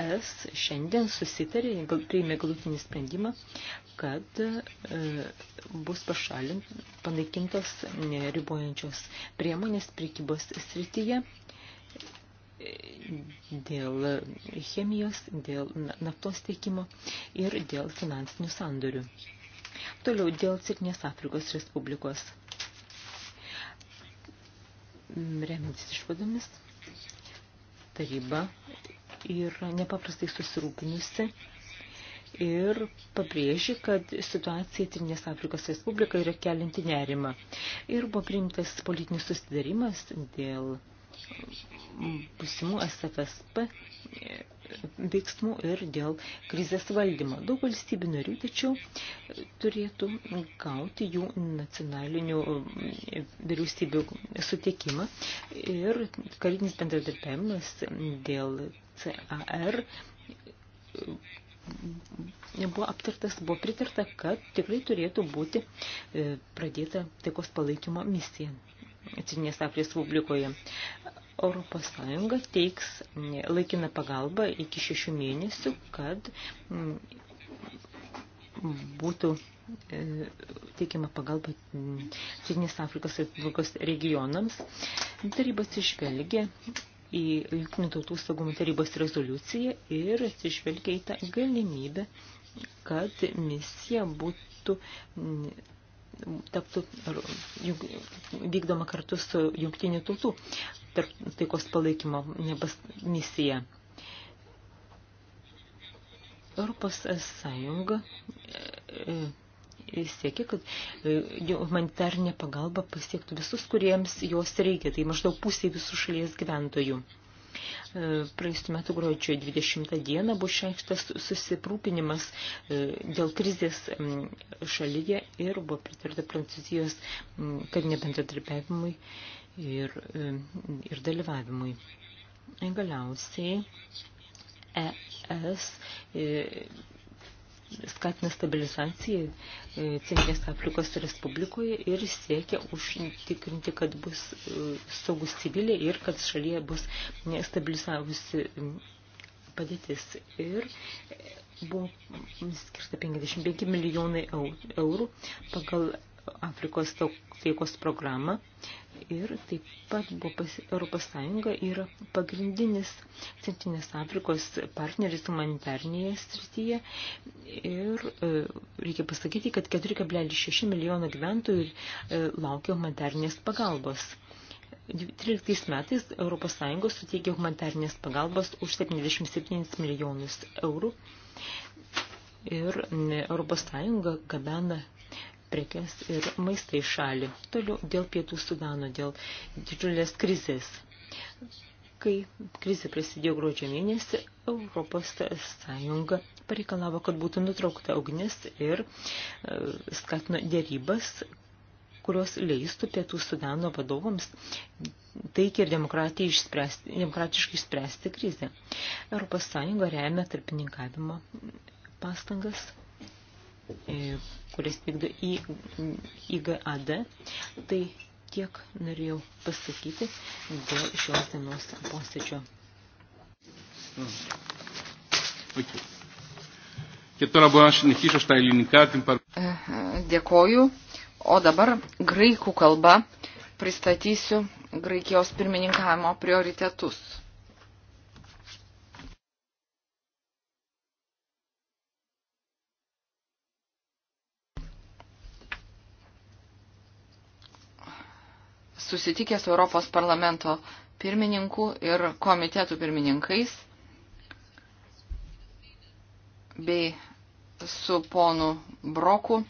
es šiandien susitarė, priėmė galutinį sprendimą, kad e, bus pašalint, panaikintos neribojančios priemonės prekybos srityje dėl chemijos, dėl naftos tiekimo ir dėl finansinių sandorių. Toliau dėl Cirnės Afrikos Respublikos. Mm, Remintis išvadomis, taryba yra nepaprastai susirūpinusi ir pabrėži, kad situacija Trinės Afrikos Respublika yra kelinti nerimą. Ir buvo priimtas politinis susidarimas dėl būsimų SFSP veiksmų ir dėl krizės valdymo. Daug valstybių narių tačiau turėtų gauti jų nacionalinių vyriausybių sutikimą ir karinis bendradarbiavimas dėl CAR buvo aptartas, buvo pritarta, kad tikrai turėtų būti e, pradėta taikos palaikymo misija Citinės Afrikos Respublikoje. Europos Sąjunga teiks laikiną pagalbą iki šešių mėnesių, kad mm, būtų e, teikiama pagalba mm, Citinės Afrikos Respublikos regionams. Darybas išvelgia į Junktinių tautų saugumo tarybos rezoliuciją ir atsižvelgia į tą galimybę, kad misija būtų taptų vykdoma kartu su Junktinių tautų taikos palaikymo misija. Europos Sąjunga e, e, siekia, kad e, humanitarinė pagalba pasiektų visus, kuriems jos reikia, tai maždaug pusė visų šalies gyventojų. E, Praėjusiu metu gruodžio 20 dieną buvo išreikštas susiprūpinimas e, dėl krizės šalyje ir buvo pritarta Prancūzijos karinė bendradarbiavimui ir, ir dalyvavimui. Galiausiai ES skatina stabilizaciją e, Centrinės Afrikos Respublikoje ir siekia užtikrinti, kad bus e, saugus civilė ir kad šalyje bus stabilizavusi padėtis. Ir e, buvo skirta 55 milijonai eurų pagal Afrikos taikos programą ir taip pat buvo pas, Europos Sąjunga yra pagrindinis Centrinės Afrikos partneris humanitarnėje srityje ir e, reikia pasakyti, kad 4,6 milijono gyventojų e, laukia humanitarnės pagalbos. 2013 metais Europos Sąjungos suteikė humanitarnės pagalbos už 77 milijonus eurų ir Europos Sąjunga gabena prekes ir maistą į šalį. Toliau dėl pietų sudano, dėl didžiulės krizės. Kai krizė prasidėjo gruodžio mėnesį, Europos Sąjunga pareikalavo, kad būtų nutraukta ugnis ir e, skatino dėrybas, kurios leistų pietų sudano vadovams taikiai ir išspręsti, demokratiškai išspręsti krizę. Europos Sąjunga remia tarpininkavimo pastangas E, kuris vykdo į, IGAD. Tai tiek norėjau pasakyti dėl šios dienos posėdžio. Dėkoju. O dabar graikų kalba pristatysiu Graikijos pirmininkavimo prioritetus. susitikę su Europos parlamento pirmininku ir komitetų pirmininkais bei su ponu Broku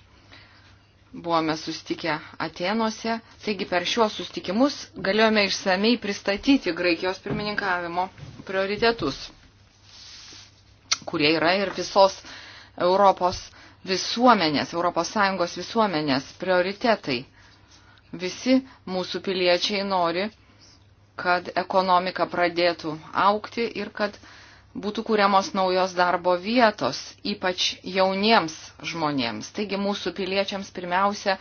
buvome sustikę Atenuose. Taigi per šiuos sustikimus galėjome išsamei pristatyti Graikijos pirmininkavimo prioritetus, kurie yra ir visos Europos visuomenės, ES visuomenės prioritetai. Visi mūsų piliečiai nori, kad ekonomika pradėtų aukti ir kad būtų kūriamos naujos darbo vietos, ypač jauniems žmonėms. Taigi mūsų piliečiams pirmiausia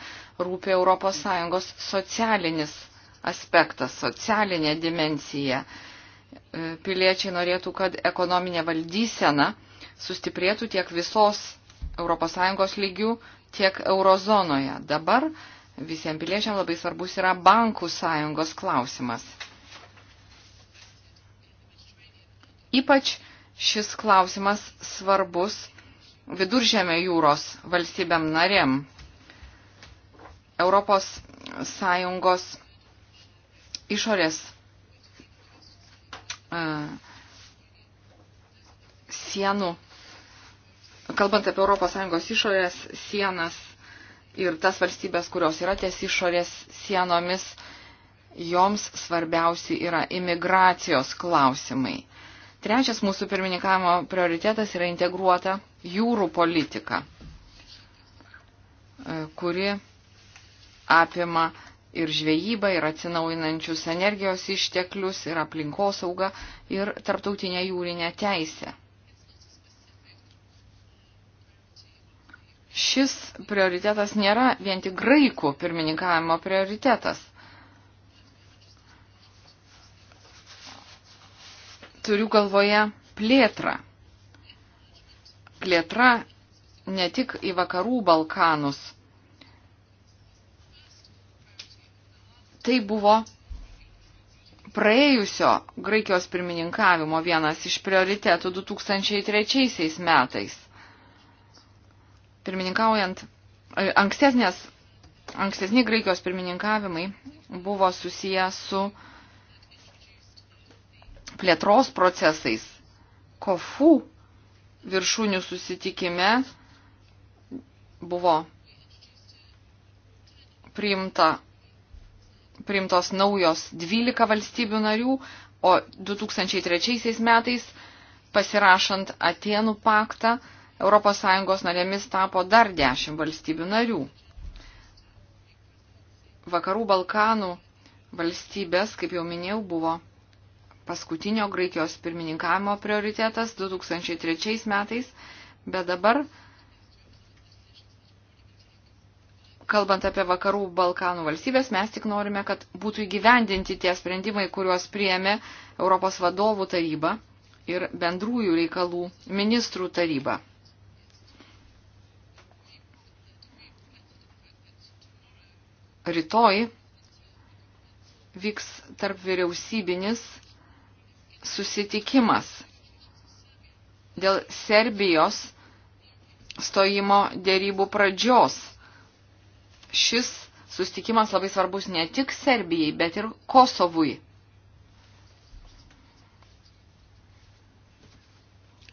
rūpi ES socialinis aspektas, socialinė dimensija. E, piliečiai norėtų, kad ekonominė valdysena sustiprėtų tiek visos ES lygių, tiek eurozonoje. Dabar visiems piliečiam labai svarbus yra bankų sąjungos klausimas. Ypač šis klausimas svarbus viduržėmio jūros valstybėm narėm. Europos sąjungos išorės uh, sienų, kalbant apie Europos sąjungos išorės sienas ir tas valstybės, kurios yra ties išorės sienomis, joms svarbiausi yra imigracijos klausimai. Trečias mūsų pirmininkavimo prioritetas yra integruota jūrų politika, e, kuri apima ir žvejybą, ir atsinaujinančius energijos išteklius, ir aplinkosaugą, ir tarptautinę jūrinę teisę. šis prioritetas nėra vien tik graikų pirmininkavimo prioritetas. Turiu galvoje plėtrą. Plėtra ne tik į vakarų Balkanus. Tai buvo praėjusio Graikijos pirmininkavimo vienas iš prioritetų 2003 metais pirmininkaujant, e, ankstesnės, ankstesni Graikijos pirmininkavimai buvo susiję su plėtros procesais. Kofu viršūnių susitikime buvo priimta, priimtos naujos 12 valstybių narių, o 2003 metais pasirašant Atenų paktą ES narėmis tapo dar dešimt valstybių narių. Vakarų Balkanų valstybės, kaip jau minėjau, buvo paskutinio Graikijos pirmininkavimo prioritetas 2003 metais, bet dabar, kalbant apie vakarų Balkanų valstybės, mes tik norime, kad būtų įgyvendinti tie sprendimai, kuriuos priėmė Europos vadovų taryba ir bendrųjų reikalų ministrų taryba. rytoj vyks tarp vyriausybinis susitikimas dėl Serbijos stojimo dėrybų pradžios. Šis susitikimas labai svarbus ne tik Serbijai, bet ir Kosovui.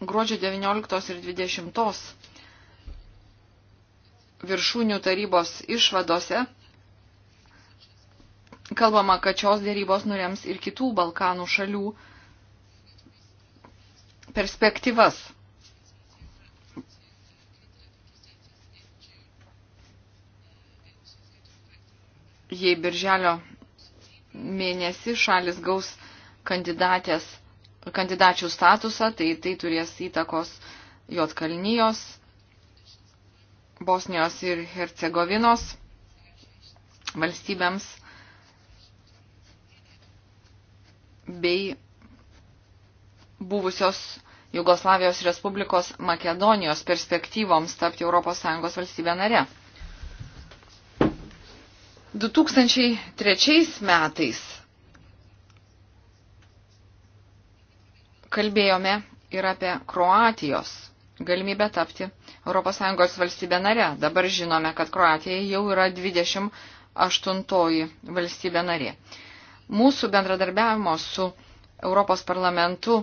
Gruodžio 19 ir 20 viršūnių tarybos išvadose kalbama, kad šios dėrybos nurems ir kitų Balkanų šalių perspektyvas. Jei birželio mėnesį šalis gaus kandidatės, kandidačių statusą, tai tai turės įtakos Jotkalnijos, Bosnijos ir Hercegovinos valstybėms bei buvusios Jugoslavijos Respublikos Makedonijos perspektyvoms tapti ES valstybė nare. 2003 metais kalbėjome ir apie Kroatijos galimybę tapti ES valstybė nare. Dabar žinome, kad Kroatija jau yra 28 valstybė narė mūsų bendradarbiavimo su Europos parlamentu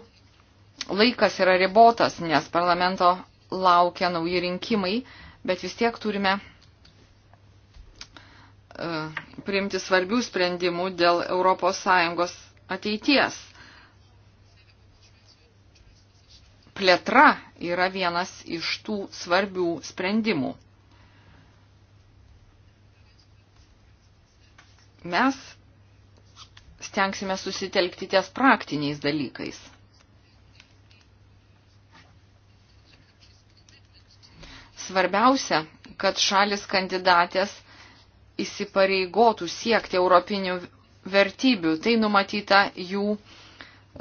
laikas yra ribotas, nes parlamento laukia nauji rinkimai, bet vis tiek turime e, priimti svarbių sprendimų dėl ES ateities. Plėtra yra vienas iš tų svarbių sprendimų. Mes stengsime susitelkti ties praktiniais dalykais. Svarbiausia, kad šalis kandidatės įsipareigotų siekti europinių vertybių. Tai numatyta jų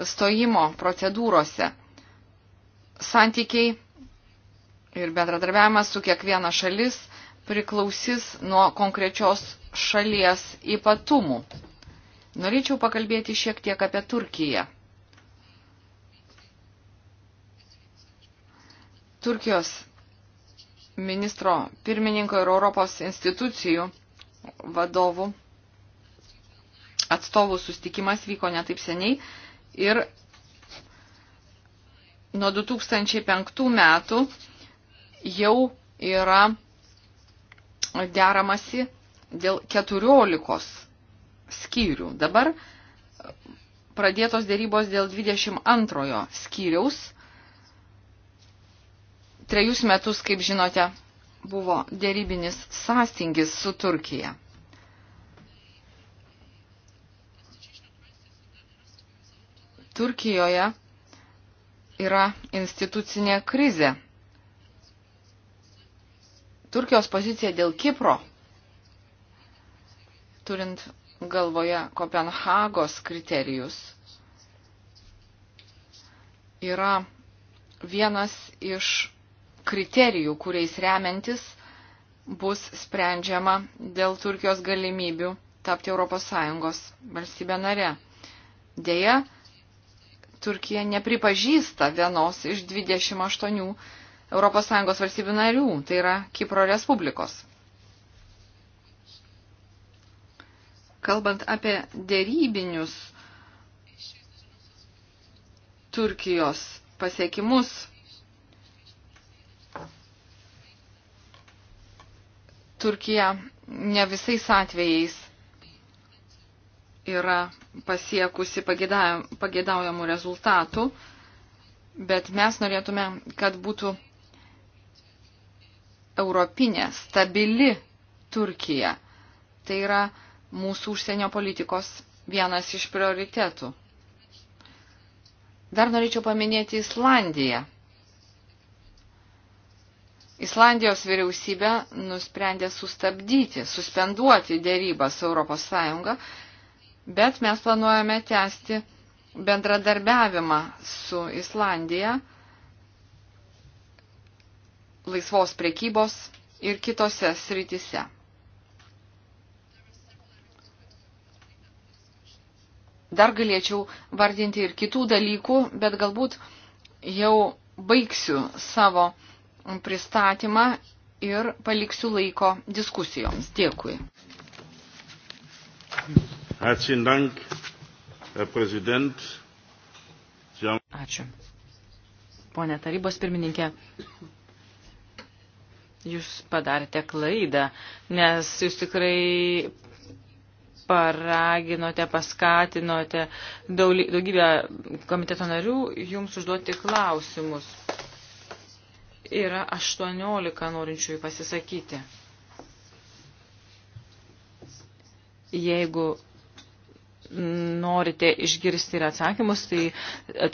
stojimo procedūrose. Santykiai ir bendradarbiavimas su kiekviena šalis priklausys nuo konkrečios šalies ypatumų. Norėčiau pakalbėti šiek tiek apie Turkiją. Turkijos ministro pirmininko ir Europos institucijų vadovų atstovų sustikimas vyko netaip seniai ir nuo 2005 metų jau yra deramasi dėl 14 skyrių. Dabar pradėtos dėrybos dėl 22 skyriaus. Trejus metus, kaip žinote, buvo dėrybinis sąstingis su Turkija. Turkijoje yra institucinė krizė. Turkijos pozicija dėl Kipro, turint galvoje Kopenhagos kriterijus, yra vienas iš kriterijų, kuriais remiantis bus sprendžiama dėl Turkijos galimybių tapti ES valstybė nare. Deja, Turkija nepripažįsta vienos iš 28 ES valstybių narių, tai yra Kipro Respublikos. Kalbant apie dėrybinius Turkijos pasiekimus, Turkija ne visais atvejais yra pasiekusi pagėdaujamų rezultatų, bet mes norėtume, kad būtų europinė, stabili Turkija. Tai yra mūsų užsienio politikos vienas iš prioritetų. Dar norėčiau paminėti Islandiją. Islandijos vyriausybė nusprendė sustabdyti, suspenduoti dėrybą su ES, bet mes planuojame tęsti bendradarbiavimą su Islandija laisvos prekybos ir kitose sritise. dar galėčiau vardinti ir kitų dalykų, bet galbūt jau baigsiu savo pristatymą ir paliksiu laiko diskusijoms. Dėkui. Ačiū. Pone tarybos pirmininkė, jūs padarėte klaidą, nes jūs tikrai paraginote, paskatinote daugybę komiteto narių jums užduoti klausimus. Yra 18 norinčiųjų pasisakyti. Jeigu norite išgirsti ir atsakymus, tai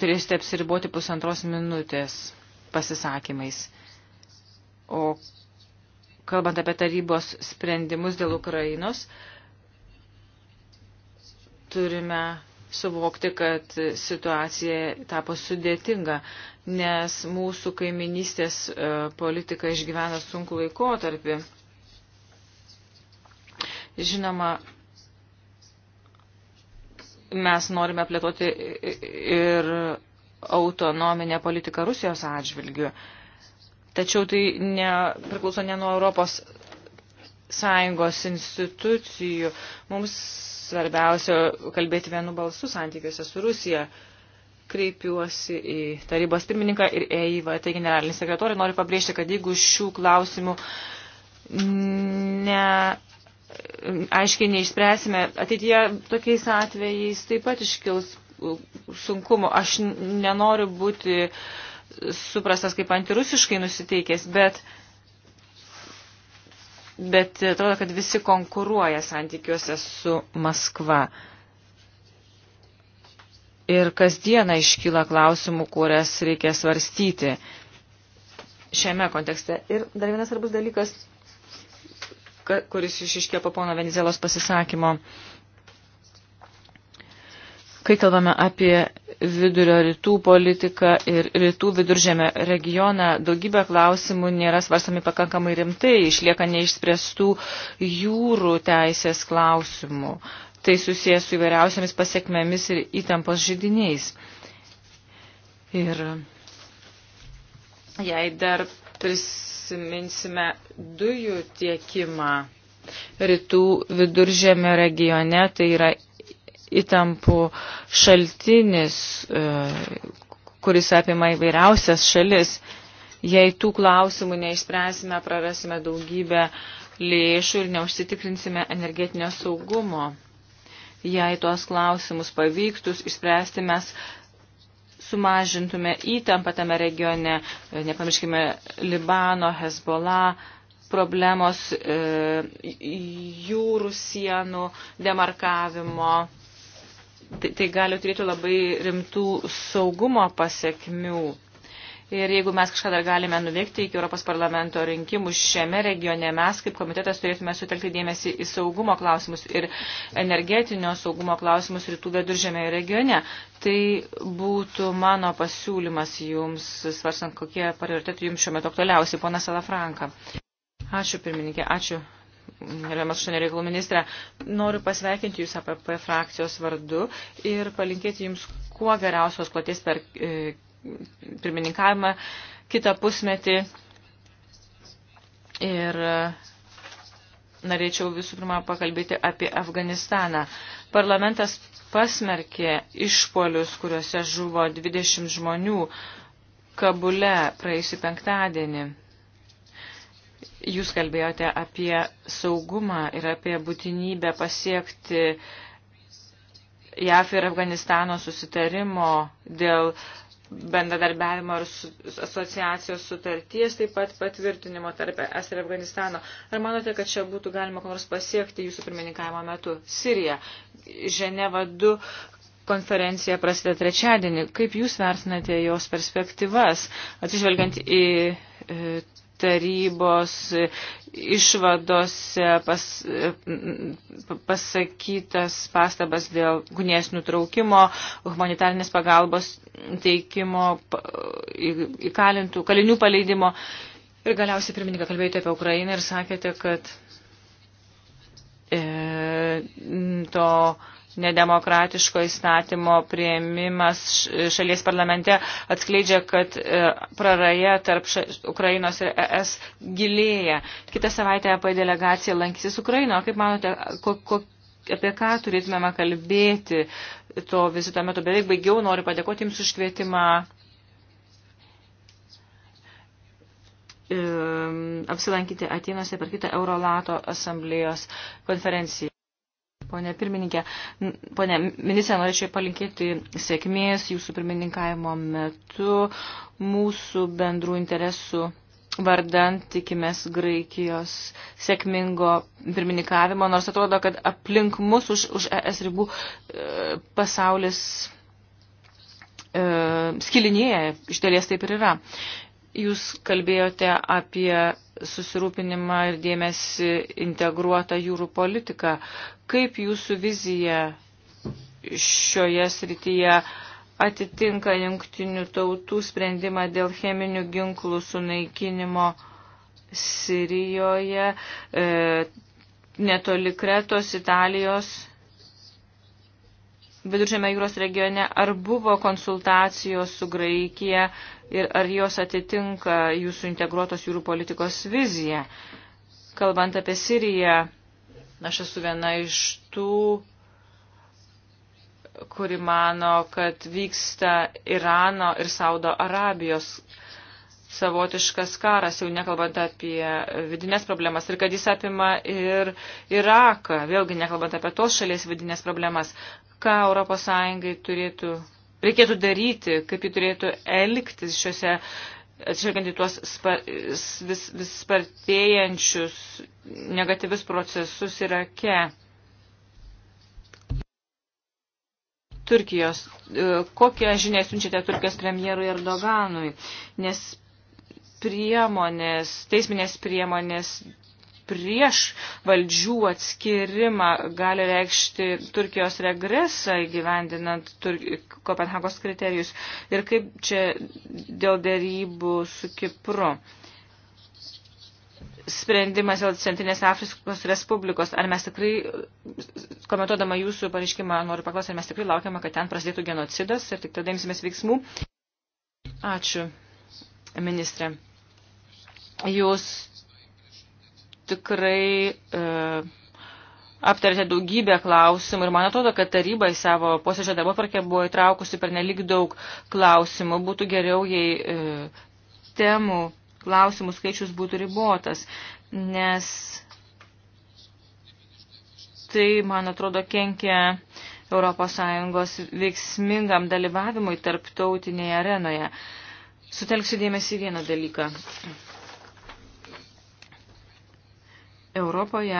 turėsite apsiriboti pusantros minutės pasisakymais. O kalbant apie tarybos sprendimus dėl Ukrainos, turime suvokti, kad situacija tapo sudėtinga, nes mūsų kaiminystės e, politika išgyvena sunku laikotarpį. Žinoma, mes norime plėtoti ir autonominę politiką Rusijos atžvilgiu. Tačiau tai ne, priklauso ne nuo Europos sąjungos institucijų. Mums svarbiausia kalbėti vienu balsu santykiuose su Rusija. Kreipiuosi į tarybos pirmininką ir EIVA, tai generalinį sekretorių. Noriu pabrėžti, kad jeigu šių klausimų ne, aiškiai neišspręsime, ateityje tokiais atvejais taip pat iškils sunkumu. Aš nenoriu būti suprastas kaip antirusiškai nusiteikęs, bet uh, bet atrodo, kad visi konkuruoja santykiuose su Maskva. Ir kasdieną iškyla klausimų, kurias reikia svarstyti šiame kontekste. Ir dar vienas svarbus dalykas, kuris išiškė po pono Venizelos pasisakymo. Kai kalbame apie vidurio rytų politiką ir rytų viduržėmę regioną, daugybė klausimų nėra svarstami pakankamai rimtai, išlieka neišspręstų jūrų teisės klausimų. Tai susijęs su įvairiausiamis pasiekmėmis ir įtampos žydiniais. Ir jei dar prisiminsime dujų tiekimą rytų viduržėmio regione, tai yra įtampų šaltinis, e, kuris apima įvairiausias šalis. Jei tų klausimų neišspręsime, prarasime daugybę lėšų ir neužsitikrinsime energetinio saugumo. Jei tuos klausimus pavyktus išspręsti, mes sumažintume įtampą tame regione, e, nepamirškime Libano, Hezbollah, problemos e, jūrų sienų demarkavimo tai, tai gali turėti labai rimtų saugumo pasiekmių. Ir jeigu mes kažką dar galime nuveikti iki Europos parlamento rinkimų šiame regione, mes kaip komitetas turėtume sutelkti dėmesį į saugumo klausimus ir energetinio saugumo klausimus rytų viduržėme regione. Tai būtų mano pasiūlymas jums, svarstant, kokie prioritetai jums šiuo metu aktualiausi, pona Salafranka. Ačiū pirmininkė, ačiū gerbiamas šiandien reikalų ministrė, noriu pasveikinti Jūs APP frakcijos vardu ir palinkėti Jums kuo geriausios kloties per e, pirmininkavimą kitą pusmetį. Ir e, norėčiau visų pirma pakalbėti apie Afganistaną. Parlamentas pasmerkė išpolius, kuriuose žuvo 20 žmonių Kabule praėjusį penktadienį. Jūs kalbėjote apie saugumą ir apie būtinybę pasiekti JAF ir Afganistano susitarimo dėl bendradarbiavimo ir su, asociacijos sutarties, taip pat patvirtinimo tarp ES ir Afganistano. Ar manote, kad čia būtų galima ko nors pasiekti jūsų pirmininkavimo metu? Sirija, Ženeva 2 konferencija prasideda trečiadienį. Kaip jūs vertinate jos perspektyvas, atsižvelgiant į e, tarybos išvadose pas, pasakytas pastabas dėl gunies nutraukimo, humanitarnės pagalbos teikimo, įkalintų, kalinių paleidimo. Ir galiausiai, pirmininką, kalbėjote apie Ukrainą ir sakėte, kad e, to nedemokratiško įstatymo prieimimas šalies parlamente atskleidžia, kad e, praraja tarp ša... Ukrainos ir ES gilėja. Kitą savaitę AP e delegacija lankysis Ukraino. Kaip manote, ko, ko, apie ką turėtumėme kalbėti to vizito metu? Beveik baigiau, noriu padėkoti Jums už kvietimą. E, apsilankyti Atinose per kitą Eurolato asamblėjos konferenciją ponė pirmininkė. Ponė ministrė, norėčiau palinkėti sėkmės jūsų pirmininkavimo metu mūsų bendrų interesų vardant tikimės Graikijos sėkmingo pirmininkavimo, nors atrodo, kad aplink mus už, už ES ribų e, pasaulis e, skilinėja, iš dalies taip ir yra. Jūs kalbėjote apie susirūpinimą ir dėmesį integruotą jūrų politiką. Kaip jūsų vizija šioje srityje atitinka jungtinių tautų sprendimą dėl cheminių ginklų sunaikinimo Sirijoje, e, netoli Kretos, Italijos, Viduržėme jūros regione? Ar buvo konsultacijos su Graikija? ir ar jos atitinka jūsų integruotos jūrų politikos viziją. Kalbant apie Siriją, aš esu viena iš tų, kuri mano, kad vyksta Irano ir Saudo Arabijos savotiškas karas, jau nekalbant apie vidinės problemas, ir kad jis apima ir Iraką, vėlgi nekalbant apie tos šalies vidinės problemas, ką ES turėtų reikėtų daryti, kaip ji turėtų elgtis šiuose, atšvelgiant į tuos spa, vis, vis spartėjančius negatyvius procesus Irake. Turkijos. E, kokią žinę siunčiate Turkijos premjerui Erdoganui? Nes priemonės, teisminės priemonės prieš valdžių atskirimą gali reikšti Turkijos regresą įgyvendinant Tur Kopenhagos kriterijus ir kaip čia dėl dėrybų su Kipru. Sprendimas dėl Centrinės Afrikos Respublikos. Ar mes tikrai, komentuodama jūsų pareiškimą, noriu paklausti, ar mes tikrai laukiame, kad ten prasidėtų genocidas ir tik tada imsimės veiksmų? Ačiū, ministrė. Jūs tikrai e, aptarėte daugybę klausimų ir man atrodo, kad taryba į savo posėdžio darbo tvarkę buvo įtraukusi per nelik daug klausimų. Būtų geriau, jei e, temų klausimų skaičius būtų ribotas, nes tai, man atrodo, kenkia ES veiksmingam dalyvavimui tarptautinėje arenoje. Sutelksiu dėmesį į vieną dalyką. Europoje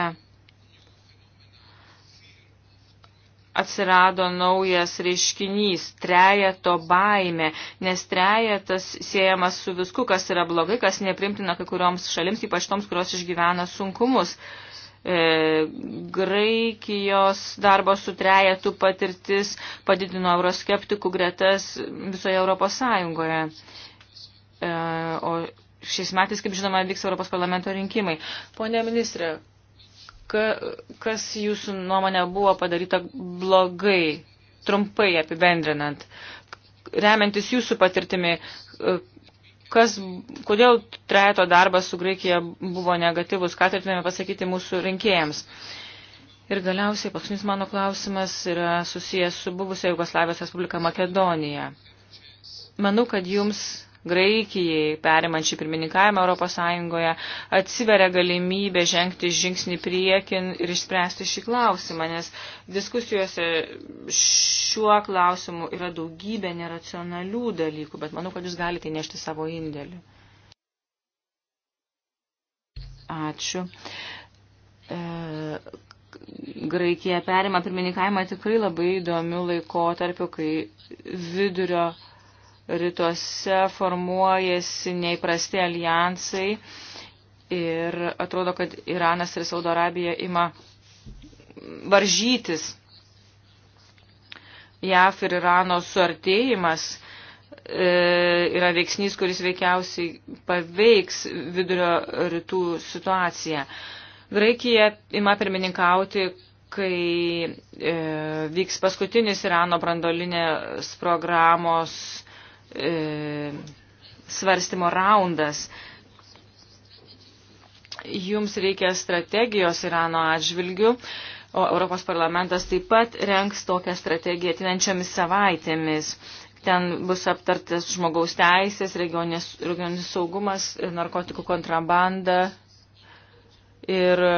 atsirado naujas reiškinys – trejato baime, nes trejatas siejamas su visku, kas yra blogai, kas neprimtina kai kurioms šalims, ypač toms, kurios išgyvena sunkumus. E, Graikijos darbo su trejatų patirtis padidino euroskeptikų gretas visoje Europos Sąjungoje. E, o šiais metais, kaip žinoma, vyks Europos parlamento rinkimai. Pone ministrė, ka, kas jūsų nuomonė buvo padaryta blogai, trumpai apibendrinant, remiantis jūsų patirtimi, kas, kodėl trejato darbas su Graikija buvo negatyvus, ką turėtume pasakyti mūsų rinkėjams. Ir galiausiai paskutinis mano klausimas yra susijęs su buvusia Jugoslavijos Respublika Makedonija. Manau, kad jums Graikijai, perimant šį pirmininkavimą Europos Sąjungoje, atsiveria galimybė žengti žingsnį priekin ir išspręsti šį klausimą, nes diskusijose šiuo klausimu yra daugybė neracionalių dalykų, bet manau, kad jūs galite nešti savo indėlį. Ačiū. E, Graikija perima pirmininkavimą tikrai labai įdomių laikotarpių, kai vidurio rytuose formuojasi neįprasti alijansai ir atrodo, kad Iranas ir Saudo Arabija ima varžytis. JAF ir Irano suartėjimas e, yra veiksnys, kuris veikiausiai paveiks vidurio rytų situaciją. Graikija ima pirmininkauti kai e, vyks paskutinis Irano brandolinės programos E, svarstymo raundas. Jums reikia strategijos Irano atžvilgių, o Europos parlamentas taip pat renks tokią strategiją atinančiomis savaitėmis. Ten bus aptartas žmogaus teisės, regioninis, regioninis saugumas, narkotikų kontrabanda ir e,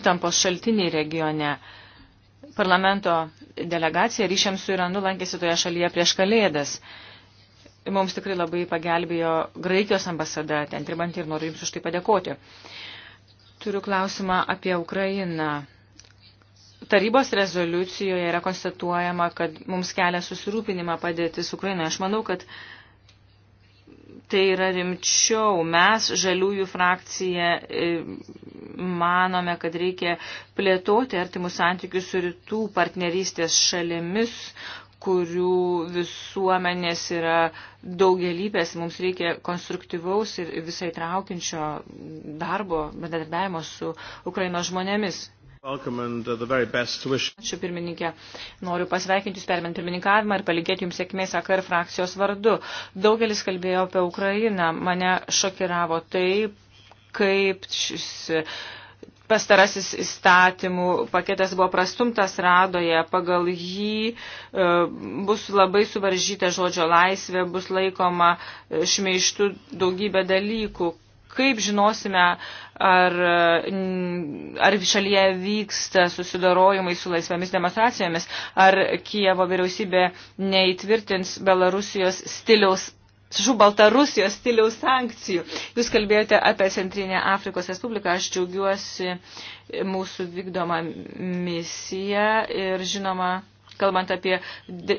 įtampos šaltiniai regione. E, parlamento delegacija ryšiams su Iranu lankėsi toje šalyje prieš kalėdas. Mums tikrai labai pagelbėjo Graikijos ambasada ten dirbant ir noriu Jums už tai padėkoti. Turiu klausimą apie Ukrainą. Tarybos rezoliucijoje yra konstatuojama, kad mums kelia susirūpinimą padėtis Ukrainoje. Aš manau, kad uh, tai yra rimčiau. Mes, žaliųjų frakcija, e, manome, kad reikia plėtoti artimus santykius su rytų partnerystės šalimis, kurių visuomenės yra daugelybės. Mums reikia konstruktyvaus ir visai traukinčio darbo, bendradarbiavimo su Ukrainos žmonėmis. Uh, Ačiū pirmininkė. Noriu pasveikinti Jūs permint pirmininkavimą ir palikėti Jums sėkmės AKR frakcijos vardu. Daugelis kalbėjo apie Ukrainą. Mane šokiravo tai, kaip šis e, pastarasis įstatymų paketas buvo prastumtas radoje, pagal jį e, bus labai suvaržyta žodžio laisvė, bus laikoma e, šmeištų daugybė dalykų. Kaip žinosime, ar, mm, ar šalyje vyksta susidarojimai su laisvomis demonstracijomis, ar Kievo vyriausybė neįtvirtins Belarusijos stiliaus. Žu Baltarusijos stiliaus sankcijų. Jūs kalbėjote apie Centrinę Afrikos Respubliką. Aš džiaugiuosi mūsų vykdomą misiją ir žinoma kalbant apie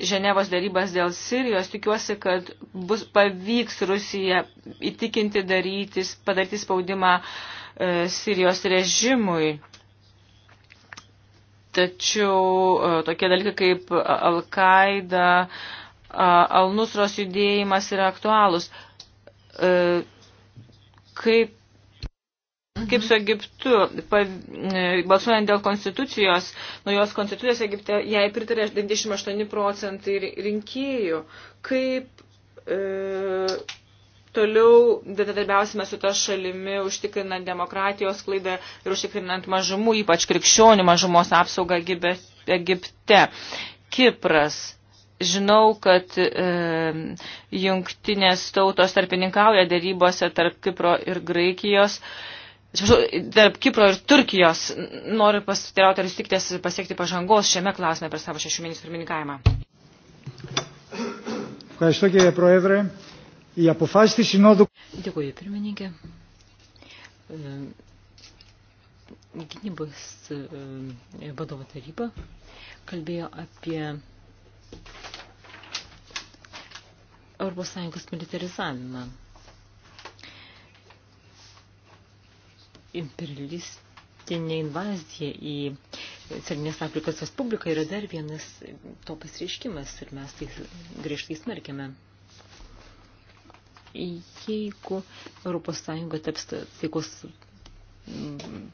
Ženevos darybas dėl Sirijos, tikiuosi, kad bus, pavyks Rusija įtikinti darytis, padaryti spaudimą e, Sirijos režimui. Tačiau e, tokie dalykai kaip Al-Qaida, Al-Nusros judėjimas yra aktualūs. E, kaip Kaip su Egiptu, e, balsuojant dėl konstitucijos, nuo jos konstitucijos Egipte, jai pritarė 98 procentai rinkėjų. Kaip e, toliau bendradarbiausime su ta šalimi, užtikrinant demokratijos klaidą ir užtikrinant mažumų, ypač krikščionių mažumos apsaugą Egipte. Kipras žinau, kad e, jungtinės tautos tarpininkauja dėrybose tarp Kipro ir Graikijos. E, atsiprašau, tarp Kipro ir Turkijos. Noriu pasiteirauti, ar jūs tikitės pasiekti pažangos šiame klausime per savo šešių mėnesių pirmininkavimą. Ευχαριστώ κύριε Πρόεδρε. Οι αποφάσεις της Συνόδου... Dėkuoju, pirmininkė. Gynybos vadovo taryba kalbėjo apie Europos Sąjungos militarizavimą. imperialistinė invazija į Centrinės Afrikos Respubliką yra dar vienas to pasireiškimas ir mes tai griežtai smerkiame. Jeigu ES taps taikos mm,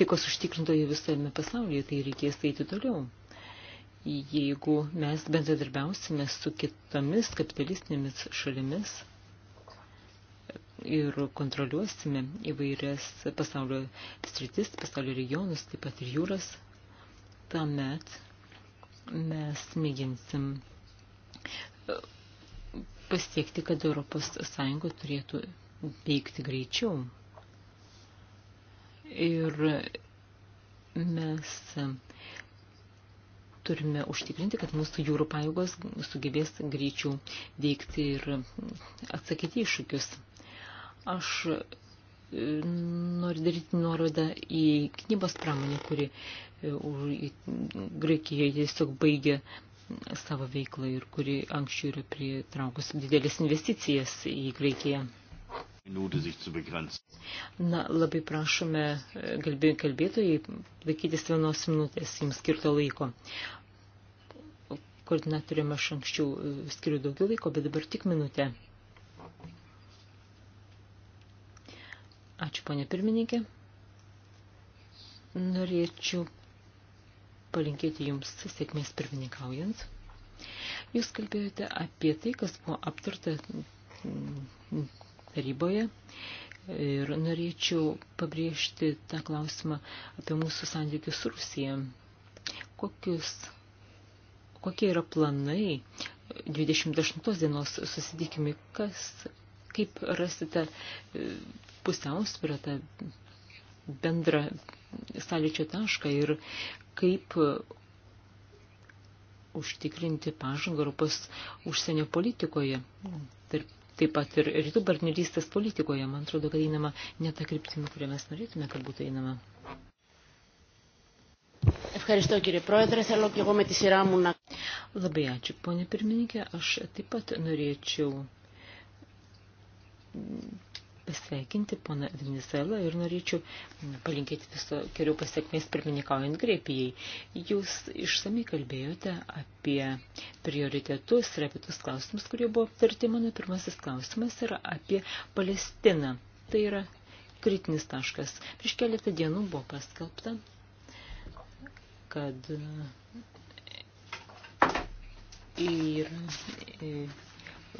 taikos užtikrintojai visame pasaulyje, tai reikės eiti toliau. Jeigu mes bendradarbiausime su kitomis kapitalistinėmis šalimis, ir kontroliuosime įvairias pasaulio sritis, pasaulio regionus, taip pat ir jūras. Tuomet mes mėginsim e, pasiekti, kad Europos Sąjunga turėtų veikti greičiau. Ir mes turime užtikrinti, kad mūsų jūrų pajėgos sugebės greičiau veikti ir atsakyti iššūkius. Aš e, noriu daryti nuorodą į knybos pramonę, kuri e, Graikijoje tiesiog baigė savo veiklą ir kuri anksčiau yra pritraukusi didelės investicijas į Graikiją. Na, labai prašome e, kalbėtojai laikytis vienos minutės jums skirto laiko. Koordinatoriam aš anksčiau skiriu daugiau laiko, bet dabar tik minutę. Ačiū, ponė pirmininkė. Norėčiau palinkėti Jums sėkmės pirmininkaujant. Jūs kalbėjote apie tai, kas buvo aptarta taryboje ir norėčiau pabrėžti tą klausimą apie mūsų santykius su Rusija. Kokius, kokie yra planai 28 dienos susitikimai, kas, kaip rasite pusiausvyrą, tą bendrą sąlyčio tašką ir kaip užtikrinti pažangą Europos užsienio politikoje, tarp, taip pat ir rytų partnerystės politikoje. Man atrodo, kad einama ne tą kryptimį, kurią mes norėtume, kad būtų einama. Ευχαριστώ κύριε Πρόεδρε. Θέλω και εγώ με τη σειρά μου να... Labai ačiū, ponė pirmininkė. Aš taip pat norėčiau pasveikinti poną Venizelą ir norėčiau palinkėti viso geriau pasiekmės pirmininkaujant Grėpijai. Jūs išsamei kalbėjote apie prioritetus ir apie tus klausimus, kurie buvo aptarti. Mano pirmasis klausimas yra apie Palestiną. Tai yra kritinis taškas. Prieš keletą dienų buvo paskelbta, kad ir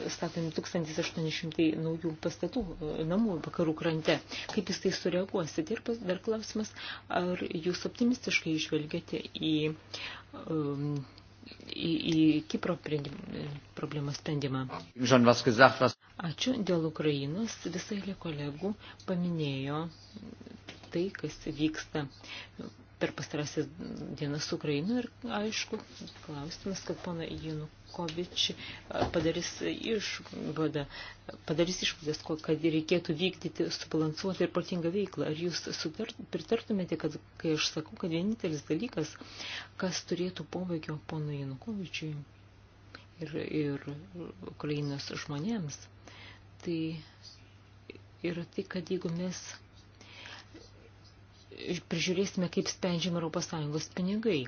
statomi 1800 naujų pastatų e, namų vakarų krante. Kaip jūs tai sureaguosite? Tai Ir dar klausimas, ar jūs optimistiškai išvelgiate į, um, į, į Kipro problemos sprendimą? Ačiū dėl Ukrainos. Visai kolegų paminėjo tai, kas vyksta per pastarasis dienas Ukrainu ir aišku, klausimas, kad pana Janukovič e, padarys išvadą, padarys išvadas, kad reikėtų vykdyti subalansuotą ir protingą veiklą. Ar jūs sutart, pritartumėte, kad, kai aš sakau, kad vienintelis dalykas, kas turėtų poveikio pono Janukovičiui ir, ir Ukrainos žmonėms, tai yra tai, kad jeigu mes prižiūrėsime, kaip sprendžiama ES pinigai.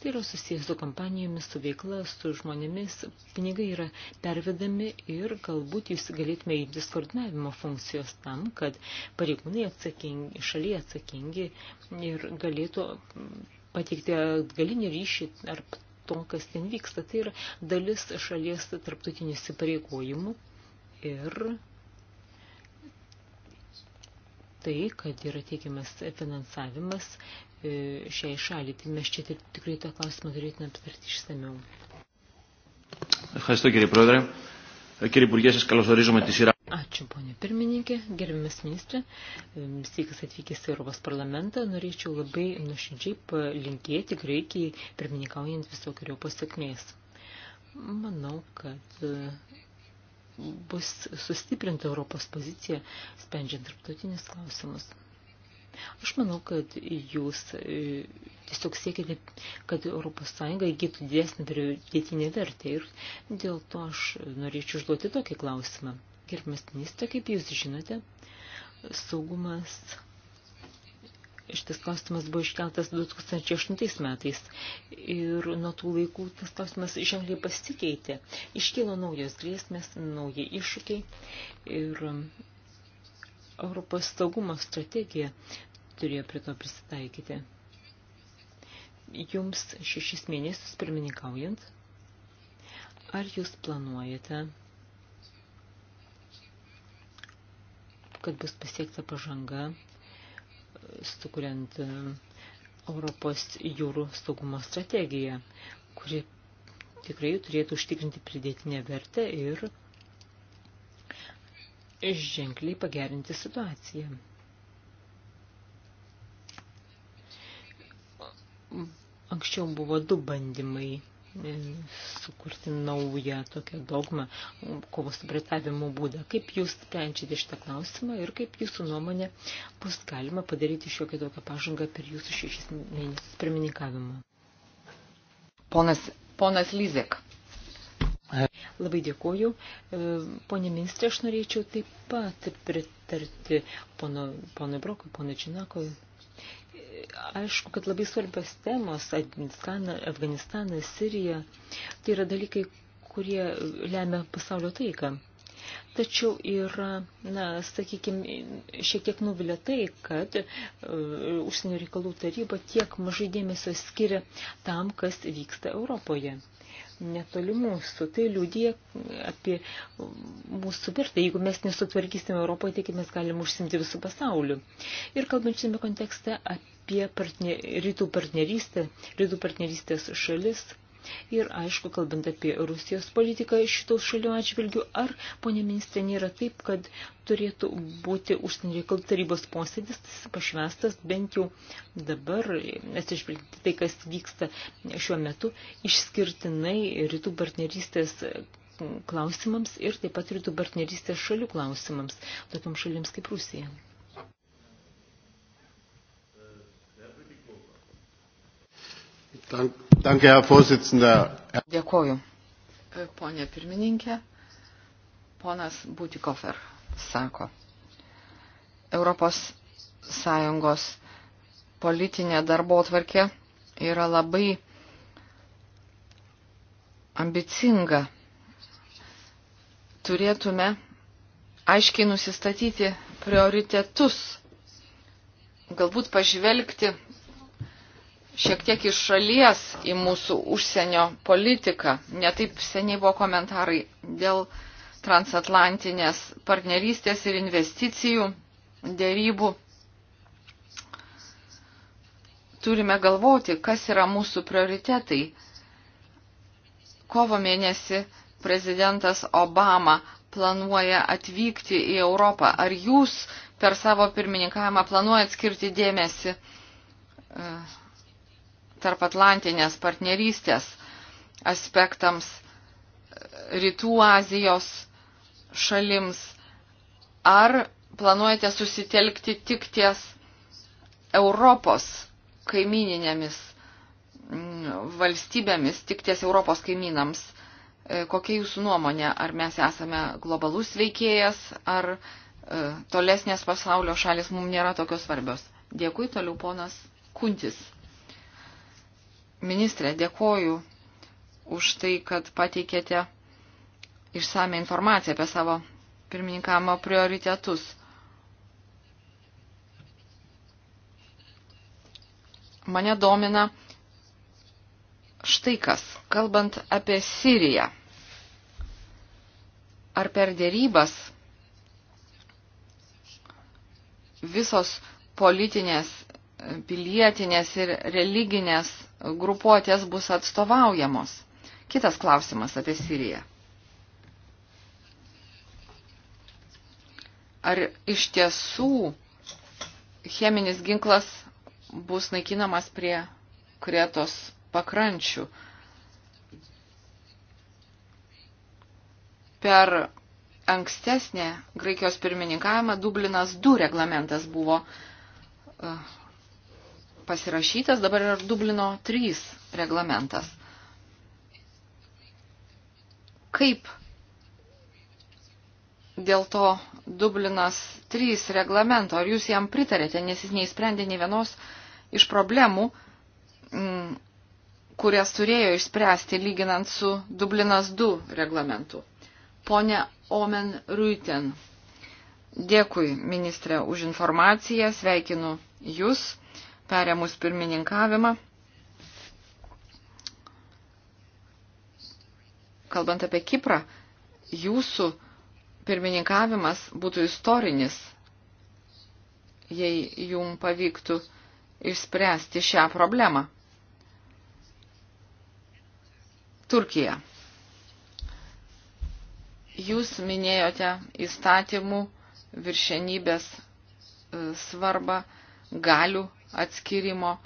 Tai yra susijęs su kompanijomis, su veikla, su žmonėmis. Pinigai yra pervedami ir galbūt jūs galėtume įdis koordinavimo funkcijos tam, kad pareigūnai atsakingi, šaliai atsakingi ir galėtų pateikti atgalinį ryšį tarp to, kas ten vyksta. Tai yra dalis šalies tarptautinių įsipareigojimų ir tai, kad yra teikiamas finansavimas e, šiai šaliai. Tai mes čia tikrai tą klausimą turėtume aptarti išsamiau. Ευχαριστώ κύριε Πρόεδρε. Κύριε Υπουργέ, σας καλωσορίζουμε τη σειρά. Ačiū, ponė pirmininkė, gerbiamas ministrė, e, sveikas atvykęs į Europos parlamentą, norėčiau labai nuoširdžiai palinkėti Graikijai, pirmininkaujant visokiojo pasiekmės. Manau, kad e, bus sustiprinta Europos pozicija, sprendžiant tarptautinius klausimus. Aš manau, kad jūs e, tiesiog siekite, kad ES įgytų didesnį pridėtinį vertę ir dėl to aš norėčiau užduoti tokį klausimą. Gerbimas ministrė, kaip jūs žinote, saugumas Šitas klausimas buvo iškeltas 2008 metais ir nuo tų laikų tas klausimas ženkliai pasikeitė. Iškilo naujos grėsmės, nauji iššūkiai ir Europos saugumo strategija turėjo prie to prisitaikyti. Jums šešis mėnesius pirmininkaujant, ar jūs planuojate kad bus pasiekta pažanga sukuriant e, Europos jūrų saugumo strategiją, kuri tikrai turėtų užtikrinti pridėtinę vertę ir ženkliai pagerinti situaciją. Anksčiau buvo du bandymai sukurti naują tokią dogmą, kovos su pretavimo būdą. Kaip jūs sprendžiate šitą klausimą ir kaip jūsų nuomonė bus galima padaryti šiokią tokią pažangą per jūsų šešis mėnesius pirmininkavimą? Ponas, ponas Lyzek. Labai dėkuoju. E, Pone ministrė, aš norėčiau taip pat pritarti pono, pono Brokui, pono Činakui aišku, kad labai svarbios temos – Afganistanas, Sirija – tai yra dalykai, kurie lemia pasaulio taiką. Tačiau yra, na, sakykime, šiek tiek nuvilia tai, kad uh, užsienio reikalų taryba tiek mažai dėmesio skiria tam, kas vyksta Europoje netoli mūsų. Tai liūdė apie mūsų vertą. Jeigu mes nesutvarkysime Europoje, tai mes galim užsimti visų pasauliu. Ir kalbant šiame kontekste apie partner, rytų partnerystę, rytų partnerystės šalis, Ir aišku, kalbant apie Rusijos politiką šitos šalių atžvilgių, ar, ponė ministrė, nėra taip, kad turėtų būti užsienio reikalų tarybos posėdis pašvestas bent jau dabar, atsižvelgti tai, kas vyksta šiuo metu, išskirtinai rytų partnerystės klausimams ir taip pat rytų partnerystės šalių klausimams, tokiam šalims kaip Rusija. Dėkoju. E, Pone pirmininkė, ponas Butikofer sako, Europos Sąjungos politinė darbo tvarkė yra labai ambicinga. Turėtume aiškiai nusistatyti prioritetus, galbūt pažvelgti šiek tiek iš šalies į mūsų užsienio politiką. Netaip seniai buvo komentarai dėl transatlantinės partnerystės ir investicijų dėrybų. Turime galvoti, kas yra mūsų prioritetai. Kovo mėnesį prezidentas Obama planuoja atvykti į Europą. Ar jūs per savo pirmininkavimą planuojat skirti dėmesį uh, tarp Atlantinės partnerystės aspektams Rytų Azijos šalims, ar planuojate susitelkti tik ties Europos kaimininėmis mm, valstybėmis, tik ties Europos kaimynams? E, kokia jūsų nuomonė, ar mes esame globalus veikėjas, ar e, tolesnės pasaulio šalis mums nėra tokios svarbios? Dėkui, toliau ponas Kuntis. Ministrė, dėkoju už tai, kad pateikėte išsame informaciją apie savo pirmininkamo prioritetus. Mane domina štai kas, kalbant apie Siriją. Ar per dėrybas visos politinės, pilietinės ir religinės grupuotės bus atstovaujamos. Kitas klausimas apie Siriją. Ar iš tiesų cheminis ginklas bus naikinamas prie Kretos pakrančių? Per ankstesnę Graikijos pirmininkavimą Dublinas 2 reglamentas buvo uh, pasirašytas, dabar yra Dublino 3 reglamentas. Kaip dėl to Dublinas 3 reglamento, ar jūs jam pritarėte, nes jis neįsprendė nei vienos iš problemų, m, mm, kurias turėjo išspręsti lyginant su Dublinas 2 reglamentu. Pone Omen Ruiten, dėkui ministrė už informaciją, sveikinu jūs perėmus pirmininkavimą. Kalbant apie Kiprą, jūsų pirmininkavimas būtų istorinis, jei jum pavyktų išspręsti šią problemą. Turkija. Jūs minėjote įstatymų viršenybės e, svarbą galių atskirimo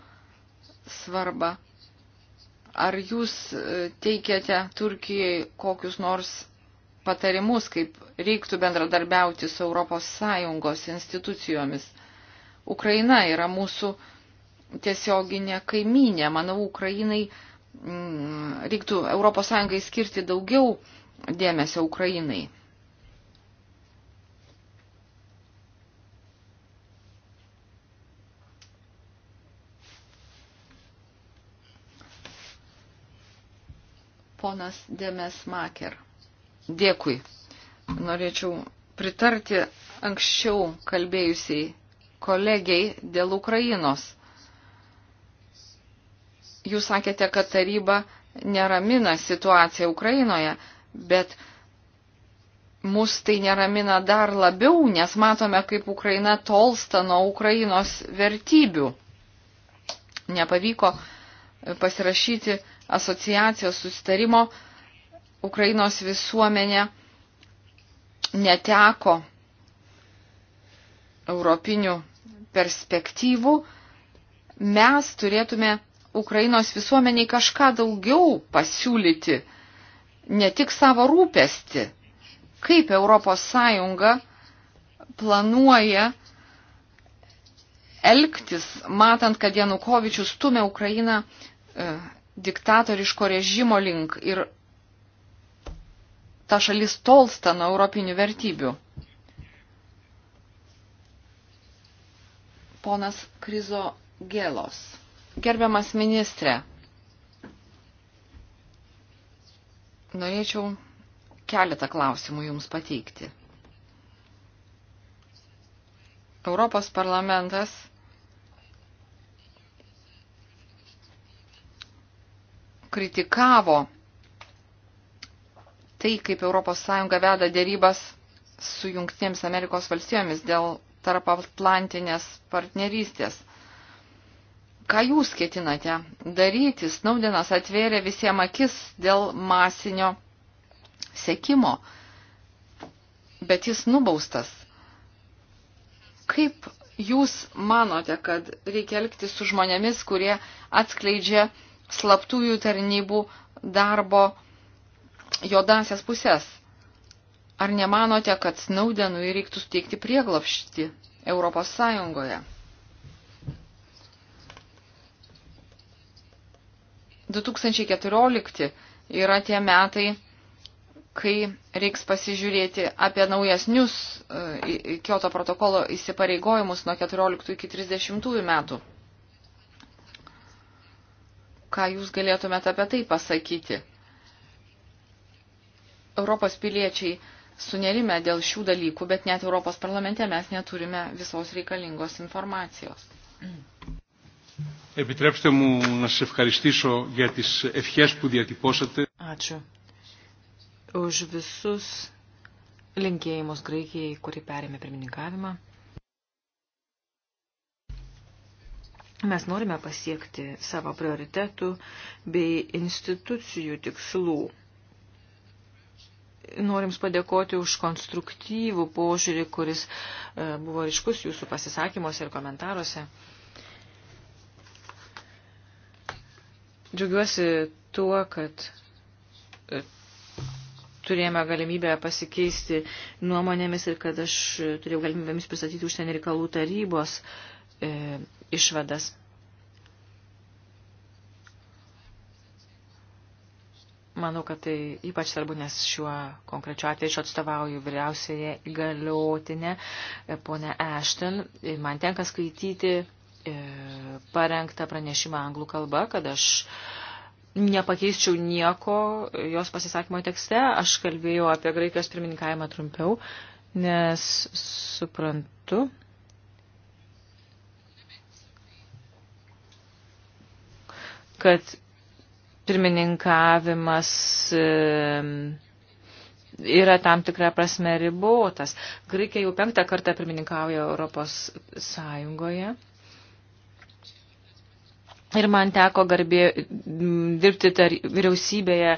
svarbą. Ar jūs e, teikiate Turkijai kokius nors patarimus, kaip reiktų bendradarbiauti su ES institucijomis? Ukraina yra mūsų tiesioginė kaiminė. Manau, Ukrainai mm, reiktų ES skirti daugiau dėmesio Ukrainai. Ponas Demes Maker. Dėkui. Norėčiau pritarti anksčiau kalbėjusiai kolegiai dėl Ukrainos. Jūs sakėte, kad taryba neramina situaciją Ukrainoje, bet mus tai neramina dar labiau, nes matome, kaip Ukraina tolsta nuo Ukrainos vertybių. Nepavyko pasirašyti asociacijos sustarimo Ukrainos visuomenė neteko europinių perspektyvų, mes turėtume Ukrainos visuomeniai kažką daugiau pasiūlyti, ne tik savo rūpesti, kaip Europos Sąjunga planuoja elgtis, matant, kad Janukovičius stumia Ukrainą e, diktatoriško režimo link ir ta šalis tolsta nuo europinių vertybių. Ponas Krizo Gėlos. Gerbiamas ministrė, norėčiau keletą klausimų Jums pateikti. Europos parlamentas kritikavo tai, kaip ES veda dėrybas su Jungtinėms Amerikos valstijomis dėl tarp Atlantinės partnerystės. Ką jūs ketinate daryti? Snaudinas atvėrė visiems akis dėl masinio sekimo, bet jis nubaustas. Kaip jūs manote, kad reikia elgtis su žmonėmis, kurie atskleidžia slaptųjų tarnybų darbo jodasias pusės. Ar nemanote, kad Snaudenui reiktų suteikti prieglopštį Europos Sąjungoje? 2014 yra tie metai, kai reiks pasižiūrėti apie naujesnius e, Kyoto protokolo įsipareigojimus nuo 14 iki 30 metų. Ką jūs galėtumėte apie tai pasakyti? Europos piliečiai sunerime dėl šių dalykų, bet net Europos parlamente mes neturime visos reikalingos informacijos. Επιτρέψτε μου να σας ευχαριστήσω για τις ευχές που διατυπώσατε. Ačiū. Už visus linkėjimus Graikijai, kuri perėmė pirmininkavimą. Mes norime pasiekti savo prioritetų bei institucijų tikslų. Norim padėkoti už konstruktyvų požiūrį, kuris e, buvo iškus jūsų pasisakymuose ir komentaruose. Džiaugiuosi tuo, kad e, turėjome galimybę pasikeisti nuomonėmis ir kad aš e, turėjau galimybę jums pristatyti užsienio reikalų tarybos e, išvadas. Manau, kad tai ypač svarbu, nes šiuo konkrečiu atveju aš atstovauju vyriausioje įgaliotinę e, ponę Ashton. E, man tenka skaityti e, parengtą pranešimą anglų kalba, kad aš nepakeisčiau nieko jos pasisakymo tekste. Aš kalbėjau apie Graikijos pirmininkavimą trumpiau, nes suprantu, kad pirmininkavimas yra tam tikra prasme ribotas. Graikija jau penktą kartą pirmininkauja Europos Sąjungoje. Ir man teko garbė dirbti tar, vyriausybėje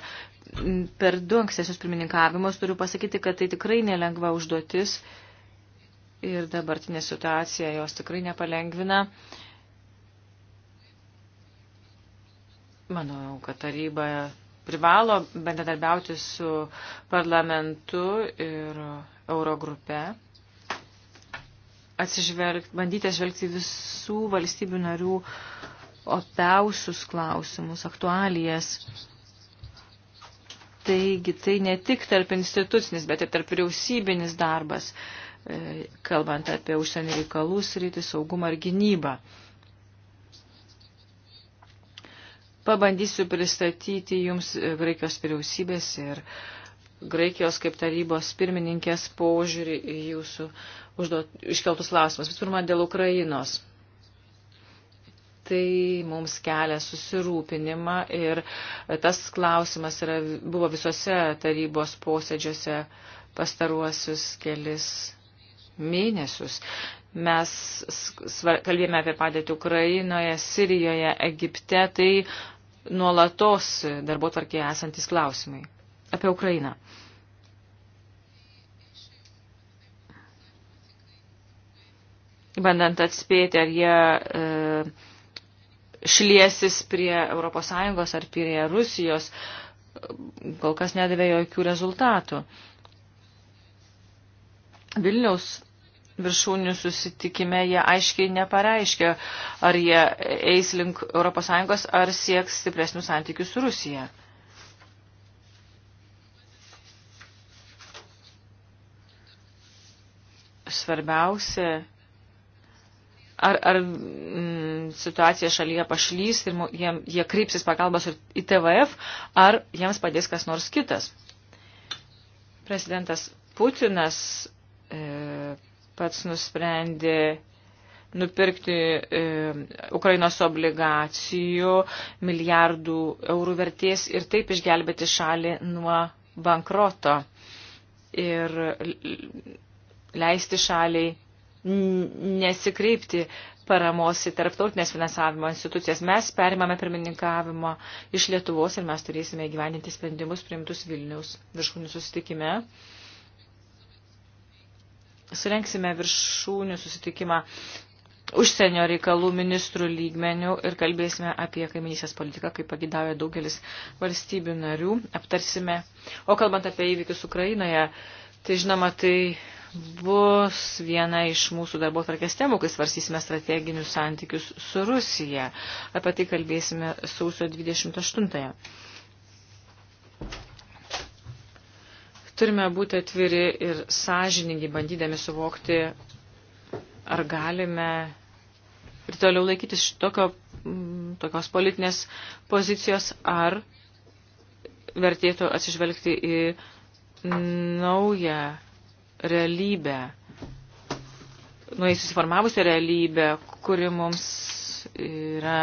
per du ankstesius pirmininkavimus. Turiu pasakyti, kad tai tikrai nelengva užduotis ir dabartinė situacija jos tikrai nepalengvina. Uh, Manau, kad taryba privalo bendradarbiauti su parlamentu ir Eurogrupe, atsižvelgti, bandyti atsižvelgti visų valstybių narių opiausius klausimus, aktualijas. Taigi tai ne tik tarp institucinis, bet ir tarp vyriausybinis darbas, e, kalbant apie užsienio reikalų sritį, saugumą ir gynybą. Pabandysiu pristatyti Jums e, Graikijos vyriausybės ir Graikijos kaip tarybos pirmininkės požiūrį į Jūsų užduot, iškeltus klausimus. Visų pirma, dėl Ukrainos tai mums kelia susirūpinimą ir tas klausimas yra, buvo visose tarybos posėdžiuose pastaruosius kelis mėnesius. Mes kalbėjome apie padėtį Ukrainoje, Sirijoje, Egipte, tai nuolatos darbo tarkėje esantis klausimai apie Ukrainą. Bandant atspėti, ar jie e, šliesis prie ES ar prie Rusijos, kol kas nedavė jokių rezultatų. Vilniaus viršūnių susitikime jie aiškiai nepareiškia, ar jie eis link ES, ar sieks stipresnių santykių su Rusija. Svarbiausia, ar, ar m, mm, situacija šalyje pašlys ir jie, jie kreipsis pagalbos į TVF, ar jiems padės kas nors kitas. Prezidentas Putinas e, pats nusprendė nupirkti e, Ukrainos obligacijų milijardų eurų vertės ir taip išgelbėti šalį nuo bankroto ir leisti šaliai nesikreipti paramos į tarptautinės finansavimo institucijas. Mes perimame pirmininkavimo iš Lietuvos ir mes turėsime įgyvendinti sprendimus priimtus Vilniaus viršūnių susitikime surenksime viršūnių susitikimą užsienio reikalų ministrų lygmenių ir kalbėsime apie kaiminysės politiką, kaip pagidavo daugelis valstybių narių, aptarsime. O kalbant apie įvykius Ukrainoje, tai žinoma, tai bus viena iš mūsų darbo tvarkės temų, kai svarsysime strateginius santykius su Rusija. Apie tai kalbėsime sausio 28. -ąją. Turime būti atviri ir sąžiningi, bandydami suvokti, ar galime ir toliau laikytis tokio, mm, tokios politinės pozicijos, ar vertėtų atsižvelgti į naują realybę, nuai susiformavusią realybę, kuri mums yra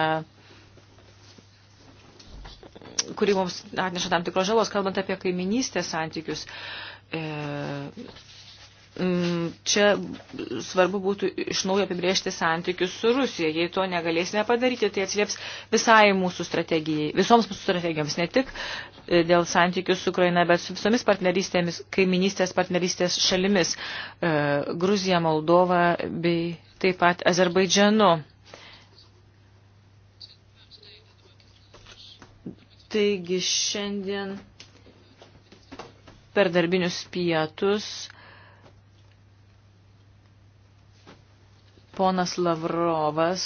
kuri mums atneša tam tikros žalos, kalbant apie kaiminystės santykius. E, mm, čia svarbu būtų iš naujo apibriežti santykius su Rusija. Jei to negalėsime padaryti, tai atsilieps visai mūsų strategijai, visoms mūsų strategijoms, ne tik e, dėl santykių su Ukraina, bet su visomis partnerystėmis, kaiminystės partnerystės šalimis, e, Gruzija, Moldova bei taip pat Azerbaidžianu. Taigi šiandien per darbinius pietus ponas Lavrovas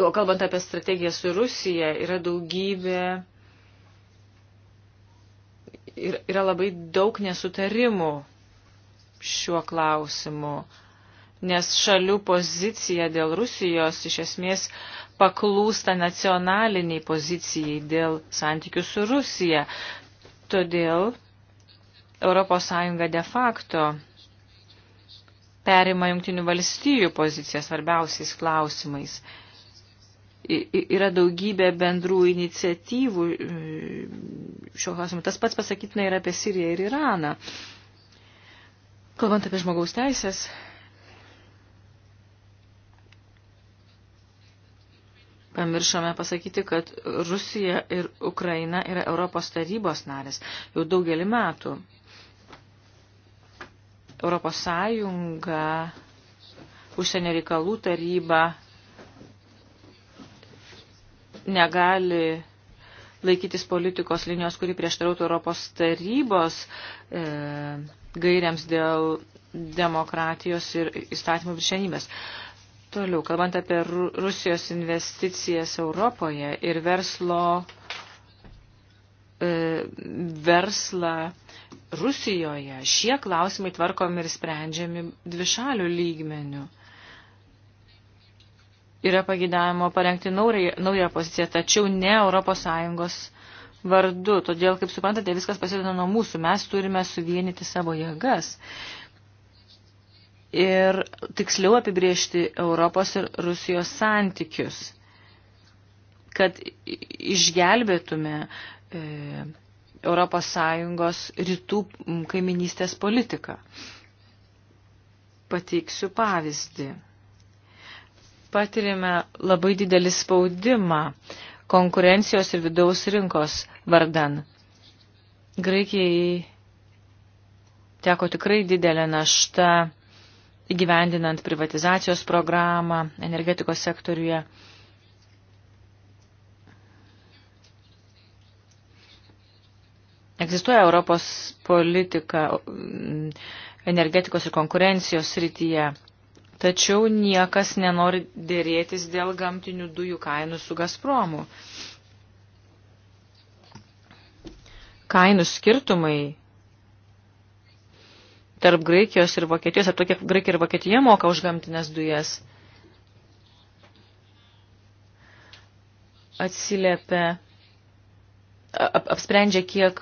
O kalbant apie strategiją su Rusija, yra daugybė, yra labai daug nesutarimų šiuo klausimu nes šalių pozicija dėl Rusijos iš esmės paklūsta nacionaliniai pozicijai dėl santykių su Rusija. Todėl ES de facto perima jungtinių valstijų poziciją svarbiausiais klausimais. Yra daugybė bendrų iniciatyvų e, šio klausimu. Tas pats pasakytina ir apie Siriją ir Iraną. Kalbant apie žmogaus teisės, Pamiršome pasakyti, kad Rusija ir Ukraina yra Europos tarybos narės jau daugelį metų. Europos Sąjunga, užsienio reikalų taryba negali laikytis politikos linijos, kuri prieštarautų Europos tarybos e, gairiams dėl demokratijos ir įstatymų viršenybės. E, Toliau, kalbant apie Rusijos investicijas Europoje ir verslo, e, verslą Rusijoje, šie klausimai tvarkomi ir sprendžiami dvišalių lygmenių. Yra pagidavimo parengti naują, naują poziciją, tačiau ne ES vardu. Todėl, kaip suprantate, viskas prasideda nuo mūsų. Mes turime suvienyti savo jėgas ir tiksliau apibriežti Europos ir Rusijos santykius, kad išgelbėtume e, Europos Sąjungos rytų kaiminystės politiką. Pateiksiu pavyzdį. Patirime labai didelį spaudimą konkurencijos ir vidaus rinkos vardan. Graikijai teko tikrai didelė našta įgyvendinant privatizacijos programą energetikos sektoriuje. Egzistuoja Europos politika mm, energetikos ir konkurencijos srityje, tačiau niekas nenori dėrėtis dėl gamtinių dujų kainų su Gazpromu. Kainų skirtumai tarp Graikijos ir Vokietijos, ar tokia Graikija ir Vokietija moka už gamtinės dujas, atsiliepia, ap, apsprendžia, kiek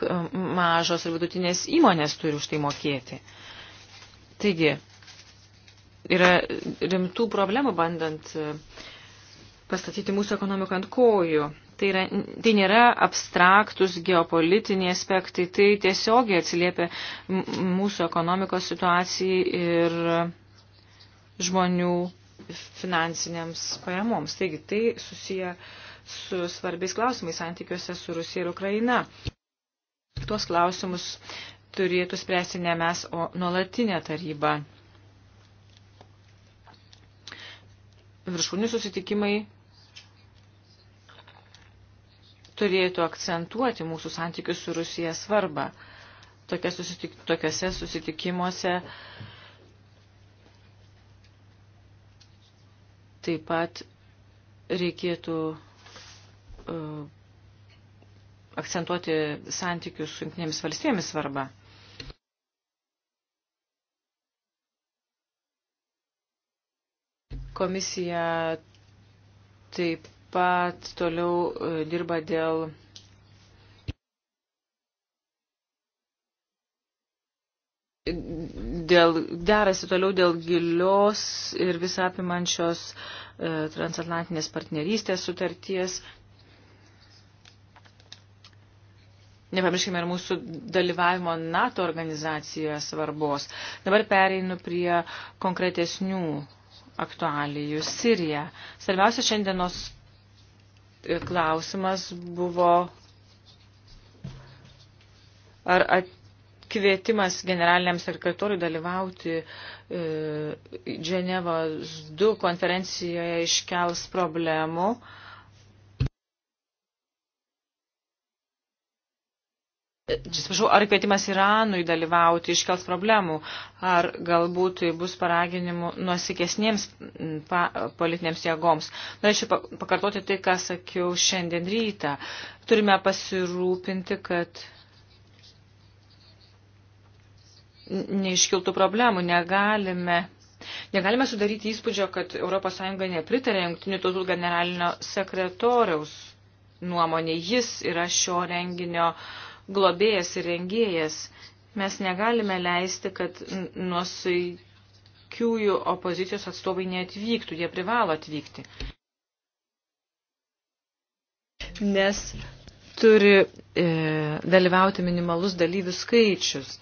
mažos ir vidutinės įmonės turi už tai mokėti. Taigi, yra rimtų problemų bandant pastatyti mūsų ekonomiką ant kojų. Tai, yra, tai nėra abstraktus geopolitiniai aspektai, tai tiesiogiai atsiliepia mūsų ekonomikos situacijai ir žmonių finansiniams pajamoms. Taigi tai susiję su svarbiais klausimais santykiuose su Rusija ir Ukraina. Tuos klausimus turėtų spręsti ne mes, o nuolatinė taryba. Viršūnių susitikimai turėtų akcentuoti mūsų santykių su Rusija svarbą. Tokia susitik, tokiuose susitikimuose taip pat reikėtų uh, akcentuoti santykių su jungtinėmis valstybėmis svarbą. Komisija taip pat toliau e, dirba dėl dėl, derasi toliau dėl gilios ir visapimančios e, transatlantinės partnerystės sutarties. Nepamirškime ir mūsų dalyvavimo NATO organizacijoje svarbos. Dabar pereinu prie konkretesnių aktualijų. Sirija. Svarbiausia šiandienos klausimas buvo, ar kvietimas generaliniam sekretoriui dalyvauti e, Dženevos 2 konferencijoje iškels problemų. E, Atsiprašau, ar kvietimas Iranui dalyvauti iškels problemų, ar galbūt tai bus paraginimų nuosikesniems pa, politinėms jėgoms. Norėčiau pakartoti tai, ką sakiau šiandien rytą. Turime pasirūpinti, kad neiškiltų problemų. Negalime, negalime sudaryti įspūdžio, kad ES nepritarė Junktinių tautų generalinio sekretoriaus nuomonė. Jis yra šio renginio uh, globėjas ir rengėjas. Mes negalime leisti, kad nuosaikiųjų opozicijos atstovai neatvyktų, jie privalo atvykti. Nes turi e, dalyvauti minimalus dalyvių skaičius.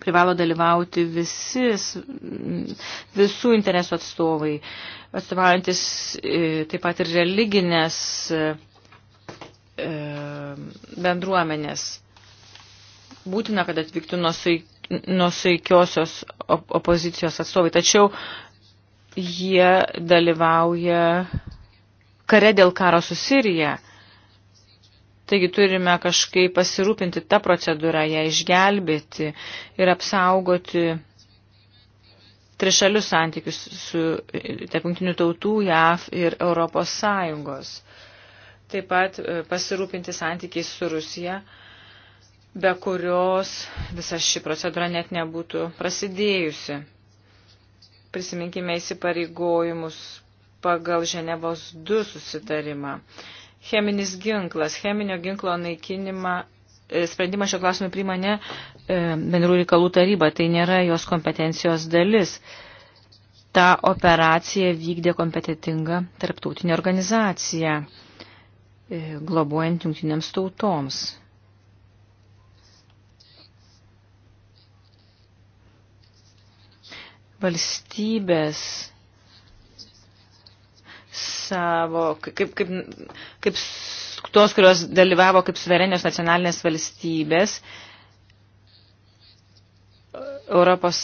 Privalo dalyvauti visis, visų interesų atstovai, atstovaujantis e, taip pat ir religinės. E, E, bendruomenės. Būtina, kad atvyktų nusaikiosios opozicijos atstovai, tačiau jie dalyvauja kare dėl karo su Sirija. Taigi turime kažkaip pasirūpinti tą procedūrą, ją išgelbėti ir apsaugoti trišalius santykius su tarpjungtinių tautų, JAV ir Europos Sąjungos taip pat e, pasirūpinti santykiais su Rusija, be kurios visa ši procedūra net nebūtų prasidėjusi. Prisiminkime įsipareigojimus pagal Ženevos 2 susitarimą. Cheminis ginklas, cheminio ginklo naikinimą, e, sprendimą šio klausimą priima ne e, bendrų reikalų taryba, tai nėra jos kompetencijos dalis tą operaciją vykdė kompetitinga tarptautinė organizacija. E, globuojant jungtinėms tautoms. Valstybės savo, kaip, kaip, kaip tos, kurios dalyvavo kaip suverenios nacionalinės valstybės, Europos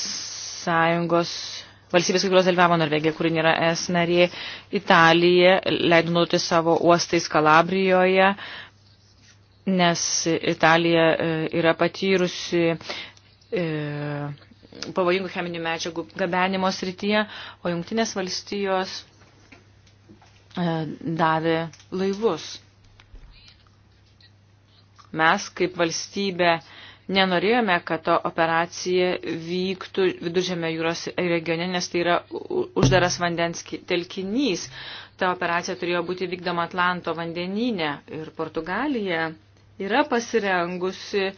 Sąjungos valstybės, kurios dalyvavo Norvegija, kuri nėra es narė, Italija leido nuoti savo uostais Kalabrijoje, nes Italija e, yra patyrusi e, pavojingų cheminių medžiagų gabenimo srityje, o jungtinės valstijos e, davė laivus. Mes kaip valstybė Nenorėjome, kad ta operacija vyktų viduržėme jūros regione, nes tai yra uždaras vandens telkinys. Ta operacija turėjo būti vykdoma Atlanto vandenyne ir Portugalija yra pasirengusi e,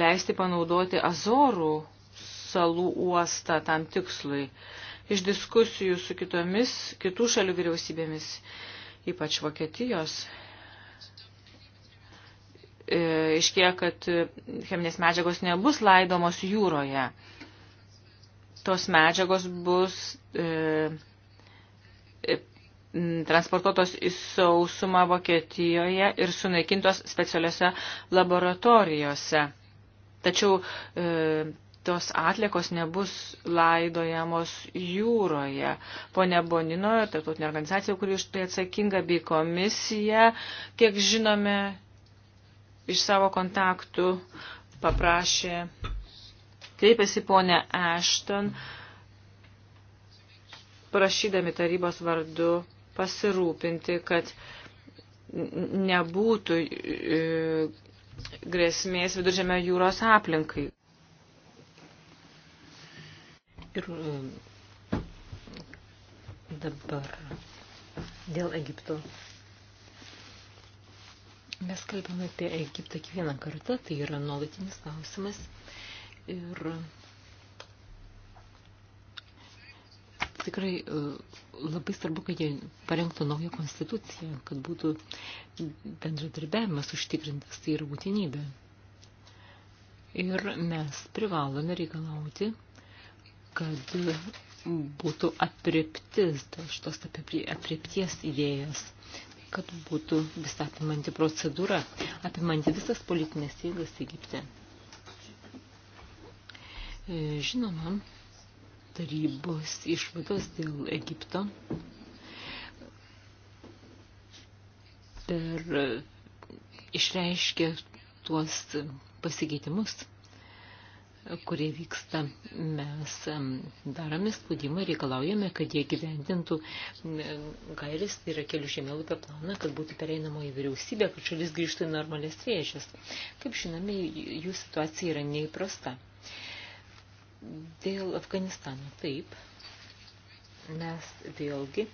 leisti panaudoti Azorų salų uostą tam tikslui. Iš diskusijų su kitomis, kitų šalių vyriausybėmis, ypač Vokietijos E, iškėja, kad cheminės medžiagos nebus laidomos jūroje. Tos medžiagos bus e, e transportuotos į sausumą Vokietijoje ir sunaikintos specialiuose laboratorijose. Tačiau e, tos atlikos nebus laidojamos jūroje. Pone Bonino, tarptautinė organizacija, kuri už tai atsakinga, bei komisija, kiek žinome, iš savo kontaktų paprašė, kreipėsi ponę Ashton, prašydami tarybos vardu pasirūpinti, kad nebūtų e, grėsmės viduržėme jūros aplinkai. Ir e, dabar dėl Egipto Mes kalbame apie Egiptą kiekvieną kartą, tai yra nuolatinis klausimas. Ir tikrai e, labai svarbu, kad jie parengtų naują konstituciją, kad būtų bendradarbiavimas užtikrintas, tai yra būtinybė. Ir mes privalome reikalauti, kad būtų apriptis, tai šitos apriepties idėjas kad būtų visą apimanti procedūra, apimanti visas politinės jėgas Egipte. E, žinoma, tarybos išvados dėl Egipto per e, išreiškė tuos pasikeitimus kurie vyksta, mes darome spaudimą, reikalaujame, kad jie gyvendintų gairės, tai yra kelių žemėlapio planą, kad būtų pereinamo į vyriausybę, kad šalis grįžtų į normalės vėžės. Kaip žinome, jų situacija yra neįprasta. Dėl Afganistano taip, mes vėlgi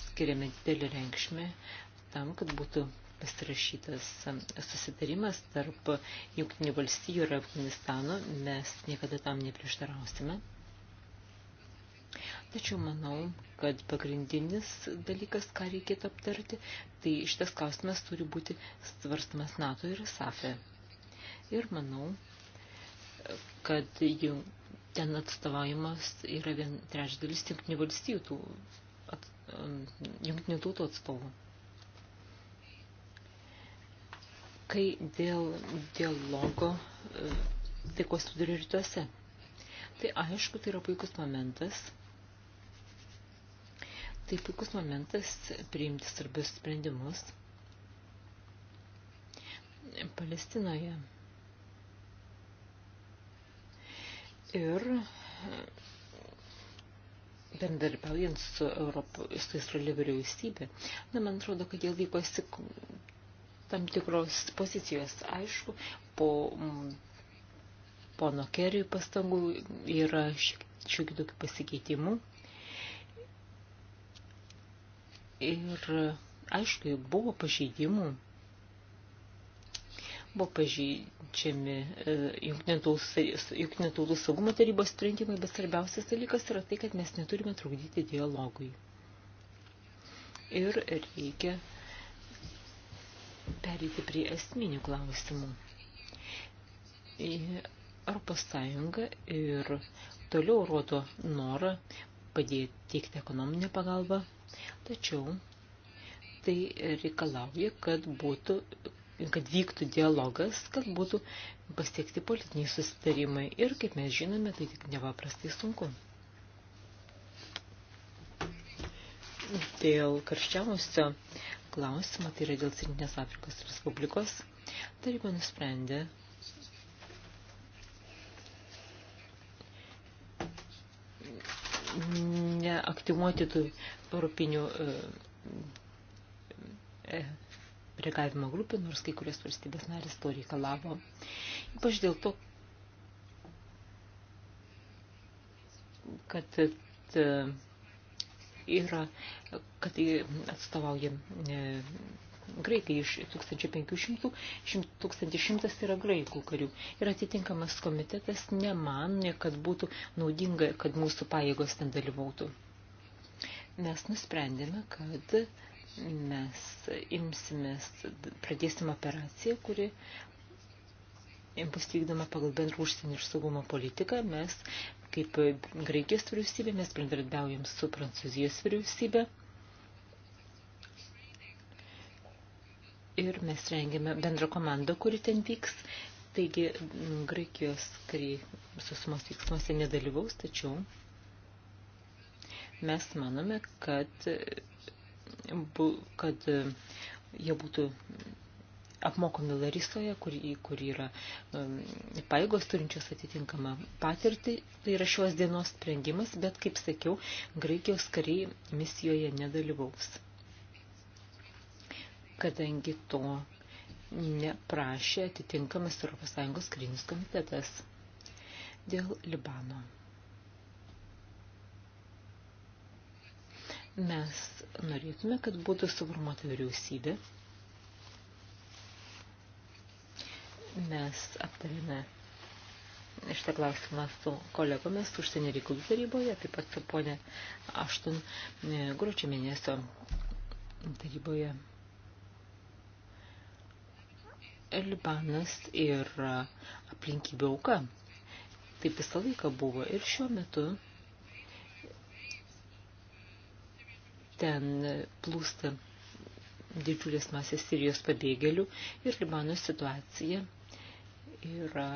skiriame didelį reikšmę tam, kad būtų pasirašytas um, susitarimas tarp Junktinių valstybių ir Afganistano. Mes niekada tam neprieštarausime. Tačiau manau, kad pagrindinis dalykas, ką reikėtų aptarti, tai šitas klausimas turi būti svarstamas NATO ir SAFE. Ir manau, kad jau ten atstovaujamas yra vien trečdalis jungtinių valstybių, um, jungtinių tautų atstovų. kai dėl dialogo e, taikos vidurio rytuose. Tai aišku, tai yra puikus momentas. Tai puikus momentas priimti svarbius sprendimus. Palestinoje. Ir e, bendarbiaujant su, Europo, su Izraelio vyriausybė, na, man atrodo, kad jau vykosi tam tikros pozicijos. Aišku, po mm, pono Kerry pastangų yra šiokių tokių pasikeitimų. Ir aišku, buvo pažeidimų. Buvo pažeidžiami e, jungtinių tautų saugumo tarybos sprendimai, bet svarbiausias dalykas yra tai, kad mes neturime trukdyti dialogui. Ir reikia pereiti prie esminių klausimų. Europos Sąjunga ir toliau rodo norą padėti teikti ekonominę pagalbą, tačiau tai reikalauja, kad būtų kad vyktų dialogas, kad būtų pasiekti politiniai susitarimai. Ir, kaip mes žinome, tai tik nepaprastai sunku. Dėl karščiausio klausimą, tai yra dėl Centrinės Afrikos Respublikos, taryba nusprendė neaktyvuoti tų europinių e, e reagavimo grupių, nors kai kurios valstybės narės to reikalavo. Ypač dėl to, kad t, e, yra, e, kad atstovauja e, graikai iš 1500, 1100 yra graikų karių. Ir atitinkamas komitetas nemanė, kad būtų naudinga, kad mūsų pajėgos ten dalyvautų. Mes nusprendėme, kad mes imsimės, pradėsim operaciją, kuri bus vykdoma pagal bendrų užsienį ir saugumo politiką. Mes kaip Graikijos vyriausybė, mes bendradarbiaujam su Prancūzijos vyriausybė. Ir mes rengiame bendrą komandą, kuri ten vyks. Taigi, Graikijos kariai susumos veiksmuose nedalyvaus, tačiau mes manome, kad, kad e, jie būtų apmokomi Larisoje, kur, kur yra um, paėgos turinčios atitinkamą patirtį. Tai yra šios dienos sprendimas, bet, kaip sakiau, Graikijos kariai misijoje nedalyvaus, kadangi to neprašė atitinkamas ES karinis komitetas dėl Libano. Mes norėtume, kad būtų suformuota vyriausybė Mes aptarėme šitą klausimą su kolegomis užsienio reikalų taryboje, taip pat su ponė Aštun e, gručio mėnesio taryboje. Libanas ir aplinkybių auka. Taip visą laiką buvo ir šiuo metu ten plūsta didžiulės masės Sirijos pabėgėlių ir Libano situacija yra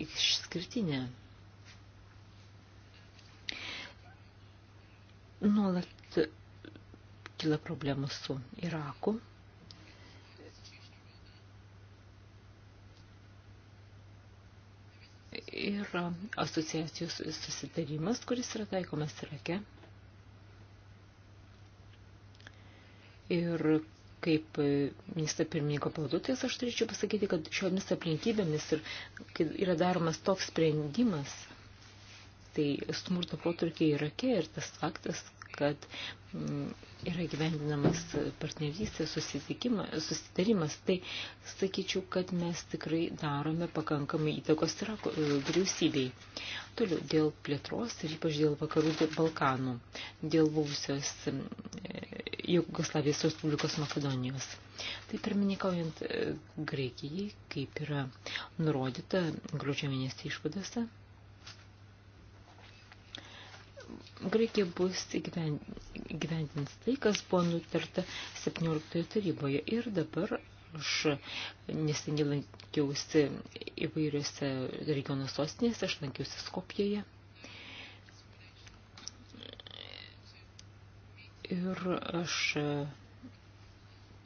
išskirtinė. Nuolat kyla problemų su Iraku. Ir asociacijos susitarimas, kuris yra taikomas Irake. Ir Kaip e, ministro pirmininko pavaduotojas aš turėčiau pasakyti, kad šiomis aplinkybėmis ir kai yra daromas toks sprendimas, tai smurto protrukiai Irake ir tas faktas, kad mm, yra gyvendinamas partnerystės susitarimas, tai sakyčiau, kad mes tikrai darome pakankamai įtakos Irako e, vyriausybei. Toliau dėl plėtros ir ypač dėl vakarų dėl Balkanų, dėl buvusios e, Jugoslavijos Respublikos Makedonijos. Tai pirmininkaujant e, Graikijai, kaip yra nurodyta gruodžio mėnesį išvadose, Graikija bus gyvendins tai, kas buvo nutarta 17 taryboje. Ir dabar aš neseniai lankiausi įvairiose regiono sostinėse, aš lankiausi Skopijoje. Ir aš e,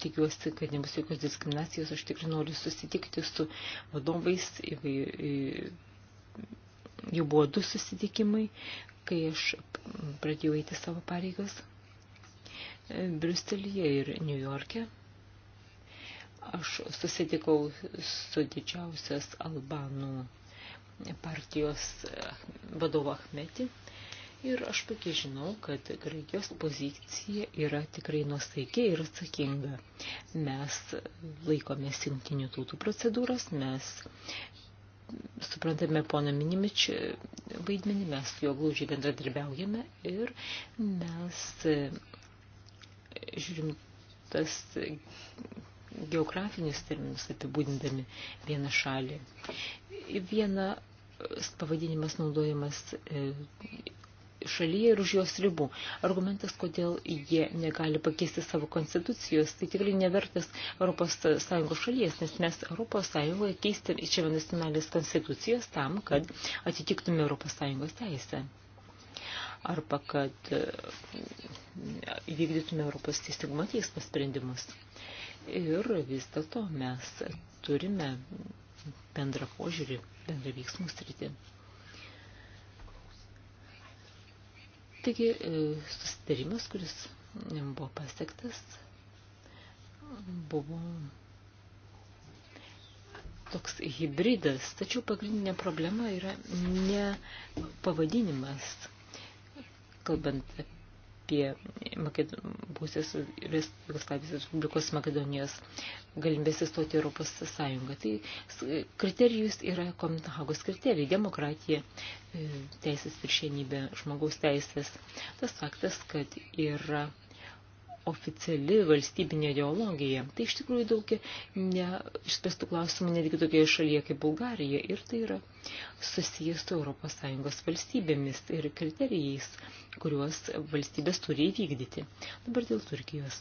tikiuosi, kad nebus jokios diskriminacijos, aš tikrai noriu susitikti su vadovais, jau buvo du susitikimai, kai aš pradėjau eiti savo pareigas e, Briuselėje ir New York'e. Aš susitikau su didžiausias Albanų partijos e, vadovu Ahmeti ir aš puikiai žinau, kad Graikijos pozicija yra tikrai nuosaikiai ir atsakinga. Mes laikomės jungtinių tautų procedūros, mes suprantame poną Minimič vaidmenį, mes su juo glūdžiai bendradarbiaujame ir mes e, žiūrim tas geografinis terminus apibūdindami vieną šalį. Viena pavadinimas naudojamas e, šalyje ir už jos ribų. Argumentas, kodėl jie negali pakeisti savo konstitucijos, tai tikrai nevertas ES šalies, nes mes ES keisti čia nacionalės konstitucijas tam, kad atitiktume ES teisę arba kad e, vykdytume Europos teisingumo teismo sprendimus. Ir vis dėlto mes turime bendrą požiūrį, bendrą veiksmų sritį. Taigi e, susitarimas, kuris buvo pasiektas, buvo toks hybridas, tačiau pagrindinė problema yra ne pavadinimas, kalbant apie apie būsės Jugoslavijos Respublikos Makedonijos galimybės įstoti Europos Sąjungą. Tai kriterijus yra Kopenhagos kriterijai – demokratija, e, teisės viršienybė, žmogaus teisės. Tas faktas, kad yra oficiali valstybinė ideologija. Tai iš tikrųjų daug neišspręstų klausimų netgi tokioje šalyje kaip Bulgarija ir tai yra susijęs su ES valstybėmis ir kriterijais, kuriuos valstybės turi įvykdyti. Dabar dėl Turkijos.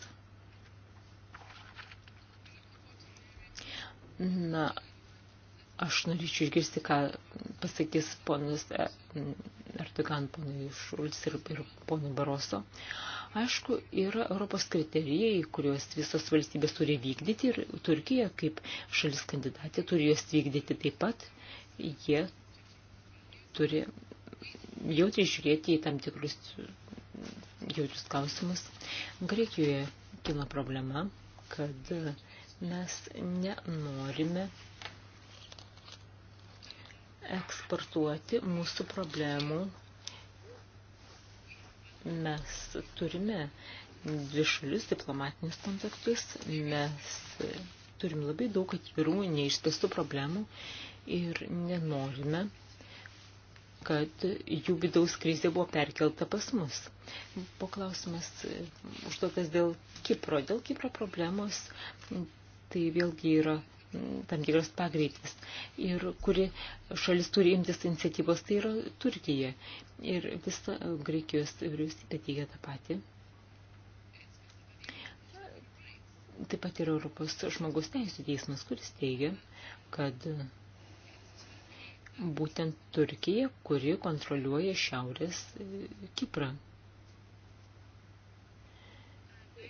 Na, aš norėčiau išgirsti, ką pasakys ponas e, Erdogan, ponai Šulc ir, ir ponai Baroso. Uh, Aišku, yra Europos kriterijai, kuriuos visas valstybės turi vykdyti ir Turkija kaip šalis kandidatė turi juos vykdyti taip pat. Jie turi jautriai žiūrėti į tam tikrus jautrius klausimus. Greikijoje kilo problema, kad mes nenorime eksportuoti mūsų problemų Mes turime dvišalius diplomatinius kontaktus, mes turim labai daug atvirų, neišspręstų problemų ir nenorime, kad jų vidaus krizė buvo perkelta pas mus. Buvo klausimas e, užduotas dėl Kipro. Dėl Kipro problemos tai vėlgi yra tam tikras pagreitis. Ir kuri šalis turi imtis iniciatyvos, tai yra Turkija. Ir visa Graikijos vyriausybė teigia tą patį. Taip pat yra Europos žmogus teisų teismas, kuris teigia, kad būtent Turkija, kuri kontroliuoja Šiaurės Kiprą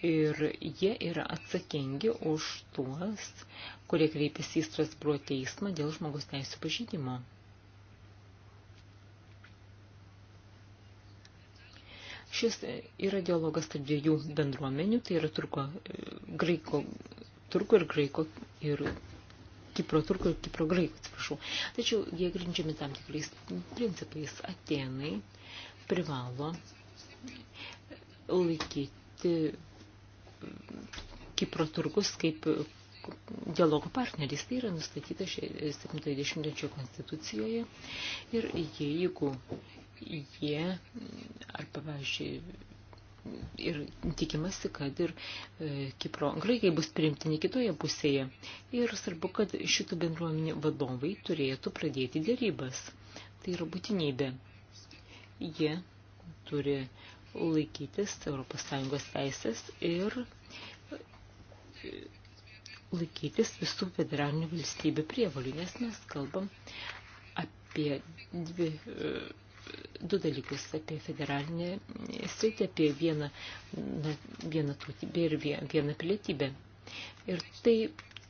ir jie yra atsakingi už tuos, kurie kreipiasi į Strasbūro teismą dėl žmogus teisų pažydimo. Šis yra dialogas tarp dviejų bendruomenių, tai yra turko, e, graiko, turko ir graiko ir Kipro turko ir Kipro graikų, atsiprašau. Tačiau jie grindžiami tam tikrais principais. Atenai privalo laikyti Kipro turkus kaip dialogo partneris. Tai yra nustatyta 70-mečio konstitucijoje. Ir jeigu jie, ar pavyzdžiui, ir tikimasi, kad ir e, Kipro graikai bus priimtini kitoje pusėje. Ir svarbu, kad šitų bendruomenių vadovai turėtų pradėti dėrybas. Tai yra būtinybė. Jie turi laikytis ES teisės ir laikytis visų federalinių valstybių prievalių, nes mes kalbam apie dvi, e, du dalykus, apie federalinę sritį, apie vieną, na, vieną tautybę ir vieną pilietybę. Ir tai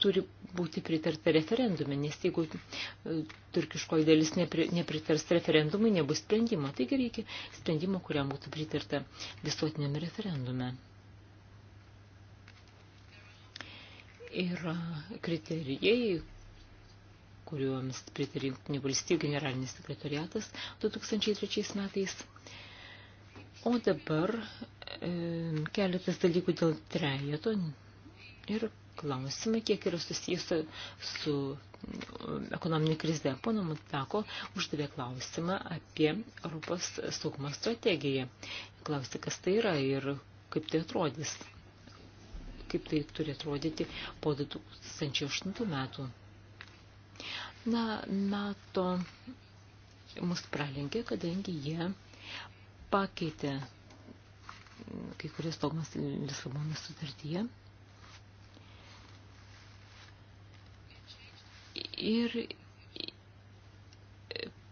turi būti pritarta referendume, nes jeigu e, turkiškoji dalis nepritars referendumui, nebus sprendimo. Taigi reikia sprendimo, kuriam būtų pritarta visuotiniam referendume. Yra kriterijai, kuriuoms pritarė Junktinių valstybių generalinis sekretoriatas 2003 metais. O dabar e, keletas dalykų dėl trejeto ir klausimai, kiek yra susijusi su mm, ekonominė krize. Pono Matako uždavė klausimą apie Europos saugumo strategiją. Klausė, kas tai yra ir kaip tai atrodys, kaip tai turi atrodyti po 2008 metų. Na, NATO mus pralenkė, kadangi jie pakeitė kai kurias dogmas Lisabono sutartyje ir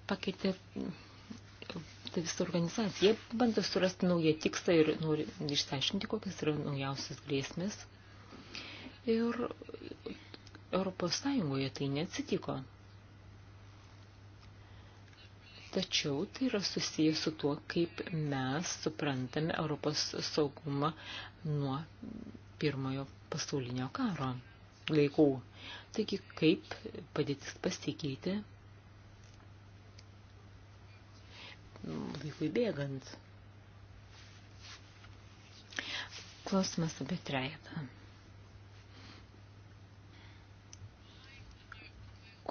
pakeitė tai visą organizaciją. Jie bando surasti naują tikslą ir nori išsiaiškinti, kokias yra naujausias grėsmės. Ir Europos Sąjungoje tai neatsitiko. Tačiau tai yra susijęs su tuo, kaip mes suprantame Europos saugumą nuo pirmojo pasaulinio karo laikų. Taigi, kaip padėtis pasikeitė laikui bėgant. Klausimas apie trejetą.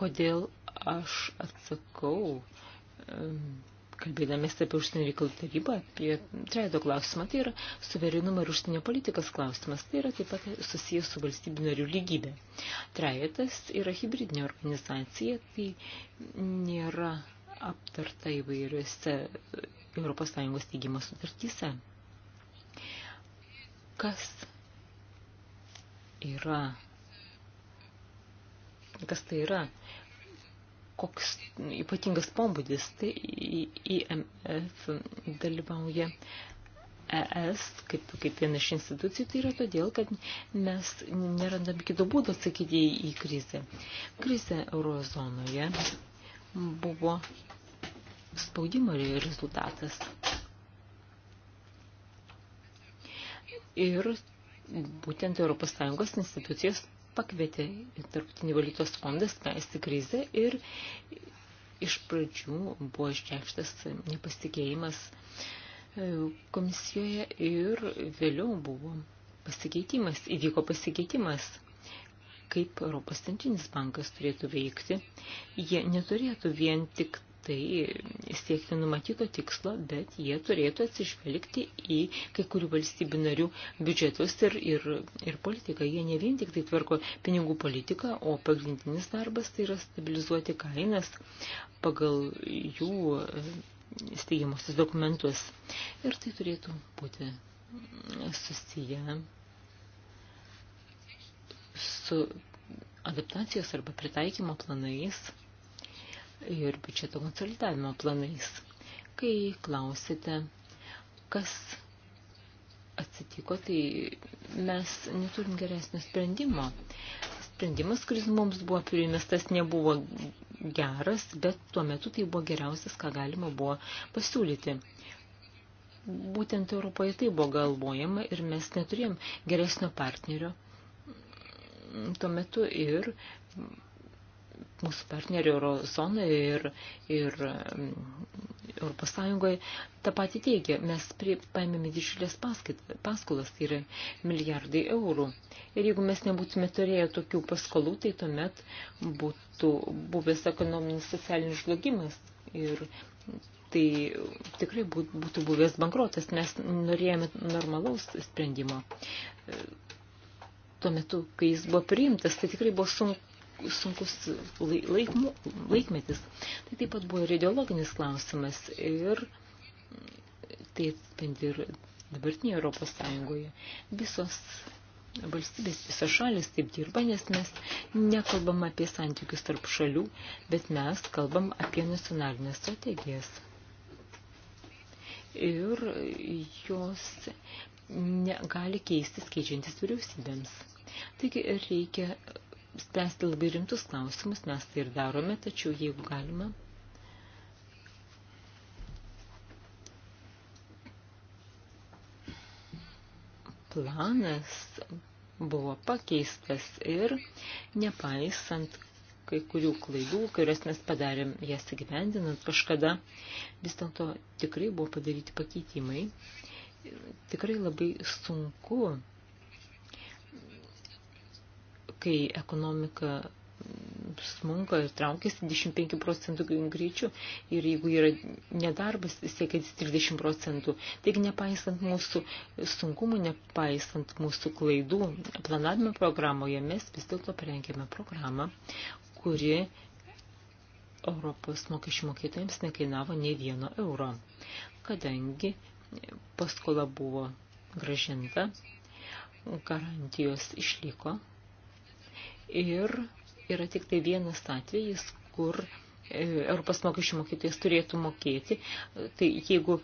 Kodėl aš atsakau kalbėdamės apie užsienio reikalų tarybą, apie treido klausimą, tai yra suverenumo ir užsienio politikos klausimas, tai yra taip pat susijęs su valstybių narių lygybė. Trejetas yra hybridinė organizacija, tai nėra aptarta įvairiuose ES teigimo sutartyse. Kas yra? Kas tai yra? koks ypatingas pombūdis, tai IMF dalyvauja ES kaip, kaip viena iš institucijų, tai yra todėl, kad mes nerandam kito būdo atsakyti į krizę. Krizė eurozonoje buvo spaudimo rezultatas. Ir būtent ES institucijos pakvietė tarptautinį valytos fondą spręsti krizę ir iš pradžių buvo išreikštas nepasitikėjimas e, komisijoje ir vėliau buvo pasikeitimas, įvyko pasikeitimas, kaip Europos centrinis bankas turėtų veikti. Jie neturėtų vien tik tai siekti numatyto tikslo, bet jie turėtų atsižvelgti į kai kurių valstybių narių biudžetus ir, ir, ir politiką. Jie ne vien tik tai tvarko pinigų politiką, o pagrindinis darbas tai yra stabilizuoti kainas pagal jų e, steigiamosius dokumentus. Ir tai turėtų būti susiję su adaptacijos arba pritaikymo planais ir biudžeto konsolidavimo planais. Kai klausite, kas atsitiko, tai mes neturim geresnio sprendimo. Sprendimas, kuris mums buvo primestas, nebuvo geras, bet tuo metu tai buvo geriausias, ką galima buvo pasiūlyti. Būtent Europoje tai buvo galvojama ir mes neturėjom geresnio partnerio tuo metu ir mūsų partnerių Eurozonoje ir, ir mm, Europos Sąjungoje tą patį teigia. Mes paėmėme didžiulės paskolas, tai yra milijardai eurų. Ir jeigu mes nebūtume turėję tokių paskolų, tai tuomet būtų buvęs ekonominis socialinis žlugimas. Ir tai tikrai būtų buvęs bankrotas, nes norėjome normalaus sprendimo tuo metu, kai jis buvo priimtas, tai tikrai buvo sunku, sunkus laik, laikmetis. Tai taip pat buvo ir ideologinis klausimas ir tai atspindi ir dabartinėje Europos Sąjungoje. Visos valstybės, visos šalis taip dirba, nes mes nekalbam apie santykius tarp šalių, bet mes kalbam apie nacionalinės strategijas. Ir jos negali keistis keičiantis vyriausybėms. Taigi reikia spręsti labai rimtus klausimus, mes tai ir darome, tačiau jeigu galima. Planas buvo pakeistas ir nepaisant kai kurių klaidų, kurias mes padarėm jas įgyvendinant kažkada, vis dėlto tikrai buvo padaryti pakeitimai. Tikrai labai sunku kai ekonomika smunka ir traukiasi 25 procentų greičiu ir jeigu yra nedarbas siekiantis 30 procentų. Taigi nepaisant mūsų sunkumų, nepaisant mūsų klaidų planavimo programoje, mes vis dėlto parengėme programą, kuri Europos mokesčių mokėtojams nekainavo nei vieno euro, kadangi paskola buvo gražinta, garantijos išliko ir yra tik tai vienas atvejis, kur e, Europos mokesčių mokėtojas turėtų mokėti. Tai jeigu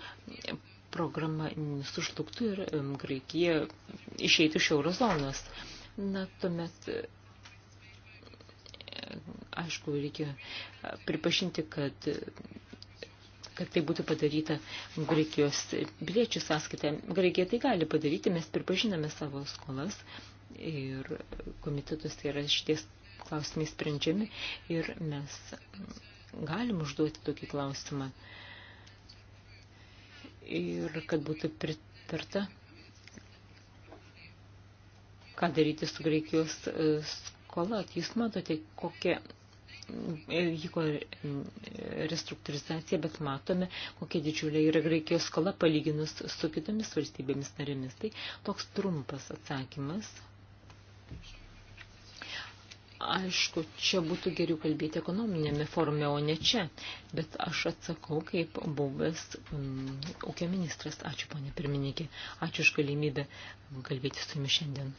programa sužlugtų ir e, Graikija išeitų iš eurozonos, na, tuomet e, aišku, reikia pripažinti, kad kad tai būtų padaryta Graikijos piliečių sąskaitą. Graikija tai gali padaryti, mes pripažiname savo skolas, ir komitetus tai yra šities klausimai sprendžiami ir mes galim užduoti tokį klausimą ir kad būtų pritarta, ką daryti su Graikijos e, skola. Jūs matote, kokia e, vyko e, restruktūrizacija, bet matome, kokia didžiulė yra Graikijos skola palyginus su kitomis valstybėmis narėmis. Tai toks trumpas atsakymas Aišku, čia būtų geriau kalbėti ekonominėme forme, o ne čia, bet aš atsakau kaip buvęs mm, ūkio ministras. Ačiū, ponė pirmininkė, ačiū už galimybę kalbėti su jumis šiandien.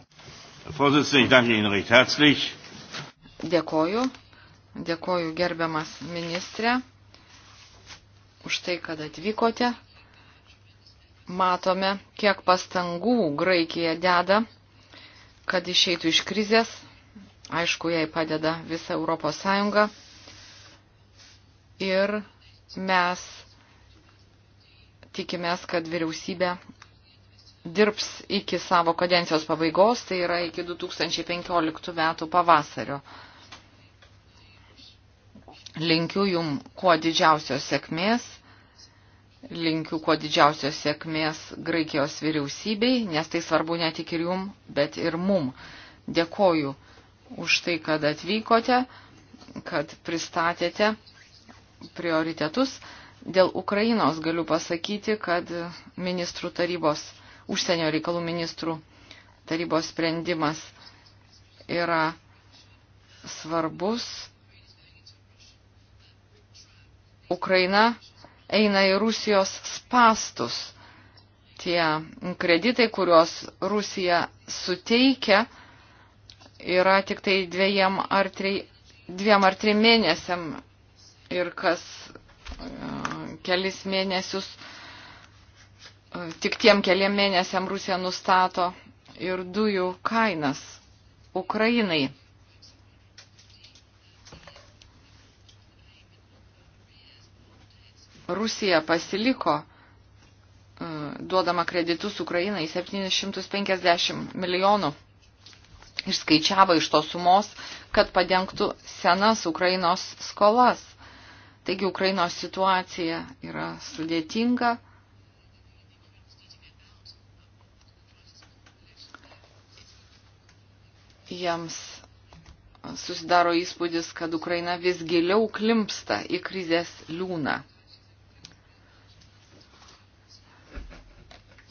Dėkoju, dėkoju gerbiamas ministrė už tai, kad atvykote. Matome, kiek pastangų Graikija deda kad išeitų iš krizės. Aišku, jai padeda visa Europos Sąjunga. Ir mes tikimės, kad vyriausybė dirbs iki savo kadencijos pabaigos, tai yra iki 2015 metų pavasario. Linkiu jum kuo didžiausios sėkmės Linkiu kuo didžiausios sėkmės Graikijos vyriausybei, nes tai svarbu ne tik ir jum, bet ir mum. Dėkoju už tai, kad atvykote, kad pristatėte prioritetus. Dėl Ukrainos galiu pasakyti, kad ministrų tarybos, užsienio reikalų ministrų tarybos sprendimas yra svarbus. Ukraina eina į Rusijos spastus. Tie kreditai, kuriuos Rusija suteikia, yra tik tai dviem ar, tri, dviem ar trim mėnesiam ir kas e, kelis mėnesius, e, tik tiem keliam mėnesiam Rusija nustato ir dujų kainas Ukrainai. Rusija pasiliko e, duodama kreditus Ukrainai 750 milijonų išskaičiavo iš tos sumos, kad padengtų senas Ukrainos skolas. Taigi Ukrainos situacija yra sudėtinga. Jiems susidaro įspūdis, kad Ukraina vis giliau klimpsta į krizės liūną.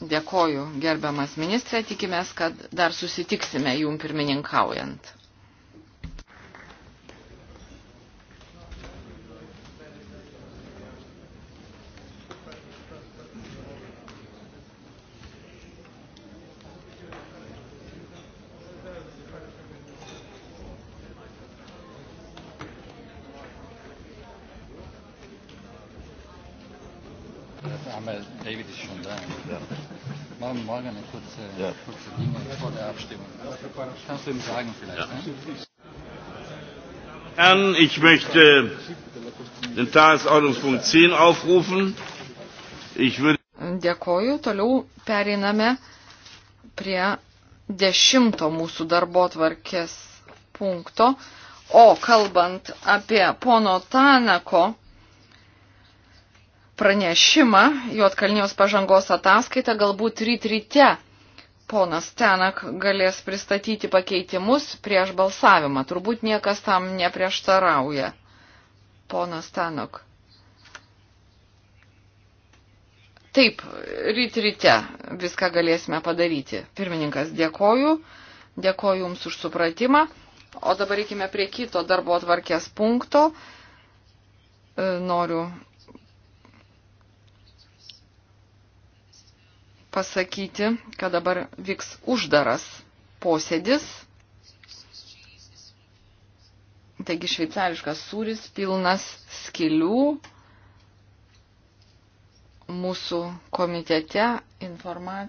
Dėkoju, gerbiamas ministrė, tikimės, kad dar susitiksime jum pirmininkaujant. Holger eine kurze, ja. kurze Dinge vor der Abstimmung. Kannst du ihm sagen vielleicht? Ja. Ne? Herren, ich möchte den Tagesordnungspunkt 10 aufrufen. Ich würde Dėkoju. Toliau pereiname prie dešimto mūsų darbo tvarkės punkto. O kalbant apie pono Tanako pranešimą, Juotkalnijos pažangos ataskaitą, galbūt ryt ryte ponas Tenak galės pristatyti pakeitimus prieš balsavimą. Turbūt niekas tam neprieštarauja. Ponas Tenok. Taip, ryt ryte viską galėsime padaryti. Pirmininkas, dėkoju. Dėkoju Jums už supratimą. O dabar reikime prie kito darbo atvarkės punkto. E, noriu pasakyti, kad dabar vyks uždaras posėdis. Taigi šveicariškas sūris pilnas skilių. Mūsų komitete informacija.